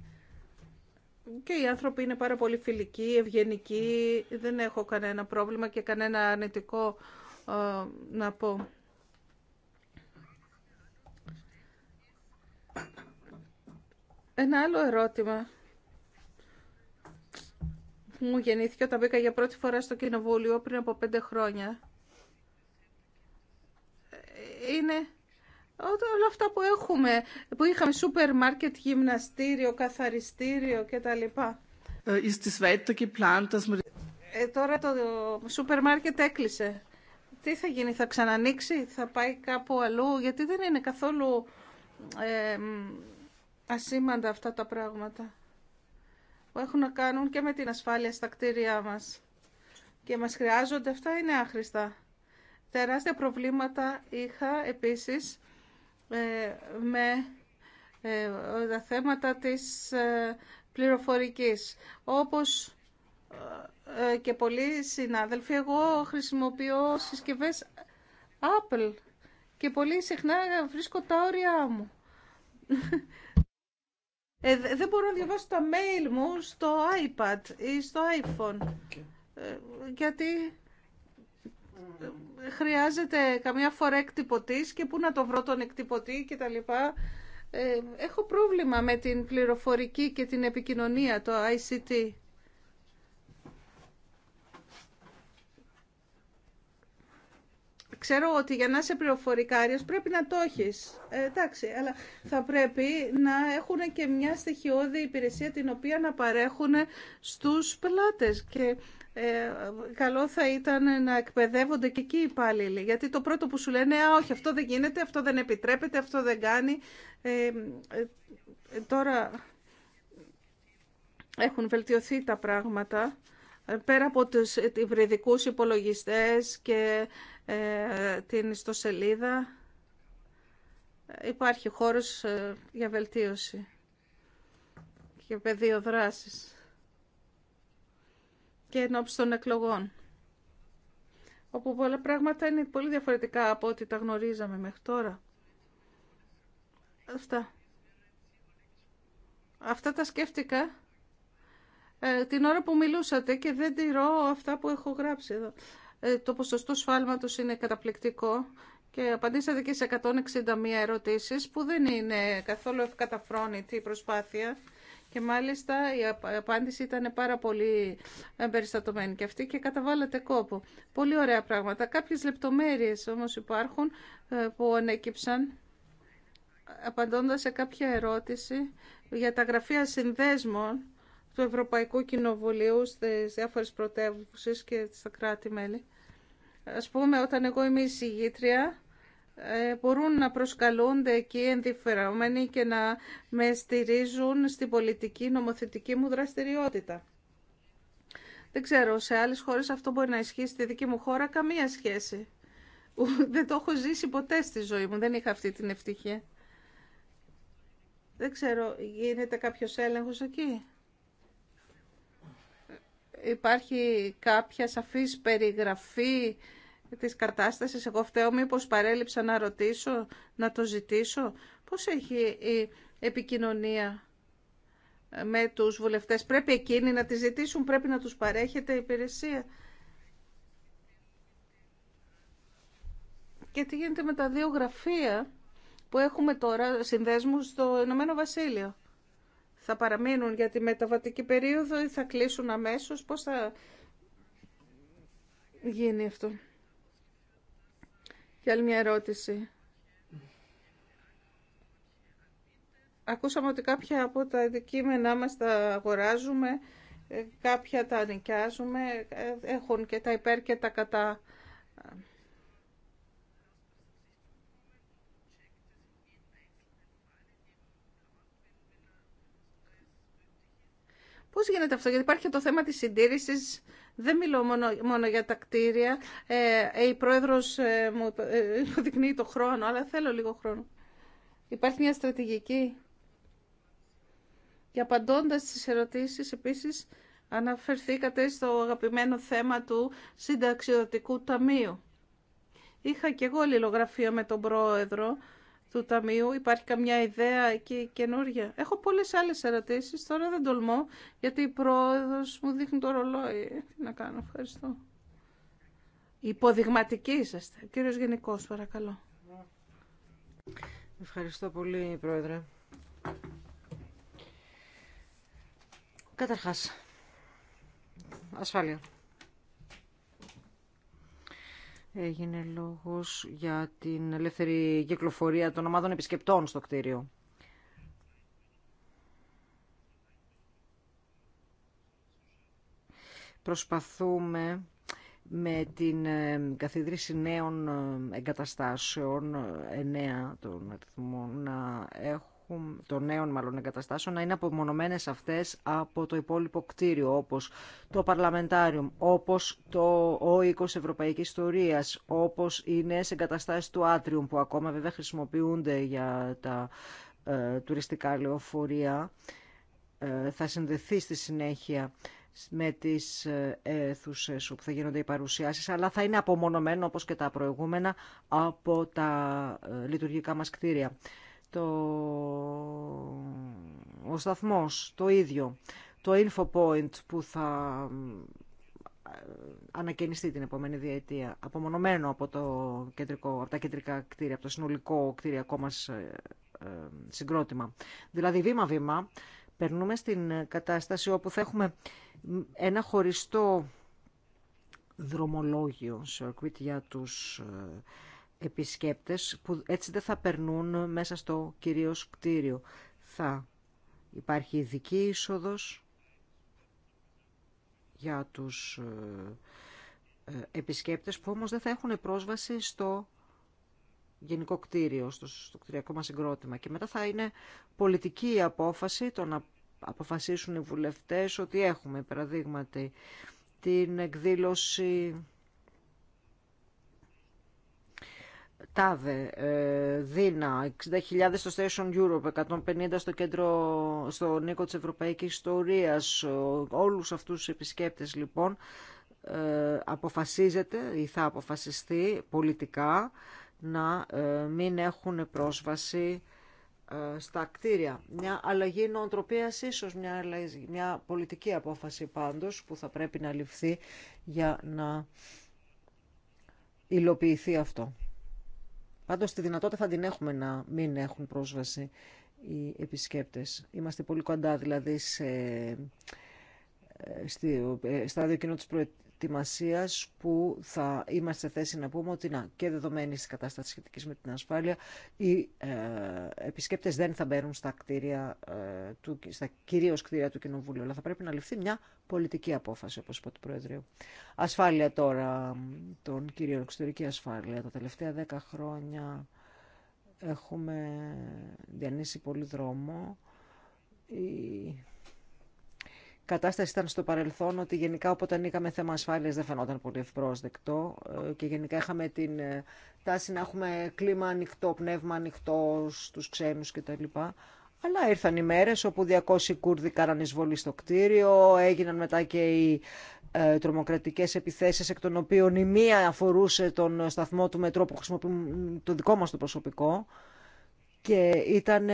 Και οι άνθρωποι είναι πάρα πολύ φιλικοί, ευγενικοί, δεν έχω κανένα πρόβλημα και κανένα αρνητικό ε, να πω. Ένα άλλο ερώτημα μου γεννήθηκε όταν μπήκα για πρώτη φορά στο κοινοβούλιο πριν από πέντε χρόνια είναι όλα αυτά που έχουμε, που είχαμε σούπερ μάρκετ, γυμναστήριο, καθαριστήριο κτλ. Ε, ε, τώρα το σούπερ μάρκετ έκλεισε. Τι θα γίνει, θα ξανανοίξει, θα πάει κάπου αλλού, γιατί δεν είναι καθόλου ε, ασήμαντα αυτά τα πράγματα που έχουν να κάνουν και με την ασφάλεια στα κτίρια μας. Και μας χρειάζονται αυτά, είναι άχρηστα. Τεράστια προβλήματα είχα επίσης ε, με ε, τα θέματα της ε, πληροφορικής. Όπως και πολλοί συνάδελφοι, εγώ χρησιμοποιώ συσκευές Apple και πολύ συχνά βρίσκω τα όρια μου. Ε, δεν μπορώ να διαβάσω τα mail μου στο iPad ή στο iPhone. Ε, γιατί χρειάζεται καμιά φορά εκτυπωτής και πού να το βρω τον εκτυπωτή και τα λοιπά. Ε, έχω πρόβλημα με την πληροφορική και την επικοινωνία, το ICT. Ξέρω ότι για να είσαι πληροφορικάριος πρέπει να το έχει. Ε, εντάξει, αλλά θα πρέπει να έχουν και μια στοιχειώδη υπηρεσία την οποία να παρέχουν στους πελάτες. Και ε, καλό θα ήταν να εκπαιδεύονται και εκεί οι υπάλληλοι. Γιατί το πρώτο που σου λένε, α, όχι, αυτό δεν γίνεται, αυτό δεν επιτρέπεται, αυτό δεν κάνει. Ε, ε, τώρα έχουν βελτιωθεί τα πράγματα ε, πέρα από τους υβριδικούς υπολογιστές και ε, την ιστοσελίδα. Υπάρχει χώρος ε, για βελτίωση και πεδίο δράσης και ενώπιση των εκλογών όπου πολλά πράγματα είναι πολύ διαφορετικά από ό,τι τα γνωρίζαμε μέχρι τώρα. Αυτά. Αυτά τα σκέφτηκα ε, την ώρα που μιλούσατε και δεν τηρώ αυτά που έχω γράψει εδώ. Ε, το ποσοστό σφάλματος είναι καταπληκτικό και απαντήσατε και σε 161 ερωτήσεις που δεν είναι καθόλου ευκαταφρόνητη προσπάθεια και μάλιστα η απάντηση ήταν πάρα πολύ εμπεριστατωμένη και αυτή και καταβάλλατε κόπο. Πολύ ωραία πράγματα. Κάποιες λεπτομέρειες όμως υπάρχουν ε, που ανέκυψαν απαντώντας σε κάποια ερώτηση για τα γραφεία συνδέσμων του Ευρωπαϊκού Κοινοβουλίου στις διάφορε πρωτεύουσες και στα κράτη-μέλη. Ας πούμε, όταν εγώ είμαι εισηγήτρια, ε, μπορούν να προσκαλούνται εκεί ενδιαφερόμενοι και να με στηρίζουν στην πολιτική νομοθετική μου δραστηριότητα. Δεν ξέρω, σε άλλες χώρες αυτό μπορεί να ισχύει στη δική μου χώρα καμία σχέση. Δεν το έχω ζήσει ποτέ στη ζωή μου, δεν είχα αυτή την ευτυχία. Δεν ξέρω, γίνεται κάποιος έλεγχος εκεί υπάρχει κάποια σαφής περιγραφή της κατάστασης. Εγώ φταίω μήπως παρέλειψα να ρωτήσω, να το ζητήσω. Πώς έχει η επικοινωνία με τους βουλευτές. Πρέπει εκείνοι να τη ζητήσουν, πρέπει να τους παρέχεται η υπηρεσία. Και τι γίνεται με τα δύο γραφεία που έχουμε τώρα συνδέσμους στο Ηνωμένο Βασίλειο θα παραμείνουν για τη μεταβατική περίοδο ή θα κλείσουν αμέσως, πώς θα γίνει αυτό. Και άλλη μια ερώτηση. Ακούσαμε ότι κάποια από τα αντικείμενά μας τα αγοράζουμε, ε, κάποια τα νοικιάζουμε, ε, έχουν και τα υπέρ και τα κατά. Πώς γίνεται αυτό, γιατί υπάρχει το θέμα της συντήρησης, δεν μιλώ μόνο, για τα κτίρια, ε, ε η πρόεδρος ε, μου ε, υποδεικνύει το χρόνο, αλλά θέλω λίγο χρόνο. Υπάρχει μια στρατηγική. Και απαντώντας στις ερωτήσεις, επίσης, αναφερθήκατε στο αγαπημένο θέμα του συνταξιδοτικού ταμείου. Είχα και εγώ λιλογραφία με τον πρόεδρο, του Ταμείου. Υπάρχει καμιά ιδέα εκεί καινούργια. Έχω πολλές άλλες ερωτήσει. τώρα δεν τολμώ, γιατί η πρόεδρος μου δείχνει το ρολόι. Τι να κάνω, ευχαριστώ. Υποδειγματικοί είσαστε. Κύριος Γενικός, παρακαλώ. Ευχαριστώ πολύ, Πρόεδρε. Καταρχάς, ασφάλεια έγινε λόγος για την ελεύθερη κυκλοφορία των ομάδων επισκεπτών στο κτίριο. Προσπαθούμε με την ε, καθίδρυση νέων ε, εγκαταστάσεων, ε, εννέα των αριθμών, να έχουμε έχουν, των νέων μάλλον εγκαταστάσεων να είναι απομονωμένες αυτές από το υπόλοιπο κτίριο όπως το Παρλαμεντάριουμ, όπως το ο οίκος Ευρωπαϊκής Ιστορίας, όπως οι νέες εγκαταστάσεις του Άτριουμ που ακόμα βέβαια χρησιμοποιούνται για τα ε, τουριστικά λεωφορεία ε, θα συνδεθεί στη συνέχεια με τις ε, αίθουσε όπου θα γίνονται οι παρουσιάσει, αλλά θα είναι απομονωμένο όπως και τα προηγούμενα από τα λειτουργικά μας κτίρια το... ο σταθμός, το ίδιο, το InfoPoint που θα ανακαινιστεί την επόμενη διετία, απομονωμένο από, το κεντρικό, από τα κεντρικά κτίρια, από το συνολικό κτίριακό μας ε, ε, συγκρότημα. Δηλαδή βήμα-βήμα περνούμε στην κατάσταση όπου θα έχουμε ένα χωριστό δρομολόγιο σε για τους ε, επισκέπτες που έτσι δεν θα περνούν μέσα στο κυρίως κτίριο. Θα υπάρχει ειδική είσοδος για τους ε, ε, επισκέπτες που όμως δεν θα έχουν πρόσβαση στο γενικό κτίριο, στο, στο κτηριακό μας συγκρότημα. Και μετά θα είναι πολιτική η απόφαση το να αποφασίσουν οι βουλευτές ότι έχουμε παραδείγματι την εκδήλωση τάδε, ε, δίνα, 60.000 στο Station Europe, 150 στο κέντρο, στο Νίκο της Ευρωπαϊκής Ιστορίας, όλους αυτούς τους επισκέπτες λοιπόν, ε, αποφασίζεται ή θα αποφασιστεί πολιτικά να ε, μην έχουν πρόσβαση στα κτίρια. Μια αλλαγή νοοτροπίας ίσως, μια, μια πολιτική απόφαση πάντως που θα πρέπει να ληφθεί για να υλοποιηθεί αυτό. Πάντω τη δυνατότητα θα την έχουμε να μην έχουν πρόσβαση οι επισκέπτε. Είμαστε πολύ κοντά δηλαδή σε, ε, στη, ε, στάδιο κοινό της προετοιμασίας που θα είμαστε σε θέση να πούμε ότι να, και δεδομένη τη κατάσταση σχετική με την ασφάλεια οι ε, επισκέπτες δεν θα μπαίνουν στα κτίρια, ε, του, στα κτίρια του Κοινοβούλου, αλλά θα πρέπει να ληφθεί μια πολιτική απόφαση, όπως είπα του Προεδρείου. Ασφάλεια τώρα τον κύριο εξωτερική ασφάλεια. Τα τελευταία δέκα χρόνια έχουμε διανύσει πολύ δρόμο. Η κατάσταση ήταν στο παρελθόν ότι γενικά όταν είχαμε θέμα ασφάλειας δεν φαινόταν πολύ ευπρόσδεκτο ε, και γενικά είχαμε την ε, τάση να έχουμε κλίμα ανοιχτό, πνεύμα ανοιχτό στους ξένους κτλ. Αλλά ήρθαν οι μέρες όπου 200 Κούρδοι κάναν εισβολή στο κτίριο, έγιναν μετά και οι ε, τρομοκρατικές επιθέσεις, εκ των οποίων η μία αφορούσε τον σταθμό του μετρό που χρησιμοποιούμε το δικό μας το προσωπικό. Και ήταν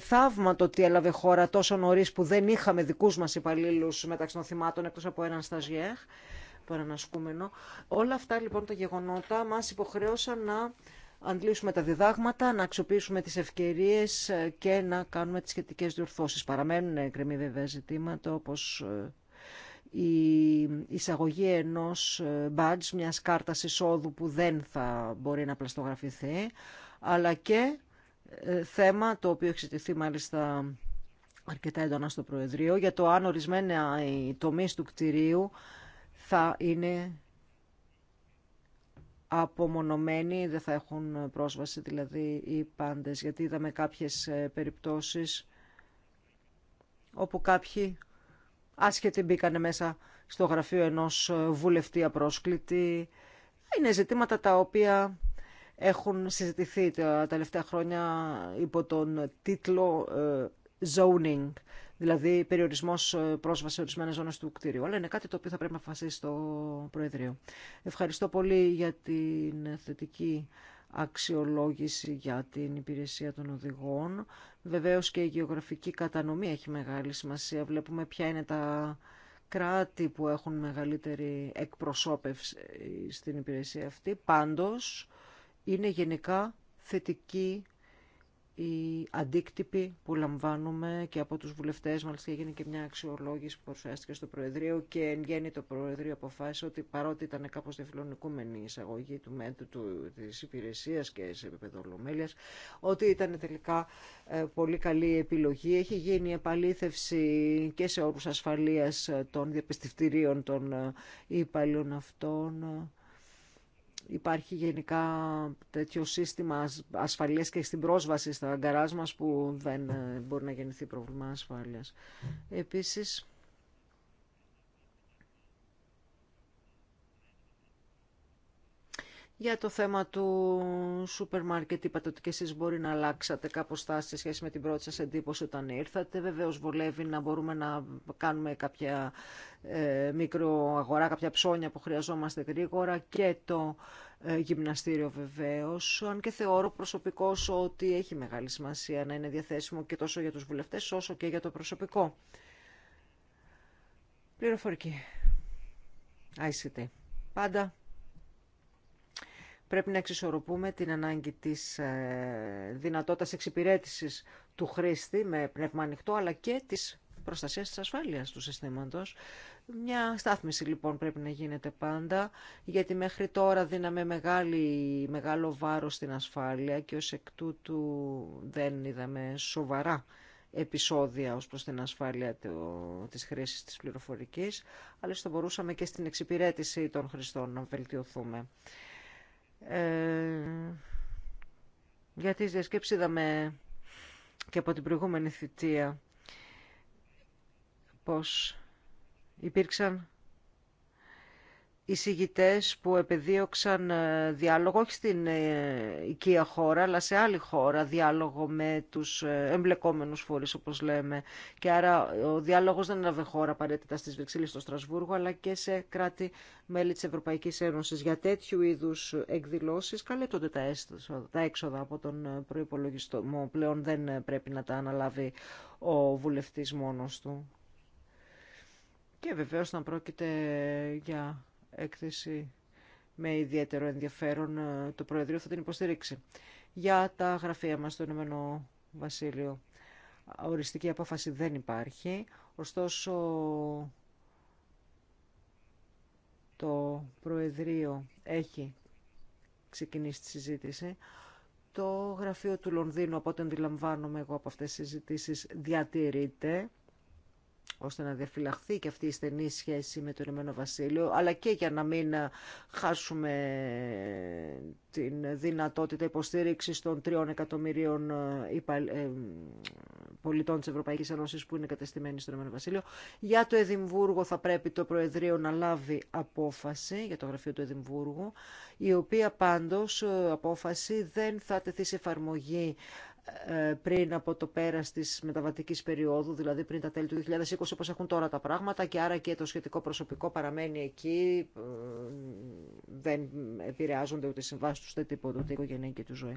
θαύμα το ότι έλαβε χώρα τόσο νωρί που δεν είχαμε δικούς μας υπαλλήλου μεταξύ των θυμάτων, εκτός από έναν σταζιέχ, παρανασκούμενο. Όλα αυτά λοιπόν τα γεγονότα μας υποχρέωσαν να αντλήσουμε τα διδάγματα, να αξιοποιήσουμε τις ευκαιρίες ε, και να κάνουμε τις σχετικές διορθώσεις. Παραμένουν κρεμή βέβαια ζητήματα όπως ε, η εισαγωγή ενός ε, badge, μιας κάρτας εισόδου που δεν θα μπορεί να πλαστογραφηθεί, αλλά και θέμα το οποίο έχει μάλιστα αρκετά έντονα στο Προεδρείο για το αν ορισμένα οι του κτηρίου θα είναι απομονωμένοι, δεν θα έχουν πρόσβαση δηλαδή οι πάντες, γιατί είδαμε κάποιες ε, περιπτώσεις όπου κάποιοι άσχετοι μπήκανε μέσα στο γραφείο ενός ε, βουλευτή απρόσκλητη. Είναι ζητήματα τα οποία έχουν συζητηθεί τα τελευταία χρόνια υπό τον τίτλο ε, zoning, δηλαδή περιορισμό ε, πρόσβαση σε ορισμένε ζώνε του κτίριου. Αλλά είναι κάτι το οποίο θα πρέπει να αποφασίσει το Προεδρείο. Ευχαριστώ πολύ για την θετική αξιολόγηση για την υπηρεσία των οδηγών. Βεβαίως και η γεωγραφική κατανομή έχει μεγάλη σημασία. Βλέπουμε ποια είναι τα κράτη που έχουν μεγαλύτερη εκπροσώπευση στην υπηρεσία αυτή. Πάντως, είναι γενικά θετική οι αντίκτυποι που λαμβάνουμε και από τους βουλευτές, μάλιστα έγινε και μια αξιολόγηση που παρουσιάστηκε στο Προεδρείο και εν γέννη το Προεδρείο αποφάσισε ότι παρότι ήταν κάπως διαφιλονικούμενη η εισαγωγή του μέτρου του, της υπηρεσίας και σε επίπεδο ολομέλειας, ότι ήταν τελικά ε, πολύ καλή επιλογή. Έχει γίνει επαλήθευση και σε όρους ασφαλείας των διαπιστευτηρίων των ε, υπαλλήλων αυτών υπάρχει γενικά τέτοιο σύστημα ασφαλείας και στην πρόσβαση στα γκαράζ μας που δεν ε, μπορεί να γεννηθεί πρόβλημα ασφάλειας. Επίσης, Για το θέμα του σούπερ μάρκετ είπατε ότι και εσείς μπορεί να αλλάξατε κάπως στάση σε σχέση με την πρώτη σας εντύπωση όταν ήρθατε. Βεβαίως βολεύει να μπορούμε να κάνουμε κάποια ε, μικροαγορά, κάποια ψώνια που χρειαζόμαστε γρήγορα και το ε, γυμναστήριο βεβαίως. Αν και θεωρώ προσωπικώς ότι έχει μεγάλη σημασία να είναι διαθέσιμο και τόσο για τους βουλευτές όσο και για το προσωπικό. Πληροφορική. ICT. Πάντα πρέπει να εξισορροπούμε την ανάγκη της ε, δυνατότητας εξυπηρέτησης του χρήστη με πνεύμα ανοιχτό, αλλά και της προστασίας της ασφάλειας του συστήματος. Μια στάθμιση λοιπόν πρέπει να γίνεται πάντα, γιατί μέχρι τώρα δίναμε μεγάλο βάρος στην ασφάλεια και ως εκ τούτου δεν είδαμε σοβαρά επεισόδια ως προς την ασφάλεια της χρήσης της πληροφορικής, αλλά στο μπορούσαμε και στην εξυπηρέτηση των χρηστών να βελτιωθούμε γιατί ε, γιατί τις είδαμε και από την προηγούμενη θητεία πως υπήρξαν οι εισηγητές που επεδίωξαν ε, διάλογο όχι στην ε, οικία χώρα αλλά σε άλλη χώρα διάλογο με τους ε, εμπλεκόμενους φορείς όπως λέμε και άρα ο διάλογος δεν έλαβε χώρα απαραίτητα στις Βεξίλες στο Στρασβούργο αλλά και σε κράτη μέλη της Ευρωπαϊκής Ένωσης για τέτοιου είδους εκδηλώσεις καλύπτονται τα, τα έξοδα από τον προϋπολογισμό πλέον δεν πρέπει να τα αναλάβει ο βουλευτής μόνος του. Και βεβαίως να πρόκειται για έκθεση με ιδιαίτερο ενδιαφέρον. Ε, το Προεδρείο θα την υποστηρίξει. Για τα γραφεία μας στο Ηνωμένο Βασίλειο. Οριστική απόφαση δεν υπάρχει. Ωστόσο, το Προεδρείο έχει ξεκινήσει τη συζήτηση. Το γραφείο του Λονδίνου, από ό,τι αντιλαμβάνομαι εγώ από αυτές τις συζητήσεις, διατηρείται ώστε να διαφυλαχθεί και αυτή η στενή σχέση με το Ηνωμένο Βασίλειο, αλλά και για να μην χάσουμε την δυνατότητα υποστηρίξη των τριών εκατομμυρίων ε, ε, πολιτών της Ευρωπαϊκής Ένωσης που είναι κατεστημένοι στο Ηνωμένο Βασίλειο. Για το Εδιμβούργο θα πρέπει το Προεδρείο να λάβει απόφαση για το γραφείο του Εδιμβούργου, η οποία πάντως ε, απόφαση δεν θα τεθεί σε εφαρμογή ε, πριν από το πέρας της μεταβατικής περίοδου, δηλαδή πριν τα τέλη του 2020 όπως έχουν τώρα τα πράγματα και άρα και το σχετικό προσωπικό παραμένει εκεί, ε, δεν επηρεάζονται ούτε συμβάσει τους, ούτε τίποτα, ούτε οικογενειακή του ζωή.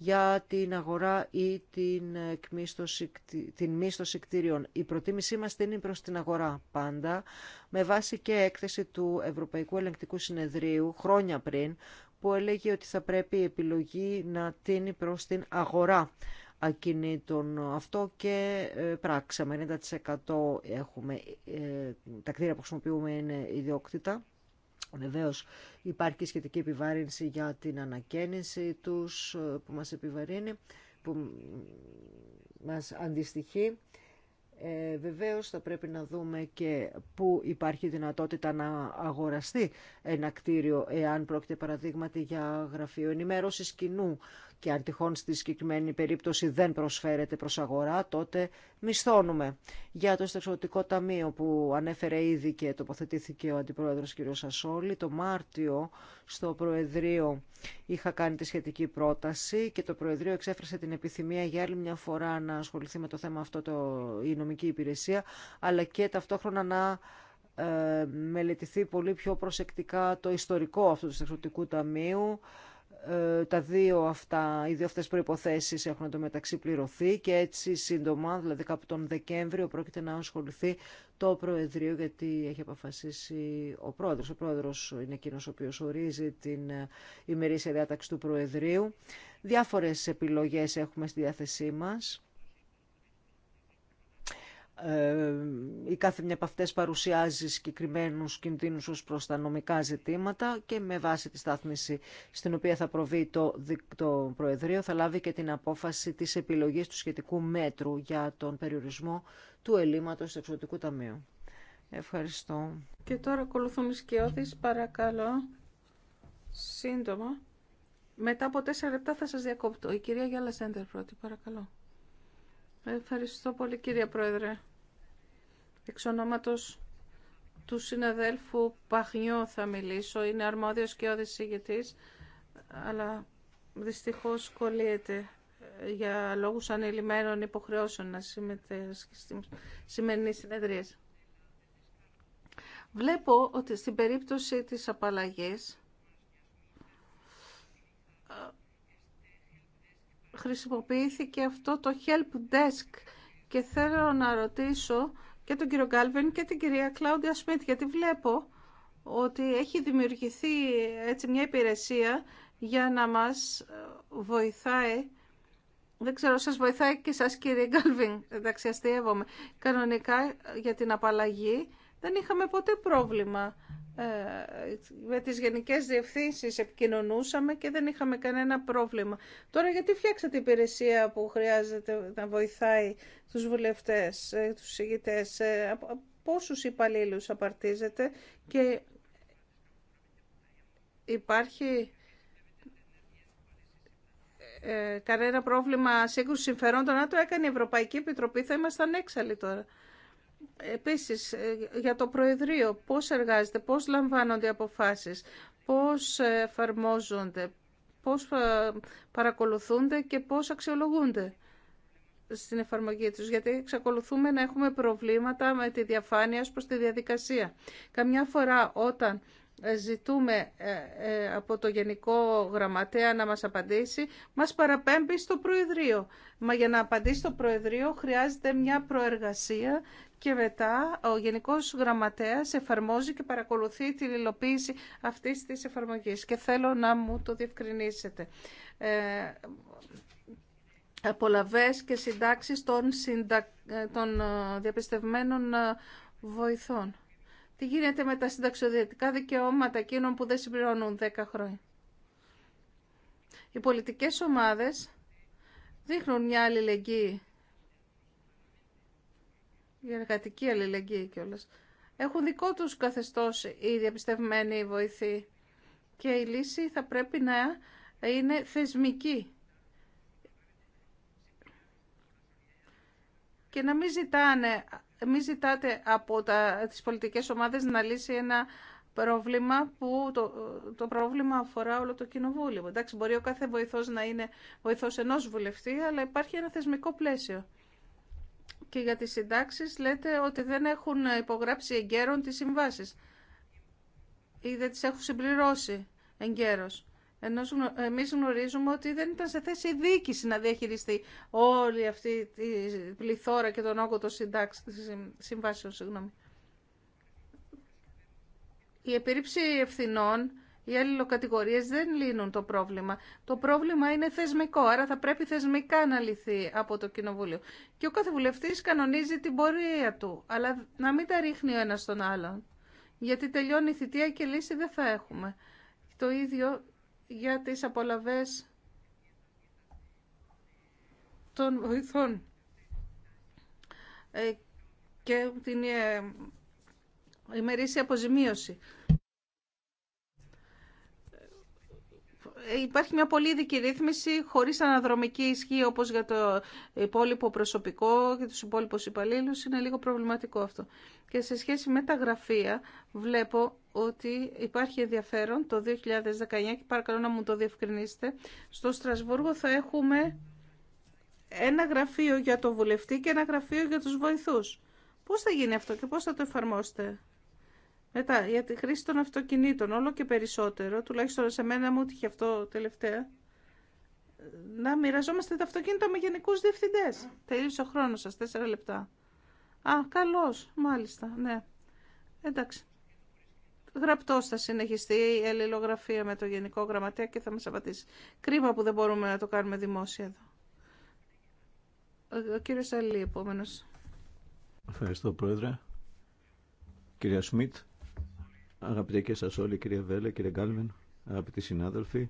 Για την αγορά ή την, εκμίστοση, την μίσθωση κτίριων. Η προτίμησή μας είναι προς την αγορά πάντα, με βάση και έκθεση του Ευρωπαϊκού Ελεγκτικού Συνεδρίου χρόνια πριν, που έλεγε ότι θα πρέπει η επιλογή να τίνει προς την αγορά ακινήτων αυτό και ε, πράξαμε. 90% έχουμε, ε, τα κτίρια που χρησιμοποιούμε είναι ιδιόκτητα. Βεβαίω υπάρχει σχετική επιβάρυνση για την ανακαίνιση τους ε, που μας επιβαρύνει, που μας αντιστοιχεί. Ε, βεβαίως θα πρέπει να δούμε και πού υπάρχει δυνατότητα να αγοραστεί ένα κτίριο εάν πρόκειται παραδείγματι για γραφείο ενημέρωση κοινού και αν τυχόν στη συγκεκριμένη περίπτωση δεν προσφέρεται προς αγορά, τότε μισθώνουμε. Για το Στεξιωτικό Ταμείο που ανέφερε ήδη και τοποθετήθηκε ο Αντιπρόεδρος κ. Σασόλη, το Μάρτιο στο Προεδρείο είχα κάνει τη σχετική πρόταση και το Προεδρείο εξέφρασε την επιθυμία για άλλη μια φορά να ασχοληθεί με το θέμα αυτό το νομική υπηρεσία, αλλά και ταυτόχρονα να ε, μελετηθεί πολύ πιο προσεκτικά το ιστορικό αυτού του εξωτικού Ταμείου. Ε, τα δύο αυτά, οι δύο αυτές προϋποθέσεις έχουν το μεταξύ πληρωθεί και έτσι σύντομα, δηλαδή κάπου τον Δεκέμβριο, πρόκειται να ασχοληθεί το Προεδρείο γιατί έχει αποφασίσει ο Πρόεδρος. Ο Πρόεδρος είναι εκείνος ο οποίος ορίζει την ε, ημερήσια διάταξη του Προεδρείου. Διάφορες επιλογές έχουμε στη διάθεσή μας ε, η κάθε μια από αυτές παρουσιάζει συγκεκριμένους κινδύνους ως προς τα νομικά ζητήματα και με βάση τη στάθμιση στην οποία θα προβεί το, το Προεδρείο θα λάβει και την απόφαση της επιλογής του σχετικού μέτρου για τον περιορισμό του ελλείμματος του εξωτικού ταμείου. Ευχαριστώ. Και τώρα ακολουθούμε σκιώδης, παρακαλώ, σύντομα. Μετά από τέσσερα λεπτά θα σας διακόπτω. Η κυρία Γιάλα Σέντερ πρώτη, παρακαλώ. Ευχαριστώ πολύ κύριε Πρόεδρε. Εξ ονόματος του συναδέλφου Παχνιό θα μιλήσω. Είναι αρμόδιος και όδης ηγετής, αλλά δυστυχώς κολλείεται για λόγους ανελημμένων υποχρεώσεων να συμμετέχει στη σημερινή συνεδρία. Βλέπω ότι στην περίπτωση της απαλλαγής χρησιμοποιήθηκε αυτό το help desk και θέλω να ρωτήσω και τον κύριο Γκάλβεν και την κυρία Κλάουντια Σμιτ, γιατί βλέπω ότι έχει δημιουργηθεί έτσι μια υπηρεσία για να μας ε, βοηθάει. Δεν ξέρω, σας βοηθάει και σας κύριε Γκάλβιν, εντάξει αστείευομαι. Κανονικά για την απαλλαγή δεν είχαμε ποτέ πρόβλημα ε, με τις γενικές διευθύνσεις επικοινωνούσαμε και δεν είχαμε κανένα πρόβλημα. Τώρα γιατί φτιάξατε υπηρεσία που χρειάζεται να βοηθάει τους βουλευτές, ε, τους συγγητές, ε, πόσους υπαλλήλους απαρτίζεται και υπάρχει κανένα πρόβλημα σύγκρουση συμφερόντων. Αν το έκανε η Ευρωπαϊκή Επιτροπή θα ήμασταν έξαλλοι τώρα. Επίσης, ε, για το Προεδρείο, πώς εργάζεται, πώς λαμβάνονται αποφάσεις, πώς εφαρμόζονται, πώς ε, παρακολουθούνται και πώς αξιολογούνται στην εφαρμογή τους, γιατί εξακολουθούμε να έχουμε προβλήματα με τη διαφάνεια προς τη διαδικασία. Καμιά φορά όταν ε, ζητούμε ε, ε, από το Γενικό Γραμματέα να μας απαντήσει, μας παραπέμπει στο Προεδρείο. Μα για να απαντήσει το Προεδρείο χρειάζεται μια προεργασία και μετά ο Γενικός Γραμματέας εφαρμόζει και παρακολουθεί την υλοποίηση αυτής της εφαρμογής. Και θέλω να μου το διευκρινίσετε. Ε, απολαβές και συντάξεις των, συντα... των διαπιστευμένων βοηθών. Τι γίνεται με τα συνταξιοδιατικά δικαιώματα εκείνων που δεν συμπληρώνουν 10 χρόνια. Οι πολιτικές ομάδες δείχνουν μια αλληλεγγύη. Η εργατική αλληλεγγύη κιόλας. Έχουν δικό τους καθεστώς οι διαπιστευμένοι βοηθοί. Και η λύση θα πρέπει να είναι θεσμική. Και να μην ζητάνε μη ζητάτε από τα, τις πολιτικές ομάδες να λύσει ένα πρόβλημα που το, το πρόβλημα αφορά όλο το κοινοβούλιο. Εντάξει, μπορεί ο κάθε βοηθός να είναι βοηθός ενός βουλευτή, αλλά υπάρχει ένα θεσμικό πλαίσιο. Και για τις συντάξεις λέτε ότι δεν έχουν υπογράψει εγκαίρον τις συμβάσεις ή δεν τις έχουν συμπληρώσει εγκαίρως. Ενώ εμεί γνωρίζουμε ότι δεν ήταν σε θέση η διοίκηση να διαχειριστεί όλη αυτή τη πληθώρα και τον όγκο των συμβάσεων. Συγγνώμη. Η επίρρηψη ευθυνών, οι αλληλοκατηγορίε δεν λύνουν το πρόβλημα. Το πρόβλημα είναι θεσμικό, άρα θα πρέπει θεσμικά να λυθεί από το Κοινοβούλιο. Και ο κάθε κανονίζει την πορεία του, αλλά να μην τα ρίχνει ο ένα τον άλλον. Γιατί τελειώνει η θητεία και λύση δεν θα έχουμε. Το ίδιο για τις απολαβές των βοηθών ε, και την ε, ημερήσια αποζημίωση. Ε, υπάρχει μια πολύ ειδική ρύθμιση χωρίς αναδρομική ισχύ όπως για το υπόλοιπο προσωπικό και τους υπόλοιπους υπαλλήλους. Είναι λίγο προβληματικό αυτό. Και σε σχέση με τα γραφεία βλέπω ότι υπάρχει ενδιαφέρον το 2019 και παρακαλώ να μου το διευκρινίσετε. Στο Στρασβούργο θα έχουμε ένα γραφείο για το βουλευτή και ένα γραφείο για τους βοηθούς. Πώς θα γίνει αυτό και πώς θα το εφαρμόσετε. Μετά, για τη χρήση των αυτοκινήτων, όλο και περισσότερο, τουλάχιστον σε μένα μου είχε αυτό τελευταία, να μοιραζόμαστε τα αυτοκίνητα με γενικού διευθυντέ. Τελείωσε ο χρόνο σα, τέσσερα λεπτά. Α, καλώ, μάλιστα, ναι. Εντάξει. Γραπτό θα συνεχιστεί η αλληλογραφία με το Γενικό Γραμματέα και θα μας απαντήσει. Κρίμα που δεν μπορούμε να το κάνουμε δημόσια εδώ. Ο κύριος Αλή, επόμενο. Ευχαριστώ, Πρόεδρε. Κυρία Σμιτ, αγαπητέ και σας όλοι, κυρία Βέλε, κύριε Γκάλμεν, αγαπητοί συνάδελφοι,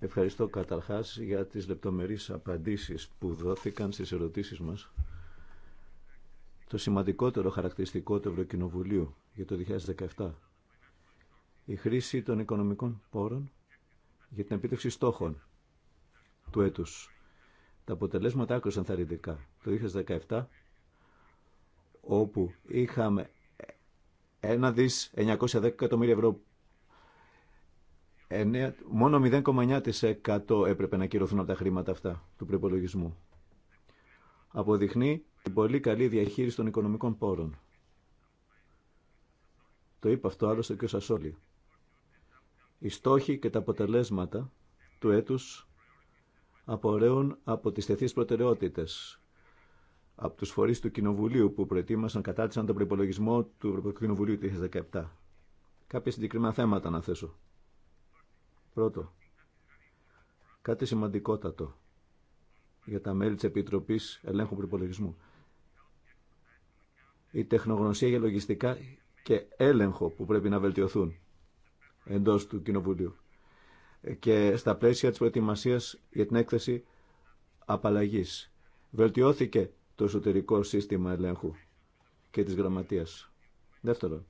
ευχαριστώ καταρχάς για τις λεπτομερείς απαντήσεις που δόθηκαν στις ερωτήσεις μας. Το σημαντικότερο χαρακτηριστικό του Ευρωκοινοβουλίου για το 2017. Η χρήση των οικονομικών πόρων για την επίτευξη στόχων του έτους. Τα αποτελέσματα άκουσαν ενθαρρυντικά. Το 2017, όπου είχαμε ένα δις 910 εκατομμύρια ευρώ, μόνο 0,9% έπρεπε να κυρωθούν από τα χρήματα αυτά του προπολογισμού. Αποδειχνεί την πολύ καλή διαχείριση των οικονομικών πόρων. Το είπε αυτό άλλωστε και ο Σασόλη. Οι στόχοι και τα αποτελέσματα του έτους απορρέουν από τις θεθείς προτεραιότητες από τους φορείς του Κοινοβουλίου που προετοίμασαν, κατάρτισαν τον προπολογισμό του Ευρωπαϊκού Κοινοβουλίου του 2017. Κάποια συγκεκριμένα θέματα να θέσω. Πρώτο, κάτι σημαντικότατο για τα μέλη της Επιτροπής Ελέγχου Προπολογισμού. Η τεχνογνωσία για λογιστικά και έλεγχο που πρέπει να βελτιωθούν εντός του Κοινοβουλίου και στα πλαίσια της προετοιμασίας για την έκθεση απαλλαγής. Βελτιώθηκε το εσωτερικό σύστημα ελέγχου και της γραμματείας. Δεύτερον,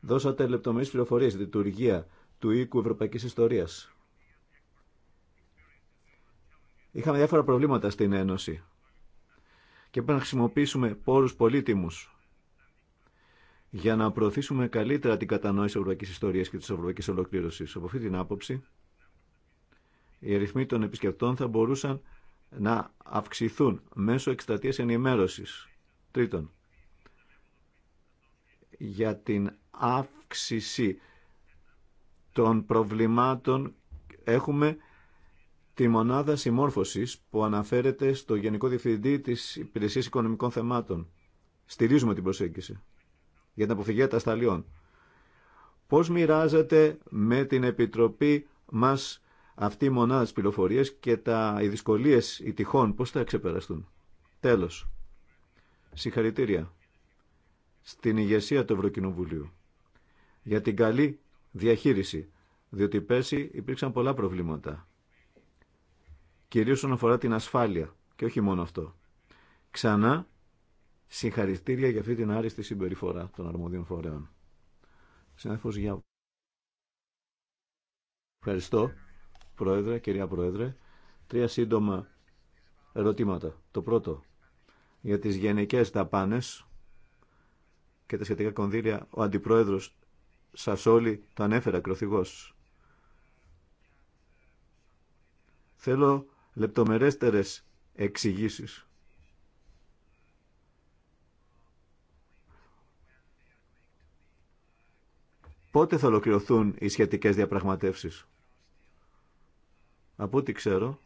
δώσατε λεπτομερείς πληροφορίες τη λειτουργία του οίκου Ευρωπαϊκής Ιστορίας. Είχαμε διάφορα προβλήματα στην Ένωση και πρέπει να χρησιμοποιήσουμε πόρους πολύτιμους για να προωθήσουμε καλύτερα την κατανόηση ευρωπαϊκής ιστορίας και της ευρωπαϊκής ολοκλήρωσης. Από αυτή την άποψη, οι αριθμοί των επισκεπτών θα μπορούσαν να αυξηθούν μέσω εκστατείας ενημέρωσης. Τρίτον, για την αύξηση των προβλημάτων έχουμε τη μονάδα συμμόρφωσης που αναφέρεται στο Γενικό Διευθυντή της Υπηρεσίας Οικονομικών Θεμάτων. Στηρίζουμε την προσέγγιση για την αποφυγή ατασταλιών. Πώς μοιράζεται με την Επιτροπή μας αυτή η μονάδα της πληροφορία και τα, οι δυσκολίες οι τυχόν, πώς θα ξεπεραστούν. Τέλος. Συγχαρητήρια στην ηγεσία του Ευρωκοινοβουλίου για την καλή διαχείριση, διότι πέρσι υπήρξαν πολλά προβλήματα. Κυρίως όσον αφορά την ασφάλεια και όχι μόνο αυτό. Ξανά Συγχαρητήρια για αυτή την άριστη συμπεριφορά των αρμοδίων φορέων. για... Ευχαριστώ, Πρόεδρε, κυρία Πρόεδρε. Τρία σύντομα ερωτήματα. Το πρώτο, για τις γενικές δαπάνες και τα σχετικά κονδύλια, ο Αντιπρόεδρος σας όλοι το ανέφερε ακροθυγός. Θέλω λεπτομερέστερες εξηγήσεις Πότε θα ολοκληρωθούν οι σχετικές διαπραγματεύσεις. Από ό,τι ξέρω,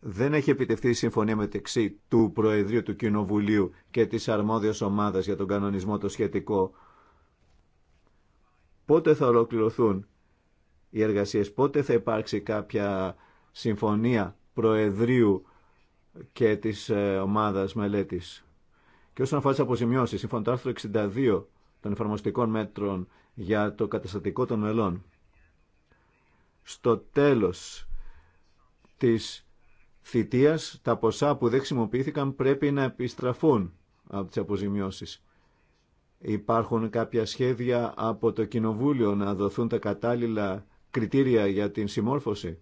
δεν έχει επιτευχθεί η συμφωνία μεταξύ του Προεδρείου του Κοινοβουλίου και της αρμόδιας ομάδας για τον κανονισμό το σχετικό. Πότε θα ολοκληρωθούν οι εργασίες, πότε θα υπάρξει κάποια συμφωνία Προεδρείου και της ε, ομάδας μελέτης. Και όσον αφορά τι αποζημιώσει, σύμφωνα το άρθρο 62 των εφαρμοστικών μέτρων για το καταστατικό των μελών. Στο τέλος της θητείας, τα ποσά που δεν χρησιμοποιήθηκαν πρέπει να επιστραφούν από τις αποζημιώσεις. Υπάρχουν κάποια σχέδια από το Κοινοβούλιο να δοθούν τα κατάλληλα κριτήρια για την συμμόρφωση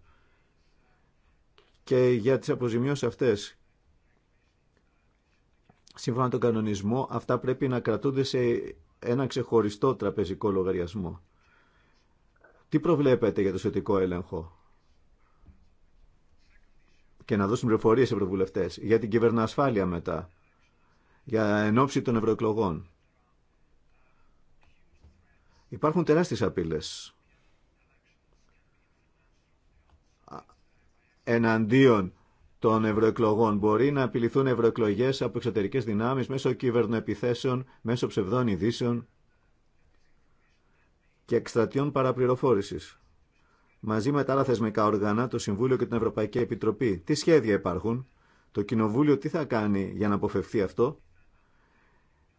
και για τις αποζημιώσεις αυτές. Σύμφωνα με τον κανονισμό, αυτά πρέπει να κρατούνται σε ένα ξεχωριστό τραπεζικό λογαριασμό. Τι προβλέπετε για το σχετικό έλεγχο και να δώσουν πληροφορίε σε ευρωβουλευτέ για την κυβερνοασφάλεια μετά, για ενόψη των ευρωεκλογών. Υπάρχουν τεράστιε απειλέ. εναντίον των ευρωεκλογών. Μπορεί να απειληθούν ευρωεκλογέ από εξωτερικέ δυνάμει μέσω κυβερνοεπιθέσεων, μέσω ψευδών ειδήσεων και εκστρατιών παραπληροφόρηση. Μαζί με τα άλλα θεσμικά όργανα, το Συμβούλιο και την Ευρωπαϊκή Επιτροπή, τι σχέδια υπάρχουν, το Κοινοβούλιο τι θα κάνει για να αποφευθεί αυτό,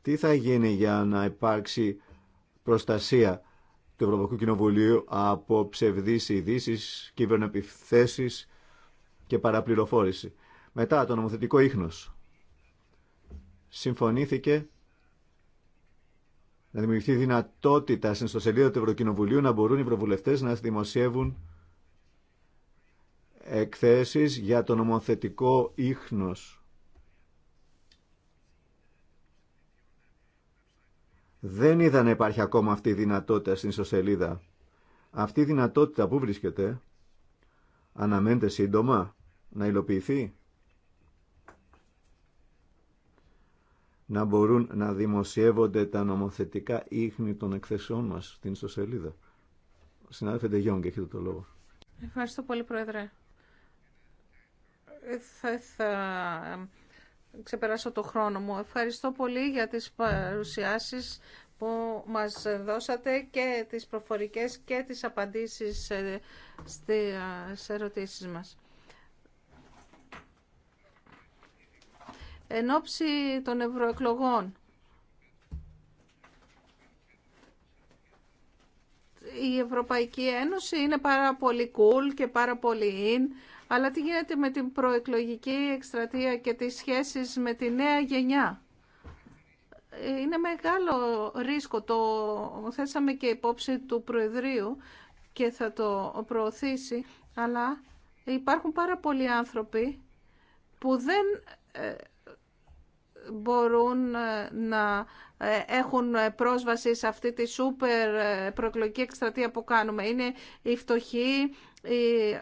τι θα γίνει για να υπάρξει προστασία του Ευρωπαϊκού Κοινοβουλίου από ψευδείς ειδήσει, κυβερνοεπιθέσεις, και παραπληροφόρηση. Μετά το νομοθετικό ίχνος. Συμφωνήθηκε να δημιουργηθεί δυνατότητα στην ιστοσελίδα του Ευρωκοινοβουλίου να μπορούν οι προβουλευτές να δημοσιεύουν εκθέσεις για το νομοθετικό ίχνος. Δεν είδα να υπάρχει ακόμα αυτή η δυνατότητα στην ιστοσελίδα. Αυτή η δυνατότητα που βρίσκεται αναμένεται σύντομα να υλοποιηθεί. Να μπορούν να δημοσιεύονται τα νομοθετικά ίχνη των εκθεσεών μας στην ιστοσελίδα. Συνάδελφε Ντεγιόγκ, έχετε το λόγο. Ευχαριστώ πολύ, Πρόεδρε. Ε, θα, θα ξεπεράσω το χρόνο μου. Ευχαριστώ πολύ για τις παρουσιάσεις που μας δώσατε και τις προφορικές και τις απαντήσεις ε, στις ερωτήσεις μας. εν ώψη των ευρωεκλογών. Η Ευρωπαϊκή Ένωση είναι πάρα πολύ cool και πάρα πολύ in, αλλά τι γίνεται με την προεκλογική εκστρατεία και τις σχέσεις με τη νέα γενιά. Είναι μεγάλο ρίσκο, το θέσαμε και υπόψη του Προεδρείου και θα το προωθήσει, αλλά υπάρχουν πάρα πολλοί άνθρωποι που δεν ε, μπορούν ε, να ε, έχουν ε, πρόσβαση σε αυτή τη σούπερ προεκλογική εκστρατεία που κάνουμε. Είναι οι φτωχοί, οι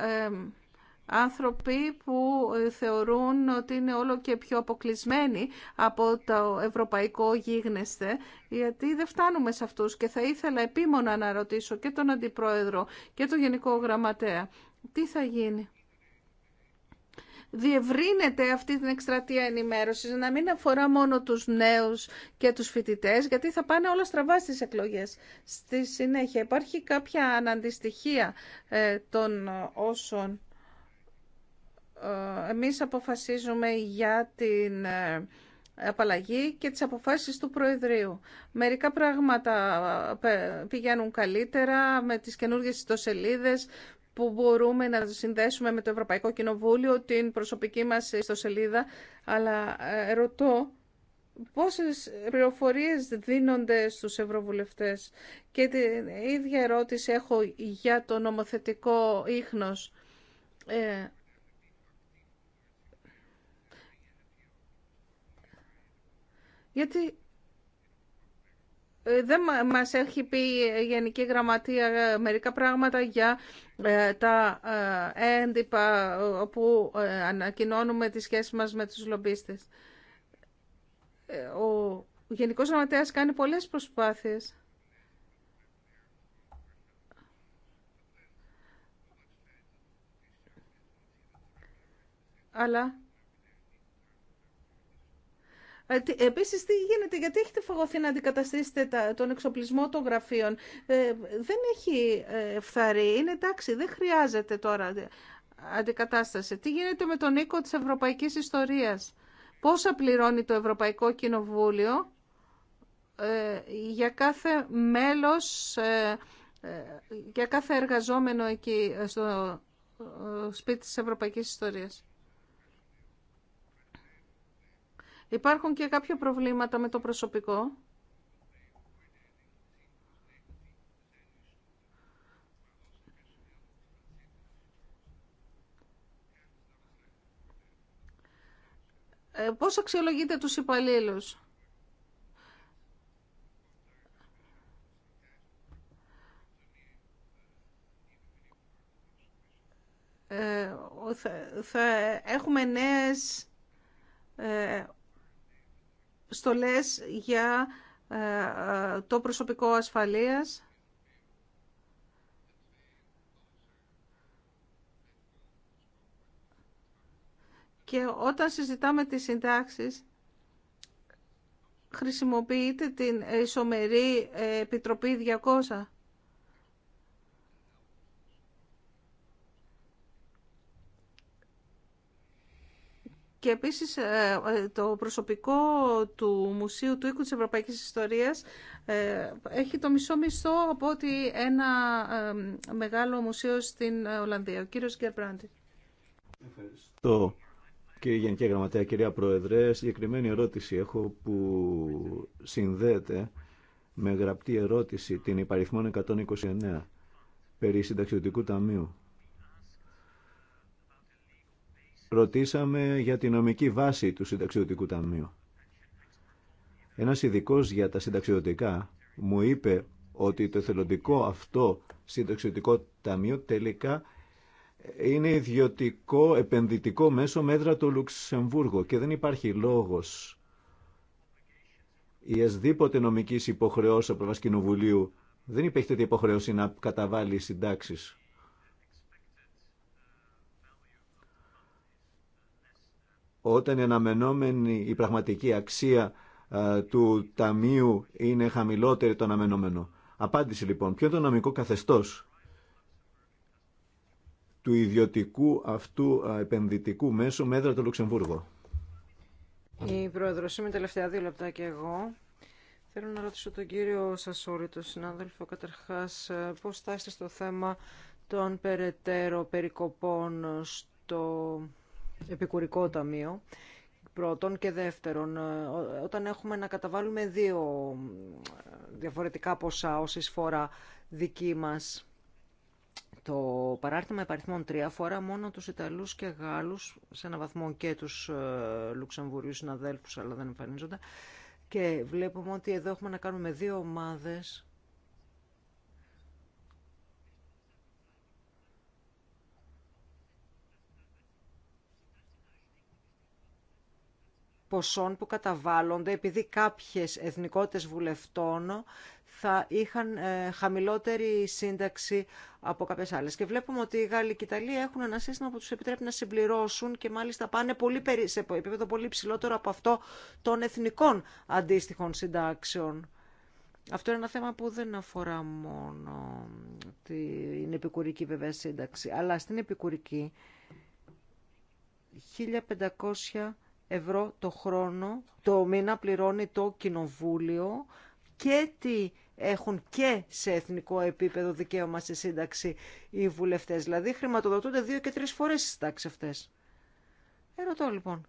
άνθρωποι που θεωρούν ότι είναι όλο και πιο αποκλεισμένοι από το ευρωπαϊκό γίγνεσθε, γιατί δεν φτάνουμε σε αυτούς και θα ήθελα επίμονα να ρωτήσω και τον Αντιπρόεδρο και τον Γενικό Γραμματέα τι θα γίνει διευρύνεται αυτή την εκστρατεία ενημέρωσης, να μην αφορά μόνο τους νέους και τους φοιτητές, γιατί θα πάνε όλα στραβά στις εκλογές. Στη συνέχεια υπάρχει κάποια αναντιστοιχία ε, των όσων ε, εμείς αποφασίζουμε για την ε, απαλλαγή και τις αποφάσεις του Προεδρείου. Μερικά πράγματα πηγαίνουν καλύτερα με τις καινούργιες ιστοσελίδες, που μπορούμε να συνδέσουμε με το Ευρωπαϊκό Κοινοβούλιο, την προσωπική μας ιστοσελίδα, αλλά ε, ρωτώ πόσες πληροφορίες δίνονται στους ευρωβουλευτές. Και την ίδια ερώτηση έχω για το νομοθετικό ίχνος. Ε, γιατί ε, δεν μας έχει πει η Γενική Γραμματεία μερικά πράγματα για ε, τα ε, έντυπα όπου ανακοινώνουμε τη σχέση μας με τους λομπίστες. Ο Γενικός Γραμματέας κάνει πολλές προσπάθειες. Αλλά ε, Επίση, τι γίνεται, γιατί έχετε φαγωθεί να αντικαταστήσετε τον εξοπλισμό των γραφείων. Ε, δεν έχει ε, φθαρεί, είναι εντάξει, δεν χρειάζεται τώρα αντικατάσταση. Τι γίνεται με τον οίκο της Ευρωπαϊκής Ιστορίας. Πόσα πληρώνει το Ευρωπαϊκό Κοινοβούλιο για κάθε μέλος, για κάθε εργαζόμενο εκεί στο σπίτι της Ευρωπαϊκής Ιστορίας. Υπάρχουν και κάποια προβλήματα με το προσωπικό. Ε, πώς αξιολογείτε τους υπαλλήλους. Ε, θα, έχουμε νέες ε, στολές για ε, ε, το προσωπικό ασφαλείας. Και όταν συζητάμε τις συντάξεις, χρησιμοποιείτε την Ισομερή Επιτροπή 200 και επίσης ε, ε, το προσωπικό του Μουσείου του Οίκου της Ευρωπαϊκής Ιστορίας ε, έχει το μισό μισθό από ότι ένα μεγάλο μουσείο στην Ολλανδία. Ο κύριος Γκερμπράντη. Ευχαριστώ. Κύριε Γενική Γραμματέα, κυρία Πρόεδρε, συγκεκριμένη ερώτηση έχω που συνδέεται με γραπτή ερώτηση την υπαριθμών 129 περί συνταξιωτικού ταμείου. Ρωτήσαμε για τη νομική βάση του συνταξιωτικού ταμείου. Ένας ειδικό για τα συνταξιωτικά μου είπε ότι το εθελοντικό αυτό συνταξιωτικό ταμείο τελικά είναι ιδιωτικό επενδυτικό μέσο μέτρα του Λουξεμβούργο και δεν υπάρχει λόγος η εσδήποτε νομική υποχρεώση από Κοινοβουλίου δεν υπήρχε τέτοια υποχρέωση να καταβάλει συντάξει. όταν η αναμενόμενη, η πραγματική αξία του ταμείου είναι χαμηλότερη το αναμενόμενο. Απάντηση λοιπόν, ποιο είναι το νομικό καθεστώς του ιδιωτικού αυτού επενδυτικού μέσου με έδρα το Λουξεμβούργο. Η πρόεδρο, είμαι τελευταία δύο λεπτά και εγώ. Θέλω να ρωτήσω τον κύριο Σασόρη, τον συνάδελφο, καταρχάς πώς θα στο θέμα των περαιτέρω περικοπών στο επικουρικό ταμείο πρώτον και δεύτερον ε, όταν έχουμε να καταβάλουμε δύο ε, διαφορετικά ποσά ως εισφορά δική μας το παράρτημα επαριθμών τρία φορά, μόνο τους Ιταλούς και Γάλλους σε ένα βαθμό και τους ε, Λουξεμβουριούς συναδέλφους αλλά δεν εμφανίζονται και βλέπουμε ότι εδώ έχουμε να κάνουμε δύο ομάδες ποσών που καταβάλλονται επειδή κάποιες εθνικότητες βουλευτών θα είχαν ε, χαμηλότερη σύνταξη από κάποιες άλλες. Και βλέπουμε ότι οι Γάλλοι και οι Ιταλοί έχουν ένα σύστημα που τους επιτρέπει να συμπληρώσουν και μάλιστα πάνε πολύ περί, σε επίπεδο πολύ ψηλότερο από αυτό των εθνικών αντίστοιχων συντάξεων. Αυτό είναι ένα θέμα που δεν αφορά μόνο την επικουρική βέβαια σύνταξη, αλλά στην επικουρική 1500 ευρώ το χρόνο, το μήνα πληρώνει το κοινοβούλιο και τι έχουν και σε εθνικό επίπεδο δικαίωμα στη σύνταξη οι βουλευτές. Δηλαδή χρηματοδοτούνται δύο και τρεις φορές στις τάξεις αυτές. Ερωτώ λοιπόν.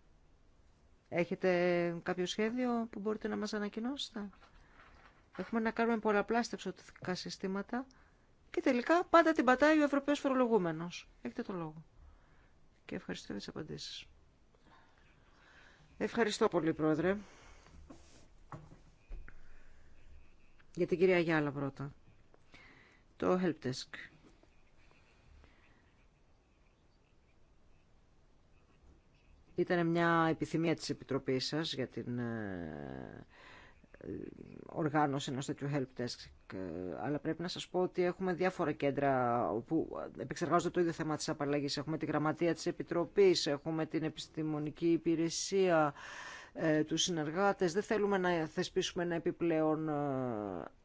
Έχετε κάποιο σχέδιο που μπορείτε να μας ανακοινώσετε. Έχουμε να κάνουμε πολλαπλά στεξιωτικά συστήματα και τελικά πάντα την πατάει ο Ευρωπαίος φορολογούμενος. Έχετε το λόγο. Και ευχαριστώ για τις απαντήσεις. Ευχαριστώ πολύ, Πρόεδρε. Για την κυρία Γιάλα πρώτα. Το Helpdesk. Ήταν μια επιθυμία της Επιτροπής σας για την ε, οργάνωση ενός τέτοιου helpdesk. Ε, αλλά πρέπει να σας πω ότι έχουμε διάφορα κέντρα που επεξεργάζονται το ίδιο θέμα της απαλλαγής. Έχουμε τη γραμματεία της Επιτροπής, έχουμε την επιστημονική υπηρεσία, ε, τους συνεργάτες. Δεν θέλουμε να θεσπίσουμε ένα επιπλέον ε,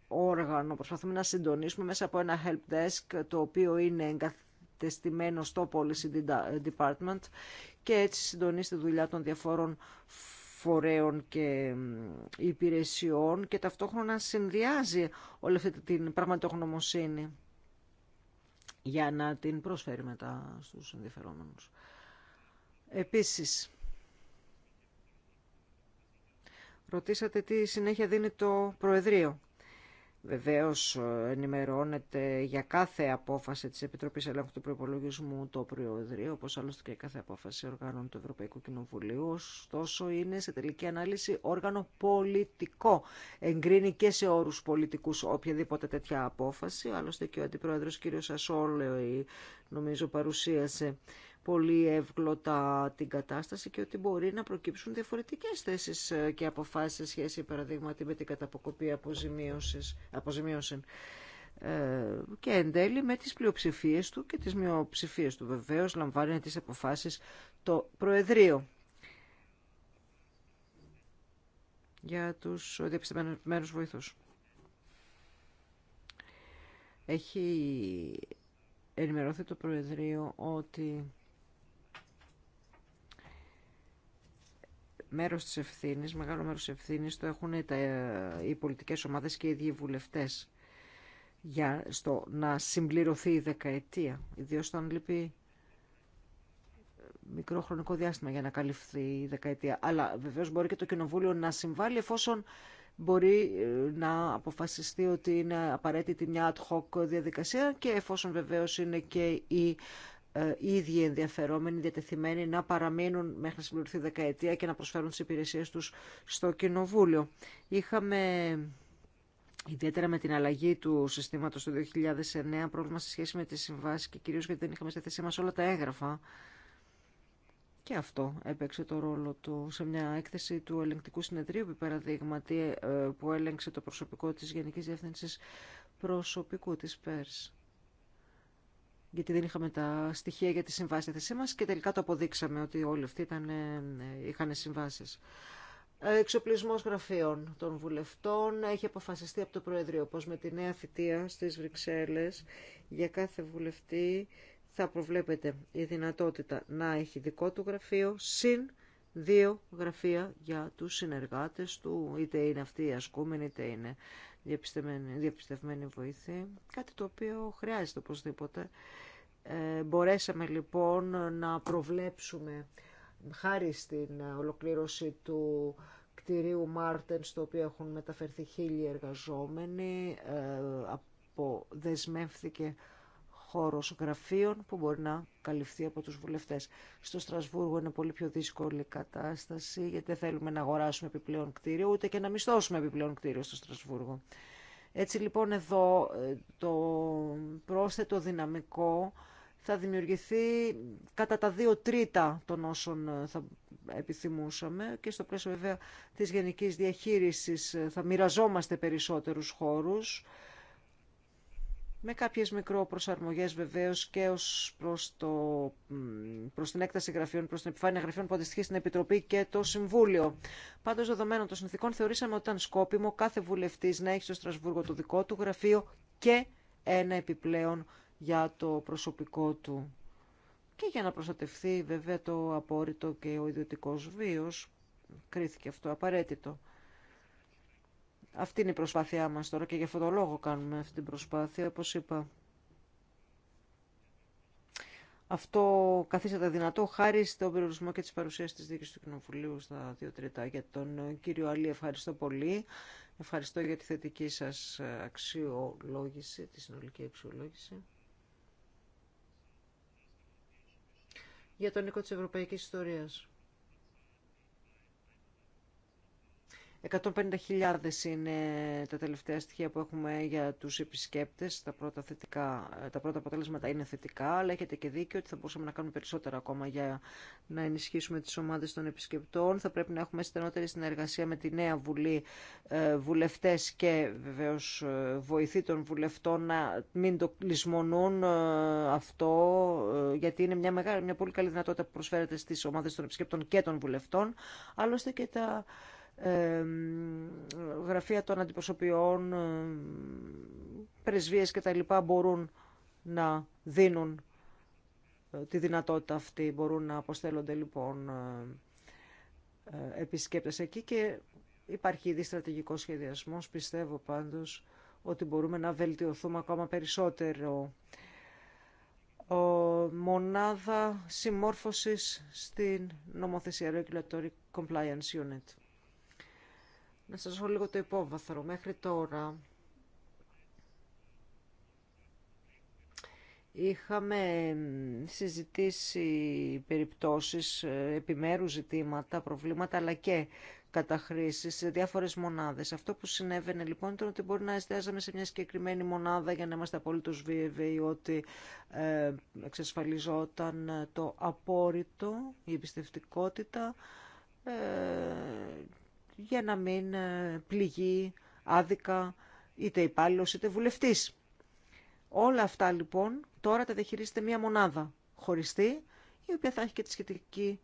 όργανο. Προσπαθούμε να συντονίσουμε μέσα από ένα helpdesk το οποίο είναι εγκατεστημένο στο Policy Department και έτσι συντονίσει τη δουλειά των διαφόρων φορέων και υπηρεσιών και ταυτόχρονα συνδυάζει όλη αυτή την πραγματογνωμοσύνη για να την προσφέρει μετά στους ενδιαφερόμενους. Επίσης, ρωτήσατε τι συνέχεια δίνει το Προεδρείο. Βεβαίως ε, ενημερώνεται για κάθε απόφαση της Επιτροπής Ελέγχου του Προϋπολογισμού το Προεδρείο, όπως άλλωστε και κάθε απόφαση οργάνων του Ευρωπαϊκού Κοινοβουλίου. Ωστόσο είναι σε τελική ανάλυση όργανο πολιτικό. Εγκρίνει και σε όρους πολιτικούς οποιαδήποτε τέτοια απόφαση. Άλλωστε και ο Αντιπρόεδρος κ. Σασόλεο νομίζω παρουσίασε πολύ εύγλωτα την κατάσταση και ότι μπορεί να προκύψουν διαφορετικές θέσεις ε, και αποφάσεις σε σχέση παραδείγματι με την καταποκοπή αποζημίωση ε, και εν τέλει με τις πλειοψηφίες του και τις μειοψηφίες του βεβαίως λαμβάνει τις αποφάσεις το Προεδρείο. για τους διαπιστευμένους βοηθούς. Έχει ενημερώθει το Προεδρείο ότι μέρος της ευθύνης, μεγάλο μέρος της ευθύνης το έχουν τα, ε, οι πολιτικές ομάδες και οι ίδιοι βουλευτές για στο να συμπληρωθεί η δεκαετία, ιδίως όταν λείπει ε, μικρό χρονικό διάστημα για να καλυφθεί η δεκαετία. Αλλά βεβαίως μπορεί και το Κοινοβούλιο να συμβάλλει εφόσον μπορεί ε, να αποφασιστεί ότι είναι απαραίτητη μια ad hoc διαδικασία και εφόσον βεβαίως είναι και η οι ε, ίδιοι ενδιαφερόμενοι, διατεθειμένοι να παραμείνουν μέχρι να συμπληρωθεί δεκαετία και να προσφέρουν τις υπηρεσίες τους στο Κοινοβούλιο. Είχαμε ιδιαίτερα με την αλλαγή του συστήματος του 2009 πρόβλημα σε σχέση με τις συμβάσεις και κυρίως γιατί δεν είχαμε στη θέση μας όλα τα έγγραφα. Και αυτό έπαιξε το ρόλο του σε μια έκθεση του ελεγκτικού συνεδρίου, ε, που έλεγξε το προσωπικό της Γενικής Διεύθυνσης Προσωπικού της ΠΕΡΣ γιατί δεν είχαμε τα στοιχεία για τη συμβάση της μας και τελικά το αποδείξαμε ότι όλοι αυτοί ήταν, ε, είχαν συμβάσεις. Ε, εξοπλισμός γραφείων των βουλευτών έχει αποφασιστεί από το Προεδρείο πως με τη νέα θητεία στις Βρυξέλλες για κάθε βουλευτή θα προβλέπεται η δυνατότητα να έχει δικό του γραφείο συν δύο γραφεία για τους συνεργάτες του, είτε είναι αυτοί οι ασκούμενοι, είτε είναι διαπιστευμένοι βοηθοί, κάτι το οποίο χρειάζεται οπωσδήποτε. Ε, μπορέσαμε λοιπόν να προβλέψουμε, χάρη στην ολοκλήρωση του κτηρίου Μάρτεν, στο οποίο έχουν μεταφερθεί χίλιοι εργαζόμενοι, ε, αποδεσμεύθηκε χώρος γραφείων που μπορεί να καλυφθεί από τους βουλευτές. Στο Στρασβούργο είναι πολύ πιο δύσκολη η κατάσταση γιατί δεν θέλουμε να αγοράσουμε επιπλέον κτίριο ούτε και να μισθώσουμε επιπλέον κτίριο στο Στρασβούργο. Έτσι λοιπόν εδώ ε, το πρόσθετο δυναμικό θα δημιουργηθεί κατά τα δύο τρίτα των όσων ε, θα επιθυμούσαμε και στο πλαίσιο βέβαια της γενικής διαχείρισης ε, θα μοιραζόμαστε περισσότερους χώρους με κάποιες μικροπροσαρμογές βεβαίως και ως προς, το, προς την έκταση γραφείων, προς την επιφάνεια γραφείων που αντιστοιχεί στην Επιτροπή και το Συμβούλιο. Πάντως, δεδομένων των συνθήκων, θεωρήσαμε ότι ήταν σκόπιμο κάθε βουλευτής να έχει στο Στρασβούργο το δικό του γραφείο και ένα επιπλέον για το προσωπικό του. Και για να προστατευθεί βέβαια το απόρριτο και ο ιδιωτικός βίος, κρίθηκε αυτό απαραίτητο. Αυτή είναι η προσπάθειά μας τώρα και για αυτόν τον λόγο κάνουμε αυτή την προσπάθεια, όπως είπα. Αυτό καθίσατε δυνατό χάρη στον περιορισμό και τη παρουσία τη δίκη του Κοινοβουλίου στα δύο τρίτα. Για τον ε, κύριο Αλή, ευχαριστώ πολύ. Ευχαριστώ για τη θετική σα ε, αξιολόγηση, τη συνολική αξιολόγηση. Για τον οίκο τη Ευρωπαϊκή Ιστορία. 150.000 είναι τα τελευταία στοιχεία που έχουμε για τους επισκέπτες. Τα πρώτα, θετικά, τα πρώτα αποτέλεσματα είναι θετικά, αλλά έχετε και δίκιο ότι θα μπορούσαμε να κάνουμε περισσότερα ακόμα για να ενισχύσουμε τις ομάδες των επισκεπτών. Θα πρέπει να έχουμε στενότερη συνεργασία με τη Νέα Βουλή, ε, βουλευτές και βεβαίως ε, βοηθή των βουλευτών να μην το λησμονούν ε, αυτό, γιατί είναι μια, μεγάλη, μια πολύ καλή δυνατότητα που προσφέρεται στις ομάδες των επισκεπτών και των βουλευτών. Άλλωστε και τα γραφεία των αντιπροσωπιών, πρεσβείες και τα λοιπά μπορούν να δίνουν ε, τη δυνατότητα αυτή, μπορούν να αποστέλλονται λοιπόν ε, ε, επισκέπτες εκεί και υπάρχει ήδη στρατηγικό σχεδιασμός, πιστεύω πάντως ότι μπορούμε να βελτιωθούμε ακόμα περισσότερο. μονάδα συμμόρφωσης στην νομοθεσία Regulatory Compliance Unit. Να σας δω λίγο το υπόβαθρο. Μέχρι τώρα είχαμε συζητήσει περιπτώσεις, ε, επιμέρους ζητήματα, προβλήματα, αλλά και καταχρήσεις σε διάφορες μονάδες. Αυτό που συνέβαινε λοιπόν ήταν ότι μπορεί να εστιάζαμε σε μια συγκεκριμένη μονάδα για να είμαστε απολύτως βίαιοι ότι ε, εξασφαλιζόταν το απόρριτο, η εμπιστευτικότητα ε, για να μην ε, πληγεί άδικα είτε υπάλληλο είτε βουλευτής. Όλα αυτά λοιπόν τώρα τα διαχειρίζεται μία μονάδα χωριστή, η οποία θα έχει και τη σχετική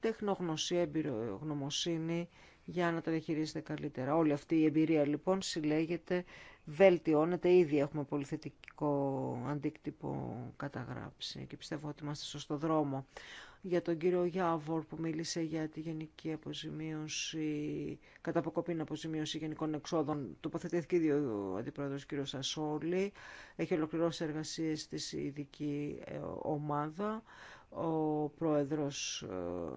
τεχνογνωσία, εμπειρογνωμοσύνη για να τα διαχειρίζεται καλύτερα. Όλη αυτή η εμπειρία λοιπόν συλλέγεται, βελτιώνεται, ήδη έχουμε πολυθετικό αντίκτυπο καταγράψει και πιστεύω ότι είμαστε στο δρόμο για τον κύριο Γιάβορ που μίλησε για τη γενική αποζημίωση, κατά αποκοπήν αποζημίωση γενικών εξόδων. Τοποθετήθηκε ήδη ο αντιπρόεδρο κύριο Σασόλη. Έχει ολοκληρώσει εργασίες της ειδική ε, ομάδα. Ο πρόεδρος ε,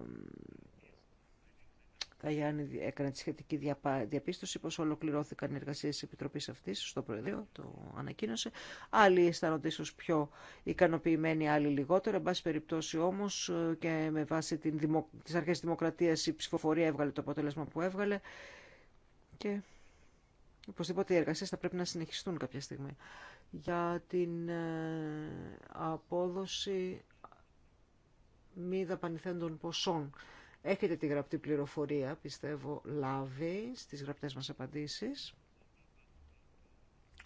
Καγιάννη έκανε τη σχετική διαπίστωση πως ολοκληρώθηκαν οι εργασίες της Επιτροπής αυτής στο Προεδρείο, το ανακοίνωσε. Άλλοι αισθάνονται ίσως πιο ικανοποιημένοι, άλλοι λιγότερο. Εν πάση περιπτώσει όμως ε, και με βάση την δημο... τις αρχές δημοκρατίας η ψηφοφορία έβγαλε το αποτέλεσμα που έβγαλε και οπωσδήποτε οι εργασίες θα πρέπει να συνεχιστούν κάποια στιγμή. Για την ε, απόδοση μη δαπανηθέντων ποσών Έχετε τη γραπτή πληροφορία, πιστεύω, λάβει στις γραπτές μας απαντήσεις.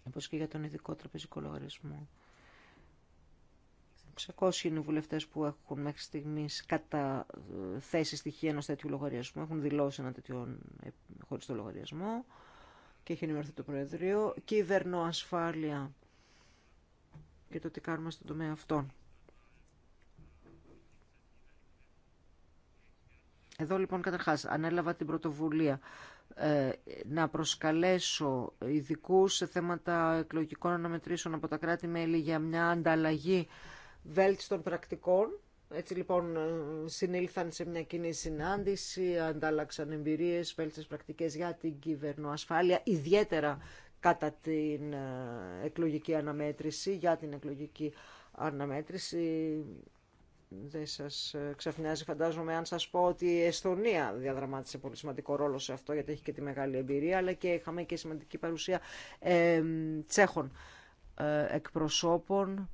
Όπως και για τον ειδικό τραπεζικό λογαριασμό. 600 είναι βουλευτέ που έχουν μέχρι στιγμή καταθέσει στοιχεία ενό τέτοιου λογαριασμού, έχουν δηλώσει ένα τέτοιο ε, χωριστό λογαριασμό και έχει ενημερωθεί το Προεδρείο. ασφάλεια και το τι κάνουμε στον τομέα αυτών. Εδώ λοιπόν καταρχάς ανέλαβα την πρωτοβουλία ε, να προσκαλέσω ειδικού σε θέματα εκλογικών αναμετρήσεων από τα κράτη-μέλη για μια ανταλλαγή βέλτιστων πρακτικών. Έτσι λοιπόν ε, συνήλθαν σε μια κοινή συνάντηση, αντάλλαξαν εμπειρίες, βέλτιστες πρακτικές για την κυβερνοασφάλεια, ιδιαίτερα κατά την ε, εκλογική αναμέτρηση, για την εκλογική αναμέτρηση δεν σα ε, ξαφνιάζει φαντάζομαι αν σας πω ότι η Εσθονία διαδραμάτισε πολύ σημαντικό ρόλο σε αυτό γιατί έχει και τη μεγάλη εμπειρία αλλά και είχαμε και σημαντική παρουσία ε, τσέχων ε, εκπροσώπων.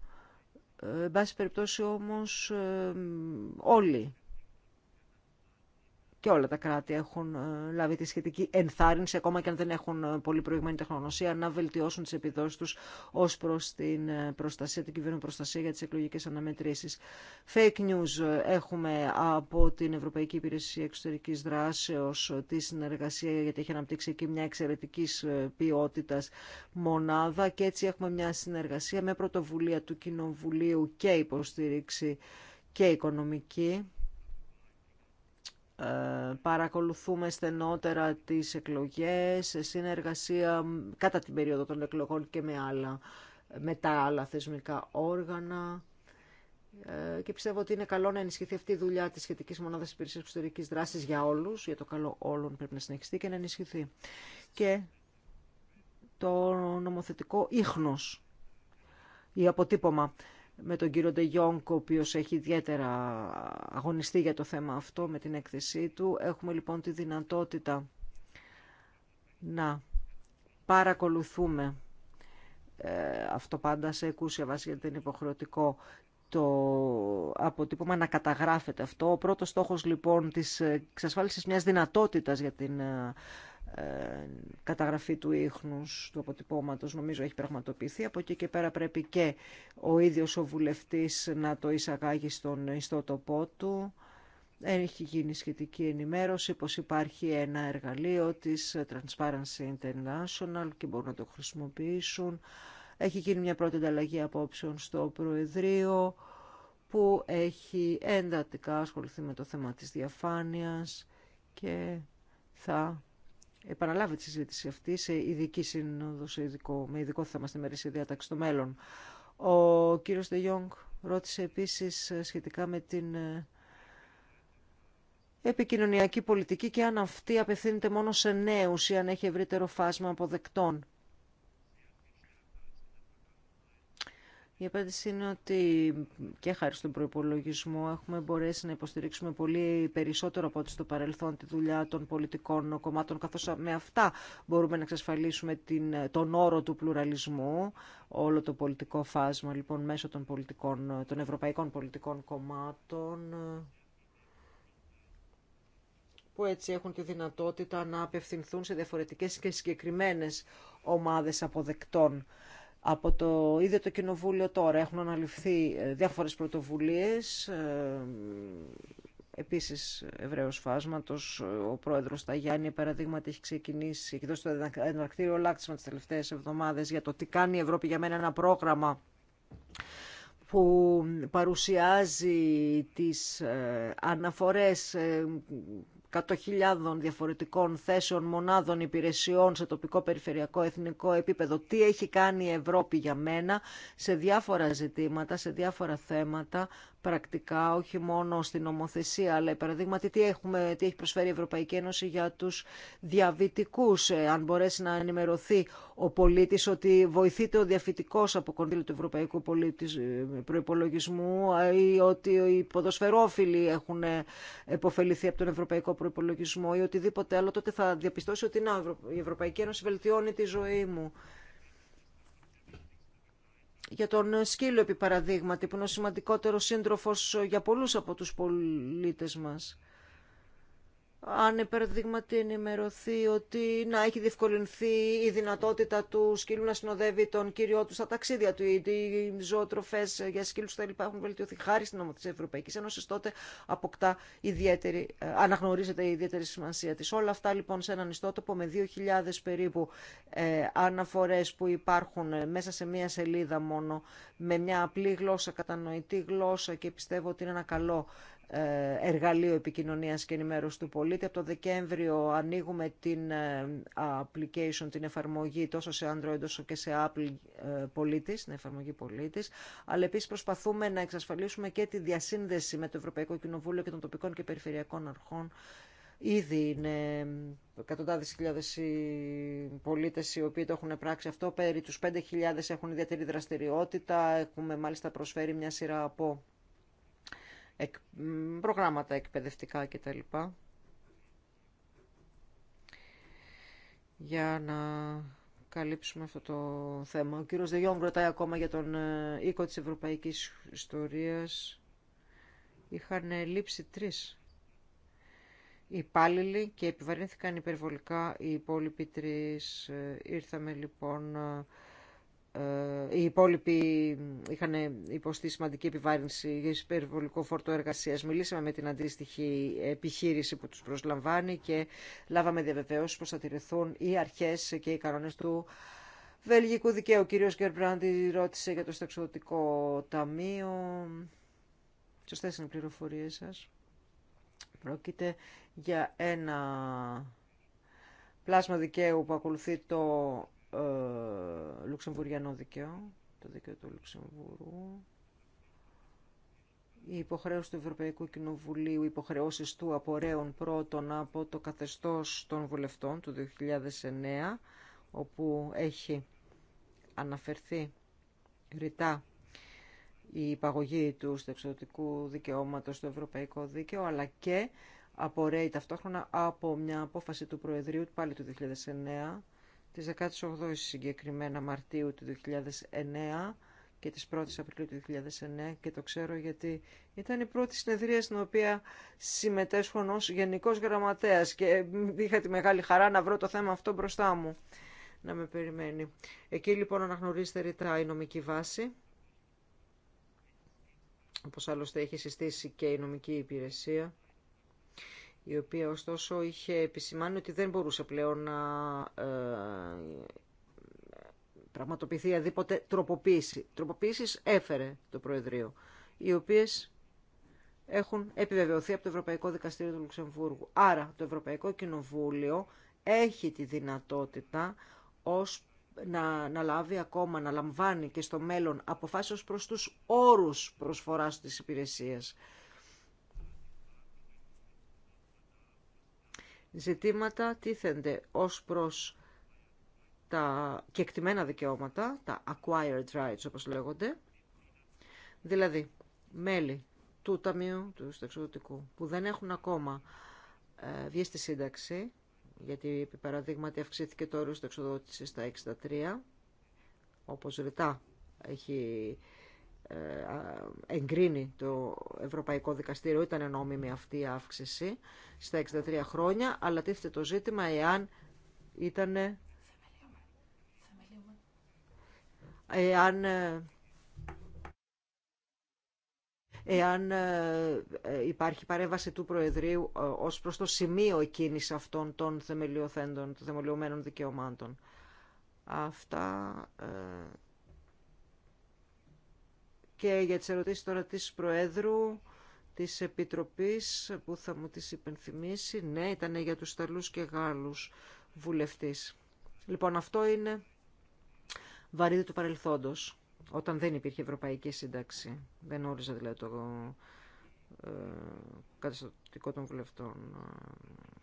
Ε, εν πάση περιπτώσει όμως όλοι και όλα τα κράτη έχουν ε, λάβει τη σχετική ενθάρρυνση, ακόμα και αν δεν έχουν ε, πολύ προηγμένη τεχνογνωσία, να βελτιώσουν τι επιδόσει του ω προ την ε, προστασία, την προστασία για τι εκλογικέ αναμετρήσει. Fake news έχουμε από την Ευρωπαϊκή Υπηρεσία Εξωτερική Δράσεω τη συνεργασία, γιατί έχει αναπτύξει εκεί μια εξαιρετική ποιότητα μονάδα και έτσι έχουμε μια συνεργασία με πρωτοβουλία του Κοινοβουλίου και υποστήριξη και οικονομική ε, παρακολουθούμε στενότερα τις εκλογές, σε συνεργασία κατά την περίοδο των εκλογών και με, άλλα, με τα άλλα θεσμικά όργανα. Ε, και πιστεύω ότι είναι καλό να ενισχυθεί αυτή η δουλειά της σχετικής μονάδας υπηρεσίας εξωτερικής δράσης για όλους, για το καλό όλων πρέπει να συνεχιστεί και να ενισχυθεί. Και το νομοθετικό ίχνος ή αποτύπωμα με τον κύριο Ντεγιόνκο, ο οποίο έχει ιδιαίτερα αγωνιστεί για το θέμα αυτό με την έκθεσή του. Έχουμε λοιπόν τη δυνατότητα να παρακολουθούμε ε, αυτό πάντα σε εκούσια βάση γιατί είναι υποχρεωτικό το αποτύπωμα να καταγράφεται αυτό. Ο πρώτος στόχος λοιπόν της εξασφάλισης μιας δυνατότητας για την ε, ε, καταγραφή του ίχνους, του αποτυπώματος, νομίζω έχει πραγματοποιηθεί. Από εκεί και πέρα πρέπει και ο ίδιος ο βουλευτής να το εισαγάγει στον ιστότοπό του. Έχει γίνει σχετική ενημέρωση πως υπάρχει ένα εργαλείο της Transparency International και μπορούν να το χρησιμοποιήσουν. Έχει γίνει μια πρώτη ανταλλαγή απόψεων στο Προεδρείο που έχει εντατικά ασχοληθεί με το θέμα της διαφάνειας και θα επαναλάβει τη συζήτηση αυτή σε ειδική σύνοδο, με ειδικό θέμα στη μερίσια διάταξη στο μέλλον. Ο κύριο Δε ρώτησε επίσης ε, σχετικά με την ε, επικοινωνιακή πολιτική και αν αυτή απευθύνεται μόνο σε νέους ή αν έχει ευρύτερο φάσμα αποδεκτών. Η απάντηση είναι ότι και χάρη στον προπολογισμό έχουμε μπορέσει να υποστηρίξουμε πολύ περισσότερο από ό,τι στο παρελθόν τη δουλειά των πολιτικών κομμάτων, καθώς με αυτά μπορούμε να εξασφαλίσουμε την, τον όρο του πλουραλισμού, όλο το πολιτικό φάσμα λοιπόν μέσω των, πολιτικών, των ευρωπαϊκών πολιτικών κομμάτων που έτσι έχουν τη δυνατότητα να απευθυνθούν σε διαφορετικές και συγκεκριμένες ομάδες αποδεκτών από το ίδιο το Κοινοβούλιο τώρα. Έχουν αναλυφθεί ε, διάφορες πρωτοβουλίες, ε, επίσης ευρέως φάσματος. Ο πρόεδρος Ταγιάννη, παραδείγματι, έχει ξεκινήσει και δώσει το εναρκτήριο λάκτισμα τις τελευταίες εβδομάδες για το τι κάνει η Ευρώπη για μένα ένα πρόγραμμα που παρουσιάζει τις ε, αναφορές 100.000 διαφορετικών θέσεων, μονάδων, υπηρεσιών σε τοπικό, περιφερειακό, εθνικό επίπεδο. Τι έχει κάνει η Ευρώπη για μένα σε διάφορα ζητήματα, σε διάφορα θέματα πρακτικά, όχι μόνο στην νομοθεσία, αλλά παραδείγματι τι, έχουμε, τι έχει προσφέρει η Ευρωπαϊκή Ένωση για τους διαβητικούς, ε, αν μπορέσει να ενημερωθεί ο πολίτης ότι βοηθείται ο διαφητικός από κονδύλου του Ευρωπαϊκού πολίτης, ε, Προϋπολογισμού ε, ή ότι οι ποδοσφαιρόφιλοι έχουν επωφεληθεί από τον Ευρωπαϊκό Προϋπολογισμό ή οτιδήποτε άλλο, τότε θα διαπιστώσει ότι η Ευρωπαϊκή Ένωση βελτιώνει τη ζωή μου για τον σκύλο επί παραδείγματι, που είναι ο σημαντικότερος σύντροφος για πολλούς από τους πολίτες μας αν παραδείγματι ενημερωθεί ότι να έχει διευκολυνθεί η δυνατότητα του σκύλου να συνοδεύει τον κύριο του στα ταξίδια του, ή οι ζωοτροφέ για σκύλου κτλ. έχουν βελτιωθεί χάρη στην νομοθεσία τη Ευρωπαϊκή Ένωση, τότε αποκτά ιδιαίτερη, αναγνωρίζεται η ιδιαίτερη εχουν βελτιωθει χαρη στην νόμο τη. Όλα αυτά λοιπόν σε έναν ιστότοπο με 2.000 περίπου ε, αναφορέ που υπάρχουν ε, μέσα σε μία σελίδα μόνο, με μια απλή γλώσσα, κατανοητή γλώσσα και πιστεύω ότι είναι ένα καλό ε, εργαλείο επικοινωνίας και ενημέρωση του πολίτη. Από το Δεκέμβριο ανοίγουμε την ε, application, την εφαρμογή τόσο σε Android όσο και σε Apple ε, πολίτης, την εφαρμογή πολίτης, αλλά επίσης προσπαθούμε να εξασφαλίσουμε και τη διασύνδεση με το Ευρωπαϊκό Κοινοβούλιο και των τοπικών και περιφερειακών αρχών Ήδη είναι εκατοντάδε χιλιάδε οι πολίτε οι οποίοι το έχουν πράξει αυτό. Περί του 5.000 έχουν ιδιαίτερη δραστηριότητα. Έχουμε μάλιστα προσφέρει μια σειρά από προγράμματα εκπαιδευτικά κτλ. Για να καλύψουμε αυτό το θέμα. Ο κύριος Δεγιόν ρωτάει ακόμα για τον ε, οίκο της Ευρωπαϊκής Ιστορίας. Είχαν ε, λείψει τρεις υπάλληλοι και επιβαρύνθηκαν υπερβολικά οι υπόλοιποι τρεις. Ε, ήρθαμε λοιπόν ε, οι υπόλοιποι είχαν υποστεί σημαντική επιβάρυνση για υπερβολικό φόρτο εργασία. Μιλήσαμε με την αντίστοιχη επιχείρηση που του προσλαμβάνει και λάβαμε διαβεβαίωση πω θα τηρηθούν οι αρχέ και οι κανόνε του βελγικού δικαίου. Ο κύριο Γκερμπράντι ρώτησε για το στεξιωτικό ταμείο. Σωστέ είναι οι πληροφορίε σα. Πρόκειται για ένα πλάσμα δικαίου που ακολουθεί το ε, λουξεμβουριανό δικαίωμα, το δίκαιο του Λουξεμβουρού, η υποχρέωση του Ευρωπαϊκού Κοινοβουλίου, οι υποχρεώσεις του απορρέων πρώτον από το καθεστώς των βουλευτών του 2009, όπου έχει αναφερθεί ρητά η υπαγωγή του στεξιωτικού δικαιώματο στο Ευρωπαϊκό Δίκαιο, αλλά και απορρέει ταυτόχρονα από μια απόφαση του Προεδρείου πάλι του 2009, της 18ης συγκεκριμένα Μαρτίου του 2009 και της 1ης Απριλίου του 2009 και το ξέρω γιατί ήταν η πρώτη συνεδρία στην οποία συμμετέσχον ως Γενικός Γραμματέας και είχα τη μεγάλη χαρά να βρω το θέμα αυτό μπροστά μου να με περιμένει. Εκεί λοιπόν αναγνωρίζεται ρητά η νομική βάση όπως άλλωστε έχει συστήσει και η νομική υπηρεσία η οποία ωστόσο είχε επισημάνει ότι δεν μπορούσε πλέον να ε, πραγματοποιηθεί αδίποτε τροποποίηση. Τροποποίησης έφερε το Προεδρείο, οι οποίες έχουν επιβεβαιωθεί από το Ευρωπαϊκό Δικαστήριο του Λουξεμβούργου. Άρα το Ευρωπαϊκό Κοινοβούλιο έχει τη δυνατότητα ως να, να λάβει ακόμα, να λαμβάνει και στο μέλλον αποφάσεις προς τους όρους προσφοράς της υπηρεσίας. ζητήματα τίθενται ως προς τα κεκτημένα δικαιώματα, τα acquired rights όπως λέγονται, δηλαδή μέλη του Ταμείου του εξοδοτικού που δεν έχουν ακόμα ε, βγει στη σύνταξη, γιατί επί παραδείγματι αυξήθηκε το όριο εξοδότηση στα 63, όπως ρητά έχει ε, εγκρίνει το Ευρωπαϊκό Δικαστήριο, ήταν νόμιμη αυτή η αύξηση στα 63 χρόνια, αλλά τίθεται το ζήτημα εάν ήταν εάν ε, εάν ε, υπάρχει παρέμβαση του Προεδρείου ως προς το σημείο εκείνης αυτών των θεμελιωθέντων, των θεμελιωμένων δικαιωμάτων. Αυτά και για τις ερωτήσεις τώρα της Προέδρου της Επιτροπής που θα μου τις υπενθυμίσει. Ναι, ήταν για τους Ιταλούς και Γάλλους βουλευτής. Λοιπόν, αυτό είναι βαρύδι του παρελθόντος, όταν δεν υπήρχε Ευρωπαϊκή Σύνταξη. Δεν όριζε δηλαδή το ε, καταστατικό των βουλευτών ε,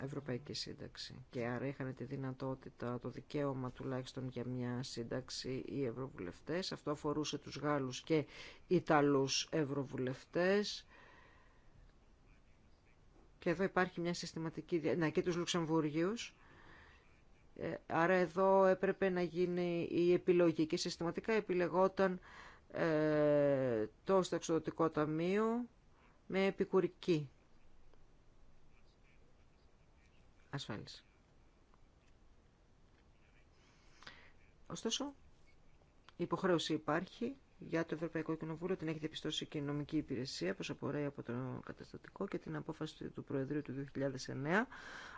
Ευρωπαϊκή Σύνταξη και άρα είχαν τη δυνατότητα, το δικαίωμα τουλάχιστον για μια σύνταξη οι ευρωβουλευτές. Αυτό αφορούσε τους Γάλλους και Ιταλούς ευρωβουλευτές. Και εδώ υπάρχει μια συστηματική... Να, και τους Λουξεμβούργιους. Ε, άρα εδώ έπρεπε να γίνει η επιλογή και συστηματικά επιλεγόταν ε, το Σταξιδοτικό Ταμείο με επικουρική Ωστόσο, η υποχρέωση υπάρχει για το Ευρωπαϊκό Κοινοβούλιο, την έχει διαπιστώσει η νομική Υπηρεσία, πως απορρέει από το καταστατικό και την απόφαση του Προεδρείου του 2009,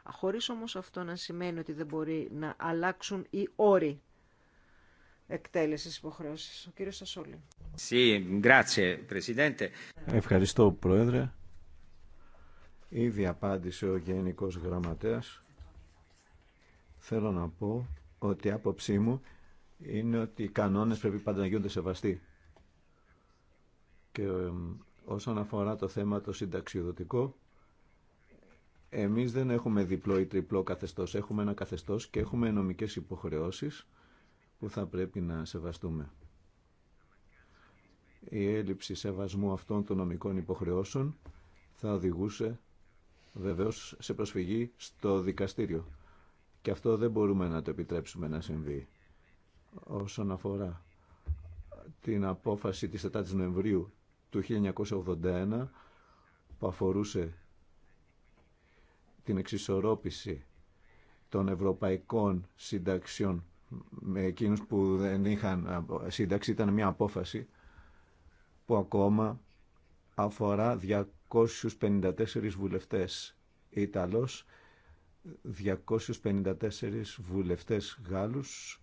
χωρίς όμως αυτό να σημαίνει ότι δεν μπορεί να αλλάξουν οι όροι εκτέλεσης υποχρέωσης. Ο κύριος Σασόλη. Ευχαριστώ, Πρόεδρε. Ήδη απάντησε ο Γενικός Γραμματέας. Θέλω να πω ότι η άποψή μου είναι ότι οι κανόνες πρέπει πάντα να γίνονται σεβαστοί. Και ε, όσον αφορά το θέμα το συνταξιοδοτικό, εμείς δεν έχουμε διπλό ή τριπλό καθεστώς. Έχουμε ένα καθεστώς και έχουμε νομικές υποχρεώσεις που θα πρέπει να σεβαστούμε. Η έλλειψη σεβασμού αυτών των νομικών υποχρεώσεων θα οδηγούσε Βεβαίω σε προσφυγή στο δικαστήριο. Και αυτό δεν μπορούμε να το επιτρέψουμε να συμβεί. Όσον αφορά την απόφαση της 4 η Νοεμβρίου του 1981 που αφορούσε την εξισορρόπηση των ευρωπαϊκών συνταξιών με εκείνους που δεν είχαν σύνταξη ήταν μια απόφαση που ακόμα αφορά 254 βουλευτές Ιταλός, 254 βουλευτές Γάλλους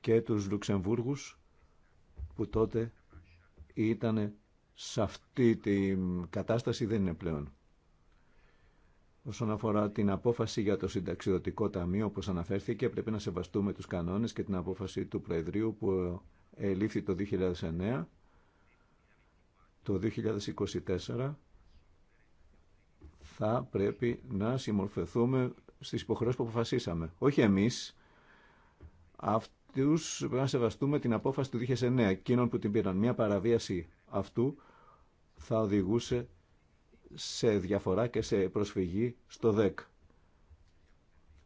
και τους Λουξεμβούργους που τότε ήταν σε αυτή την κατάσταση δεν είναι πλέον. Όσον αφορά την απόφαση για το συνταξιδοτικό ταμείο, όπως αναφέρθηκε, πρέπει να σεβαστούμε τους κανόνες και την απόφαση του Προεδρείου που ελήφθη το 2009, το 2024 θα πρέπει να συμμορφωθούμε στις υποχρεώσεις που αποφασίσαμε. Όχι εμείς, αυτούς πρέπει να σεβαστούμε την απόφαση του 2009, εκείνων που την πήραν. Μια παραβίαση αυτού θα οδηγούσε σε διαφορά και σε προσφυγή στο ΔΕΚ.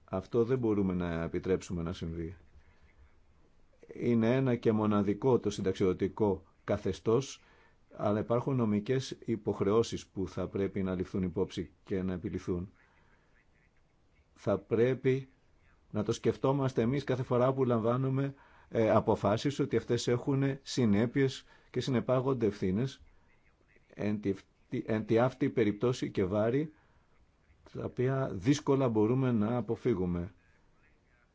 Αυτό δεν μπορούμε να επιτρέψουμε να συμβεί. Είναι ένα και μοναδικό το συνταξιδοτικό καθεστώς αλλά υπάρχουν νομικές υποχρεώσεις που θα πρέπει να ληφθούν υπόψη και να επιληθούν. Θα πρέπει να το σκεφτόμαστε εμείς κάθε φορά που λαμβάνουμε ε, αποφάσεις ότι αυτές έχουν συνέπειες και συνεπάγονται ευθύνε. Εν, εν τη αυτή περιπτώσει και βάρη τα οποία δύσκολα μπορούμε να αποφύγουμε.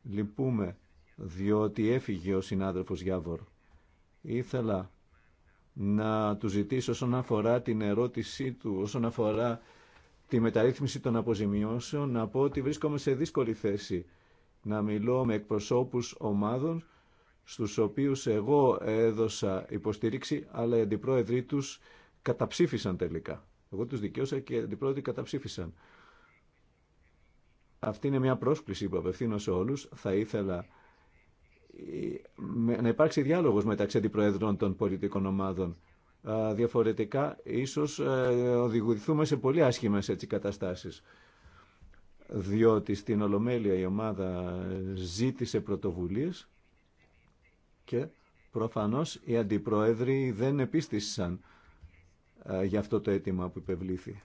Λυπούμε διότι έφυγε ο συνάδελφος Γιάβορ. Ήθελα να του ζητήσω όσον αφορά την ερώτησή του, όσον αφορά τη μεταρρύθμιση των αποζημιώσεων, να πω ότι βρίσκομαι σε δύσκολη θέση να μιλώ με εκπροσώπους ομάδων στους οποίους εγώ έδωσα υποστήριξη, αλλά οι αντιπρόεδροι τους καταψήφισαν τελικά. Εγώ τους δικαιώσα και οι αντιπρόεδροι καταψήφισαν. Αυτή είναι μια πρόσκληση που απευθύνω σε όλους. Θα ήθελα να υπάρξει διάλογος μεταξύ αντιπροέδρων των πολιτικών ομάδων. Διαφορετικά, ίσως ε, οδηγηθούμε σε πολύ άσχημες έτσι καταστάσεις. Διότι στην Ολομέλεια η ομάδα ζήτησε πρωτοβουλίες και προφανώς οι αντιπροέδροι δεν επίστησαν ε, για αυτό το αίτημα που υπευλήθη.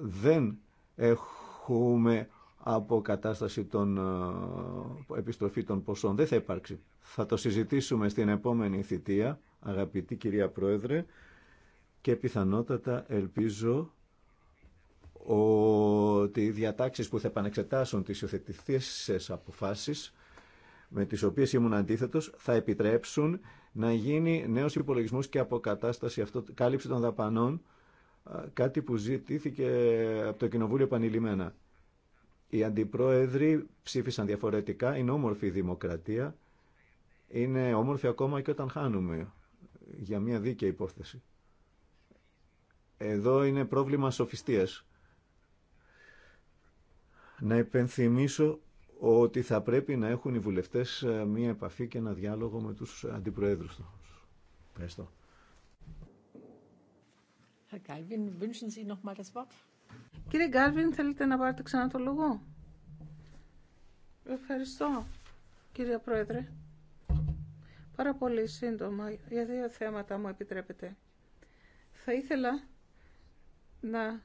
Δεν έχουμε από κατάσταση των ε, επιστροφή των ποσών. Δεν θα υπάρξει. Θα το συζητήσουμε στην επόμενη θητεία, αγαπητή κυρία Πρόεδρε, και πιθανότατα ελπίζω ότι οι διατάξεις που θα επανεξετάσουν τις υιοθετηθήσεις αποφάσεις με τις οποίες ήμουν αντίθετος θα επιτρέψουν να γίνει νέος υπολογισμός και αποκατάσταση αυτό, κάλυψη των δαπανών ε, κάτι που ζητήθηκε από το Κοινοβούλιο επανειλημμένα. Οι αντιπρόεδροι ψήφισαν διαφορετικά. Είναι όμορφη η δημοκρατία. Είναι όμορφη ακόμα και όταν χάνουμε για μια δίκαιη υπόθεση. Εδώ είναι πρόβλημα σοφιστίας. Να υπενθυμίσω ότι θα πρέπει να έχουν οι βουλευτές ε, μία επαφή και ένα διάλογο με τους αντιπροέδρους τους. Ευχαριστώ. Herr wünschen Κύριε Γκάλβιν, θέλετε να πάρετε ξανά το λόγο. Ευχαριστώ, κύριε Πρόεδρε. Πάρα πολύ σύντομα, για δύο θέματα μου επιτρέπετε. Θα ήθελα να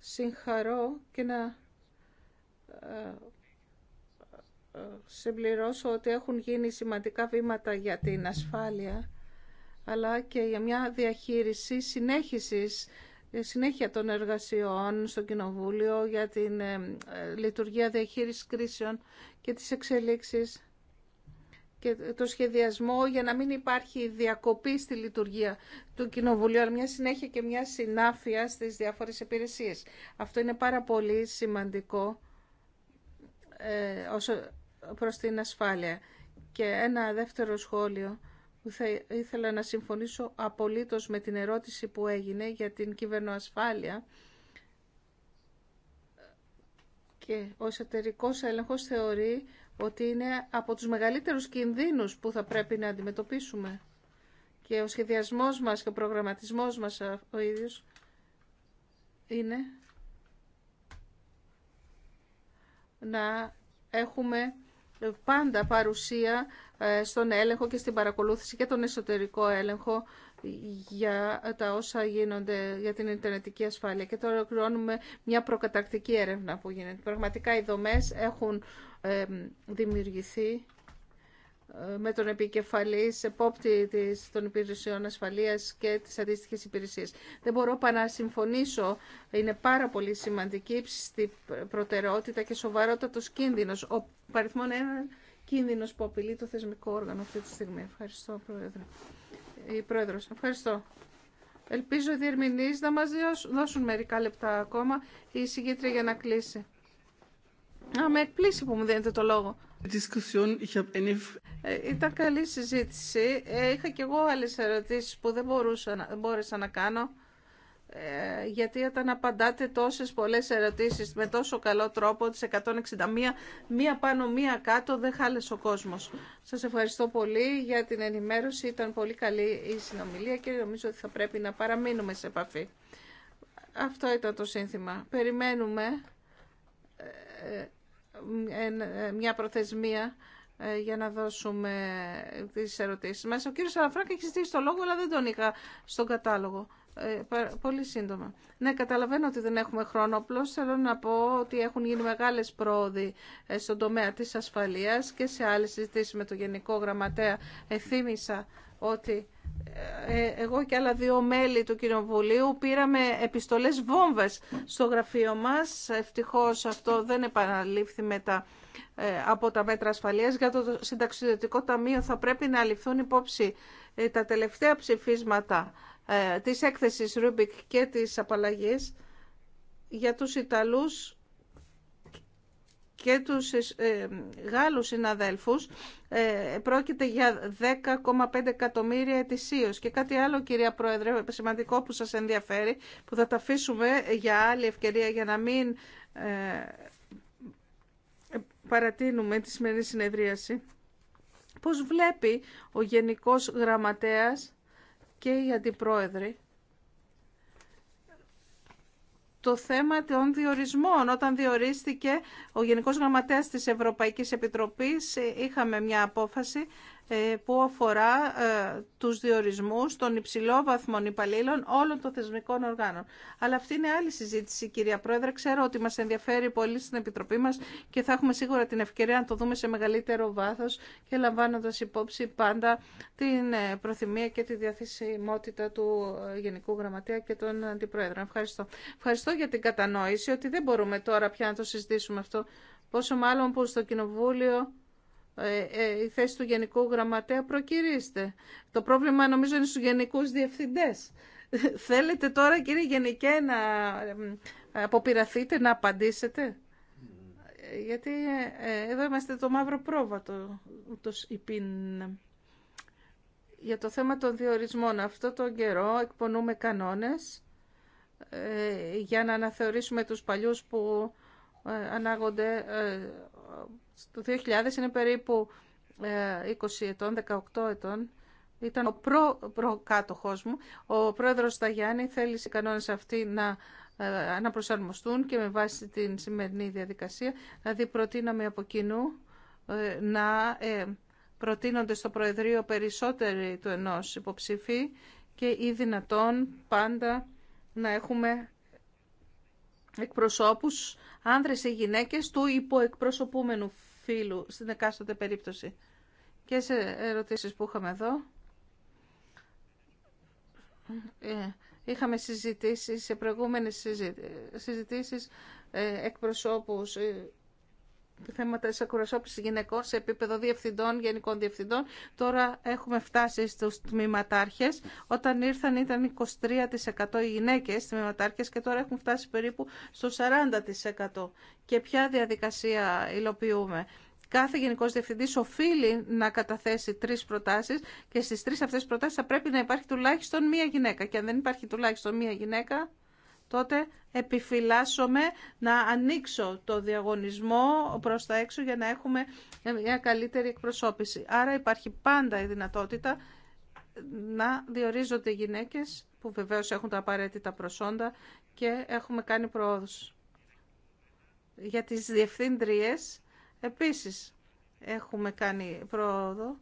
συγχαρώ και να ε, ε, συμπληρώσω ότι έχουν γίνει σημαντικά βήματα για την ασφάλεια αλλά και για μια διαχείριση συνέχισης ε, συνέχεια των εργασιών στο Κοινοβούλιο για την ε, λειτουργία διαχείρισης κρίσεων και τις εξελίξεις και το σχεδιασμό για να μην υπάρχει διακοπή στη λειτουργία του Κοινοβουλίου, αλλά μια συνέχεια και μια συνάφεια στις διάφορες υπηρεσίες. Αυτό είναι πάρα πολύ σημαντικό ε, όσο προς την ασφάλεια. Και ένα δεύτερο σχόλιο θα ήθελα να συμφωνήσω απολύτως με την ερώτηση που έγινε για την κυβερνοασφάλεια και ο εσωτερικός έλεγχος θεωρεί ότι είναι από τους μεγαλύτερους κινδύνους που θα πρέπει να αντιμετωπίσουμε. Και ο σχεδιασμός μας και ο προγραμματισμός μας ο ίδιος είναι να έχουμε πάντα παρουσία ε, στον έλεγχο και στην παρακολούθηση και τον εσωτερικό έλεγχο για τα όσα γίνονται για την Ιντερνετική ασφάλεια. Και τώρα ολοκληρώνουμε μια προκαταρκτική έρευνα που γίνεται. Πραγματικά οι δομές έχουν δημιουργηθεί ε, με τον επικεφαλής επόπτη της, των υπηρεσιών ασφαλείας και τις αντίστοιχε υπηρεσίες. Δεν μπορώ παρά να συμφωνήσω, είναι πάρα πολύ σημαντική στη προτεραιότητα και σοβαρότατος κίνδυνος. Ο ένα Κίνδυνο που απειλεί το θεσμικό όργανο αυτή τη στιγμή. Ευχαριστώ, Πρόεδρε. Η ε, Πρόεδρος, ευχαριστώ. Ελπίζω οι διερμηνεί να μα δώσουν μερικά λεπτά ακόμα η συγκήτρια για να κλείσει. Α, με εκπλήσει που μου δίνετε το λόγο. Ε, ήταν καλή συζήτηση. Ε, είχα κι εγώ άλλες ερωτήσεις που δεν μπορούσα, μπόρεσα να κάνω. Ε, γιατί όταν απαντάτε τόσες πολλές ερωτήσεις με τόσο καλό τρόπο, τις 161, μία πάνω μία κάτω, δεν χάλεσε ο κόσμος. Σας ευχαριστώ πολύ για την ενημέρωση, ήταν πολύ καλή η συνομιλία και νομίζω ότι θα πρέπει να παραμείνουμε σε επαφή. Αυτό ήταν το σύνθημα. Περιμένουμε ε, ε, μια προθεσμία για να δώσουμε τις ερωτήσεις μας. Ο κύριος Αλαφράκ έχει ζητήσει το λόγο, αλλά δεν τον είχα στον κατάλογο. Ε, πολύ σύντομα. Ναι, καταλαβαίνω ότι δεν έχουμε χρόνο, απλώ θέλω να πω ότι έχουν γίνει μεγάλες πρόοδοι ε, στον τομέα της ασφαλείας και σε άλλες συζητήσει με το Γενικό Γραμματέα. Εθύμησα ότι ε, εγώ και άλλα δύο μέλη του Κοινοβουλίου πήραμε επιστολές βόμβες στο γραφείο μας. Ευτυχώς αυτό δεν επαναλήφθη μετά από τα μέτρα ασφαλείας. Για το Συνταξιδιωτικό ταμείο θα πρέπει να ληφθούν υπόψη τα τελευταία ψηφίσματα ε, της έκθεσης Ρούμπικ και της απαλλαγής για τους Ιταλούς και τους ε, ε Γάλλους συναδέλφους ε, πρόκειται για 10,5 εκατομμύρια ετησίως. Και κάτι άλλο, κυρία Πρόεδρε, σημαντικό που σας ενδιαφέρει, που θα τα αφήσουμε για άλλη ευκαιρία για να μην ε, παρατείνουμε τη σημερινή συνεδρίαση. Πώς βλέπει ο Γενικός Γραμματέας και οι αντιπρόεδροι το θέμα των διορισμών. Όταν διορίστηκε ο Γενικός Γραμματέας της Ευρωπαϊκής Επιτροπής είχαμε μια απόφαση ε, που αφορά ε, τους διορισμούς των υψηλόβαθμων υπαλλήλων όλων των θεσμικών οργάνων. Αλλά αυτή είναι άλλη συζήτηση, κυρία Πρόεδρε. Ξέρω ότι μας ενδιαφέρει πολύ στην Επιτροπή μας και θα έχουμε σίγουρα την ευκαιρία να το δούμε σε μεγαλύτερο βάθος και λαμβάνοντας υπόψη πάντα την ε, προθυμία και τη διαθεσιμότητα του Γενικού Γραμματέα και των Αντιπρόεδρων. Ευχαριστώ. Ευχαριστώ για την κατανόηση ότι δεν μπορούμε τώρα πια να το συζητήσουμε αυτό. Πόσο μάλλον που στο Κοινοβούλιο ε, ε, η θέση του Γενικού Γραμματέα προκυρήστε. Το πρόβλημα νομίζω είναι στους Γενικούς Διευθυντές. Θέλετε τώρα κύριε Γενικέ να αποπειραθείτε, να απαντήσετε. Γιατί ε, εδώ είμαστε το μαύρο πρόβατο, υπήν. Για το θέμα των διορισμών αυτό τον καιρό εκπονούμε κανόνες για να αναθεωρήσουμε τους παλιούς που ανάγονται το 2000 είναι περίπου 20 ε, ετών, 18 ετών. Ήταν ο προ, προκάτοχός μου. Ο πρόεδρος Σταγιάννη θέλει οι κανόνες αυτοί να ε, να προσαρμοστούν και με βάση την σημερινή διαδικασία. Δηλαδή προτείναμε από κοινού ε, να προτείνονται στο Προεδρείο περισσότεροι του ενός υποψηφί και ή δυνατόν πάντα να έχουμε εκπροσώπους άνδρες ή γυναίκες του υποεκπροσωπούμενου στην εκάστοτε περίπτωση. Και σε ερωτήσεις που είχαμε εδώ, ε, είχαμε συζητήσει σε προηγούμενες συζητήσεις ε, εκπροσώπους ε, θέματα της ακουρασόπησης γυναικών σε επίπεδο διευθυντών, γενικών διευθυντών. Τώρα έχουμε φτάσει στους τμήματάρχες. Όταν ήρθαν ήταν 23% οι γυναίκες τμήματάρχες και τώρα έχουν φτάσει περίπου στο 40%. Και ποια διαδικασία υλοποιούμε. Κάθε Γενικό Διευθυντή οφείλει να καταθέσει τρει προτάσει και στι τρει αυτέ προτάσει θα πρέπει να υπάρχει τουλάχιστον μία γυναίκα. Και αν δεν υπάρχει τουλάχιστον μία γυναίκα, τότε επιφυλάσσομαι να ανοίξω το διαγωνισμό προς τα έξω για να έχουμε μια καλύτερη εκπροσώπηση. Άρα υπάρχει πάντα η δυνατότητα να διορίζονται γυναίκες που βεβαίως έχουν τα απαραίτητα προσόντα και έχουμε κάνει προόδους. Για τις διευθύντριες επίσης έχουμε κάνει πρόοδο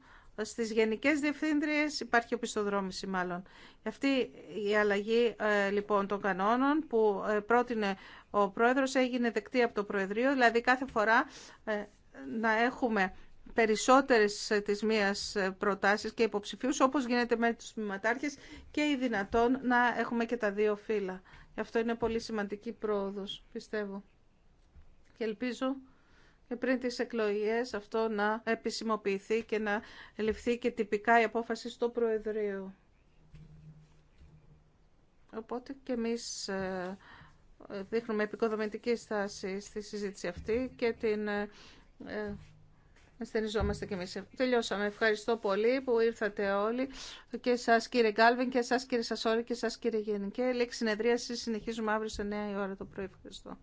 στις γενικές διευθύντριες υπάρχει οπισθοδρόμηση μάλλον. Αυτή η αλλαγή ε, λοιπόν των κανόνων που ε, πρότεινε ο πρόεδρος έγινε δεκτή από το Προεδρείο, δηλαδή κάθε φορά ε, να έχουμε περισσότερες της μίας προτάσεις και υποψηφίους, όπως γίνεται με τους μηματάρχες και οι δυνατόν να έχουμε και τα δύο φύλλα. Αυτό είναι πολύ σημαντική πρόοδος, πιστεύω. Και ελπίζω και πριν τις εκλογές αυτό να επισημοποιηθεί και να ληφθεί και τυπικά η απόφαση στο Προεδρείο. Οπότε και εμείς ε, δείχνουμε επικοδομητική στάση στη συζήτηση αυτή και την ε, ε, Ασθενιζόμαστε και εμείς. Τελειώσαμε. Ευχαριστώ πολύ που ήρθατε όλοι και σας κύριε Γκάλβιν και σας κύριε Σασόρη και σας κύριε Γενικέ. Λέξη συνεδρίαση συνεχίζουμε αύριο σε 9 η ώρα το πρωί. Ευχαριστώ.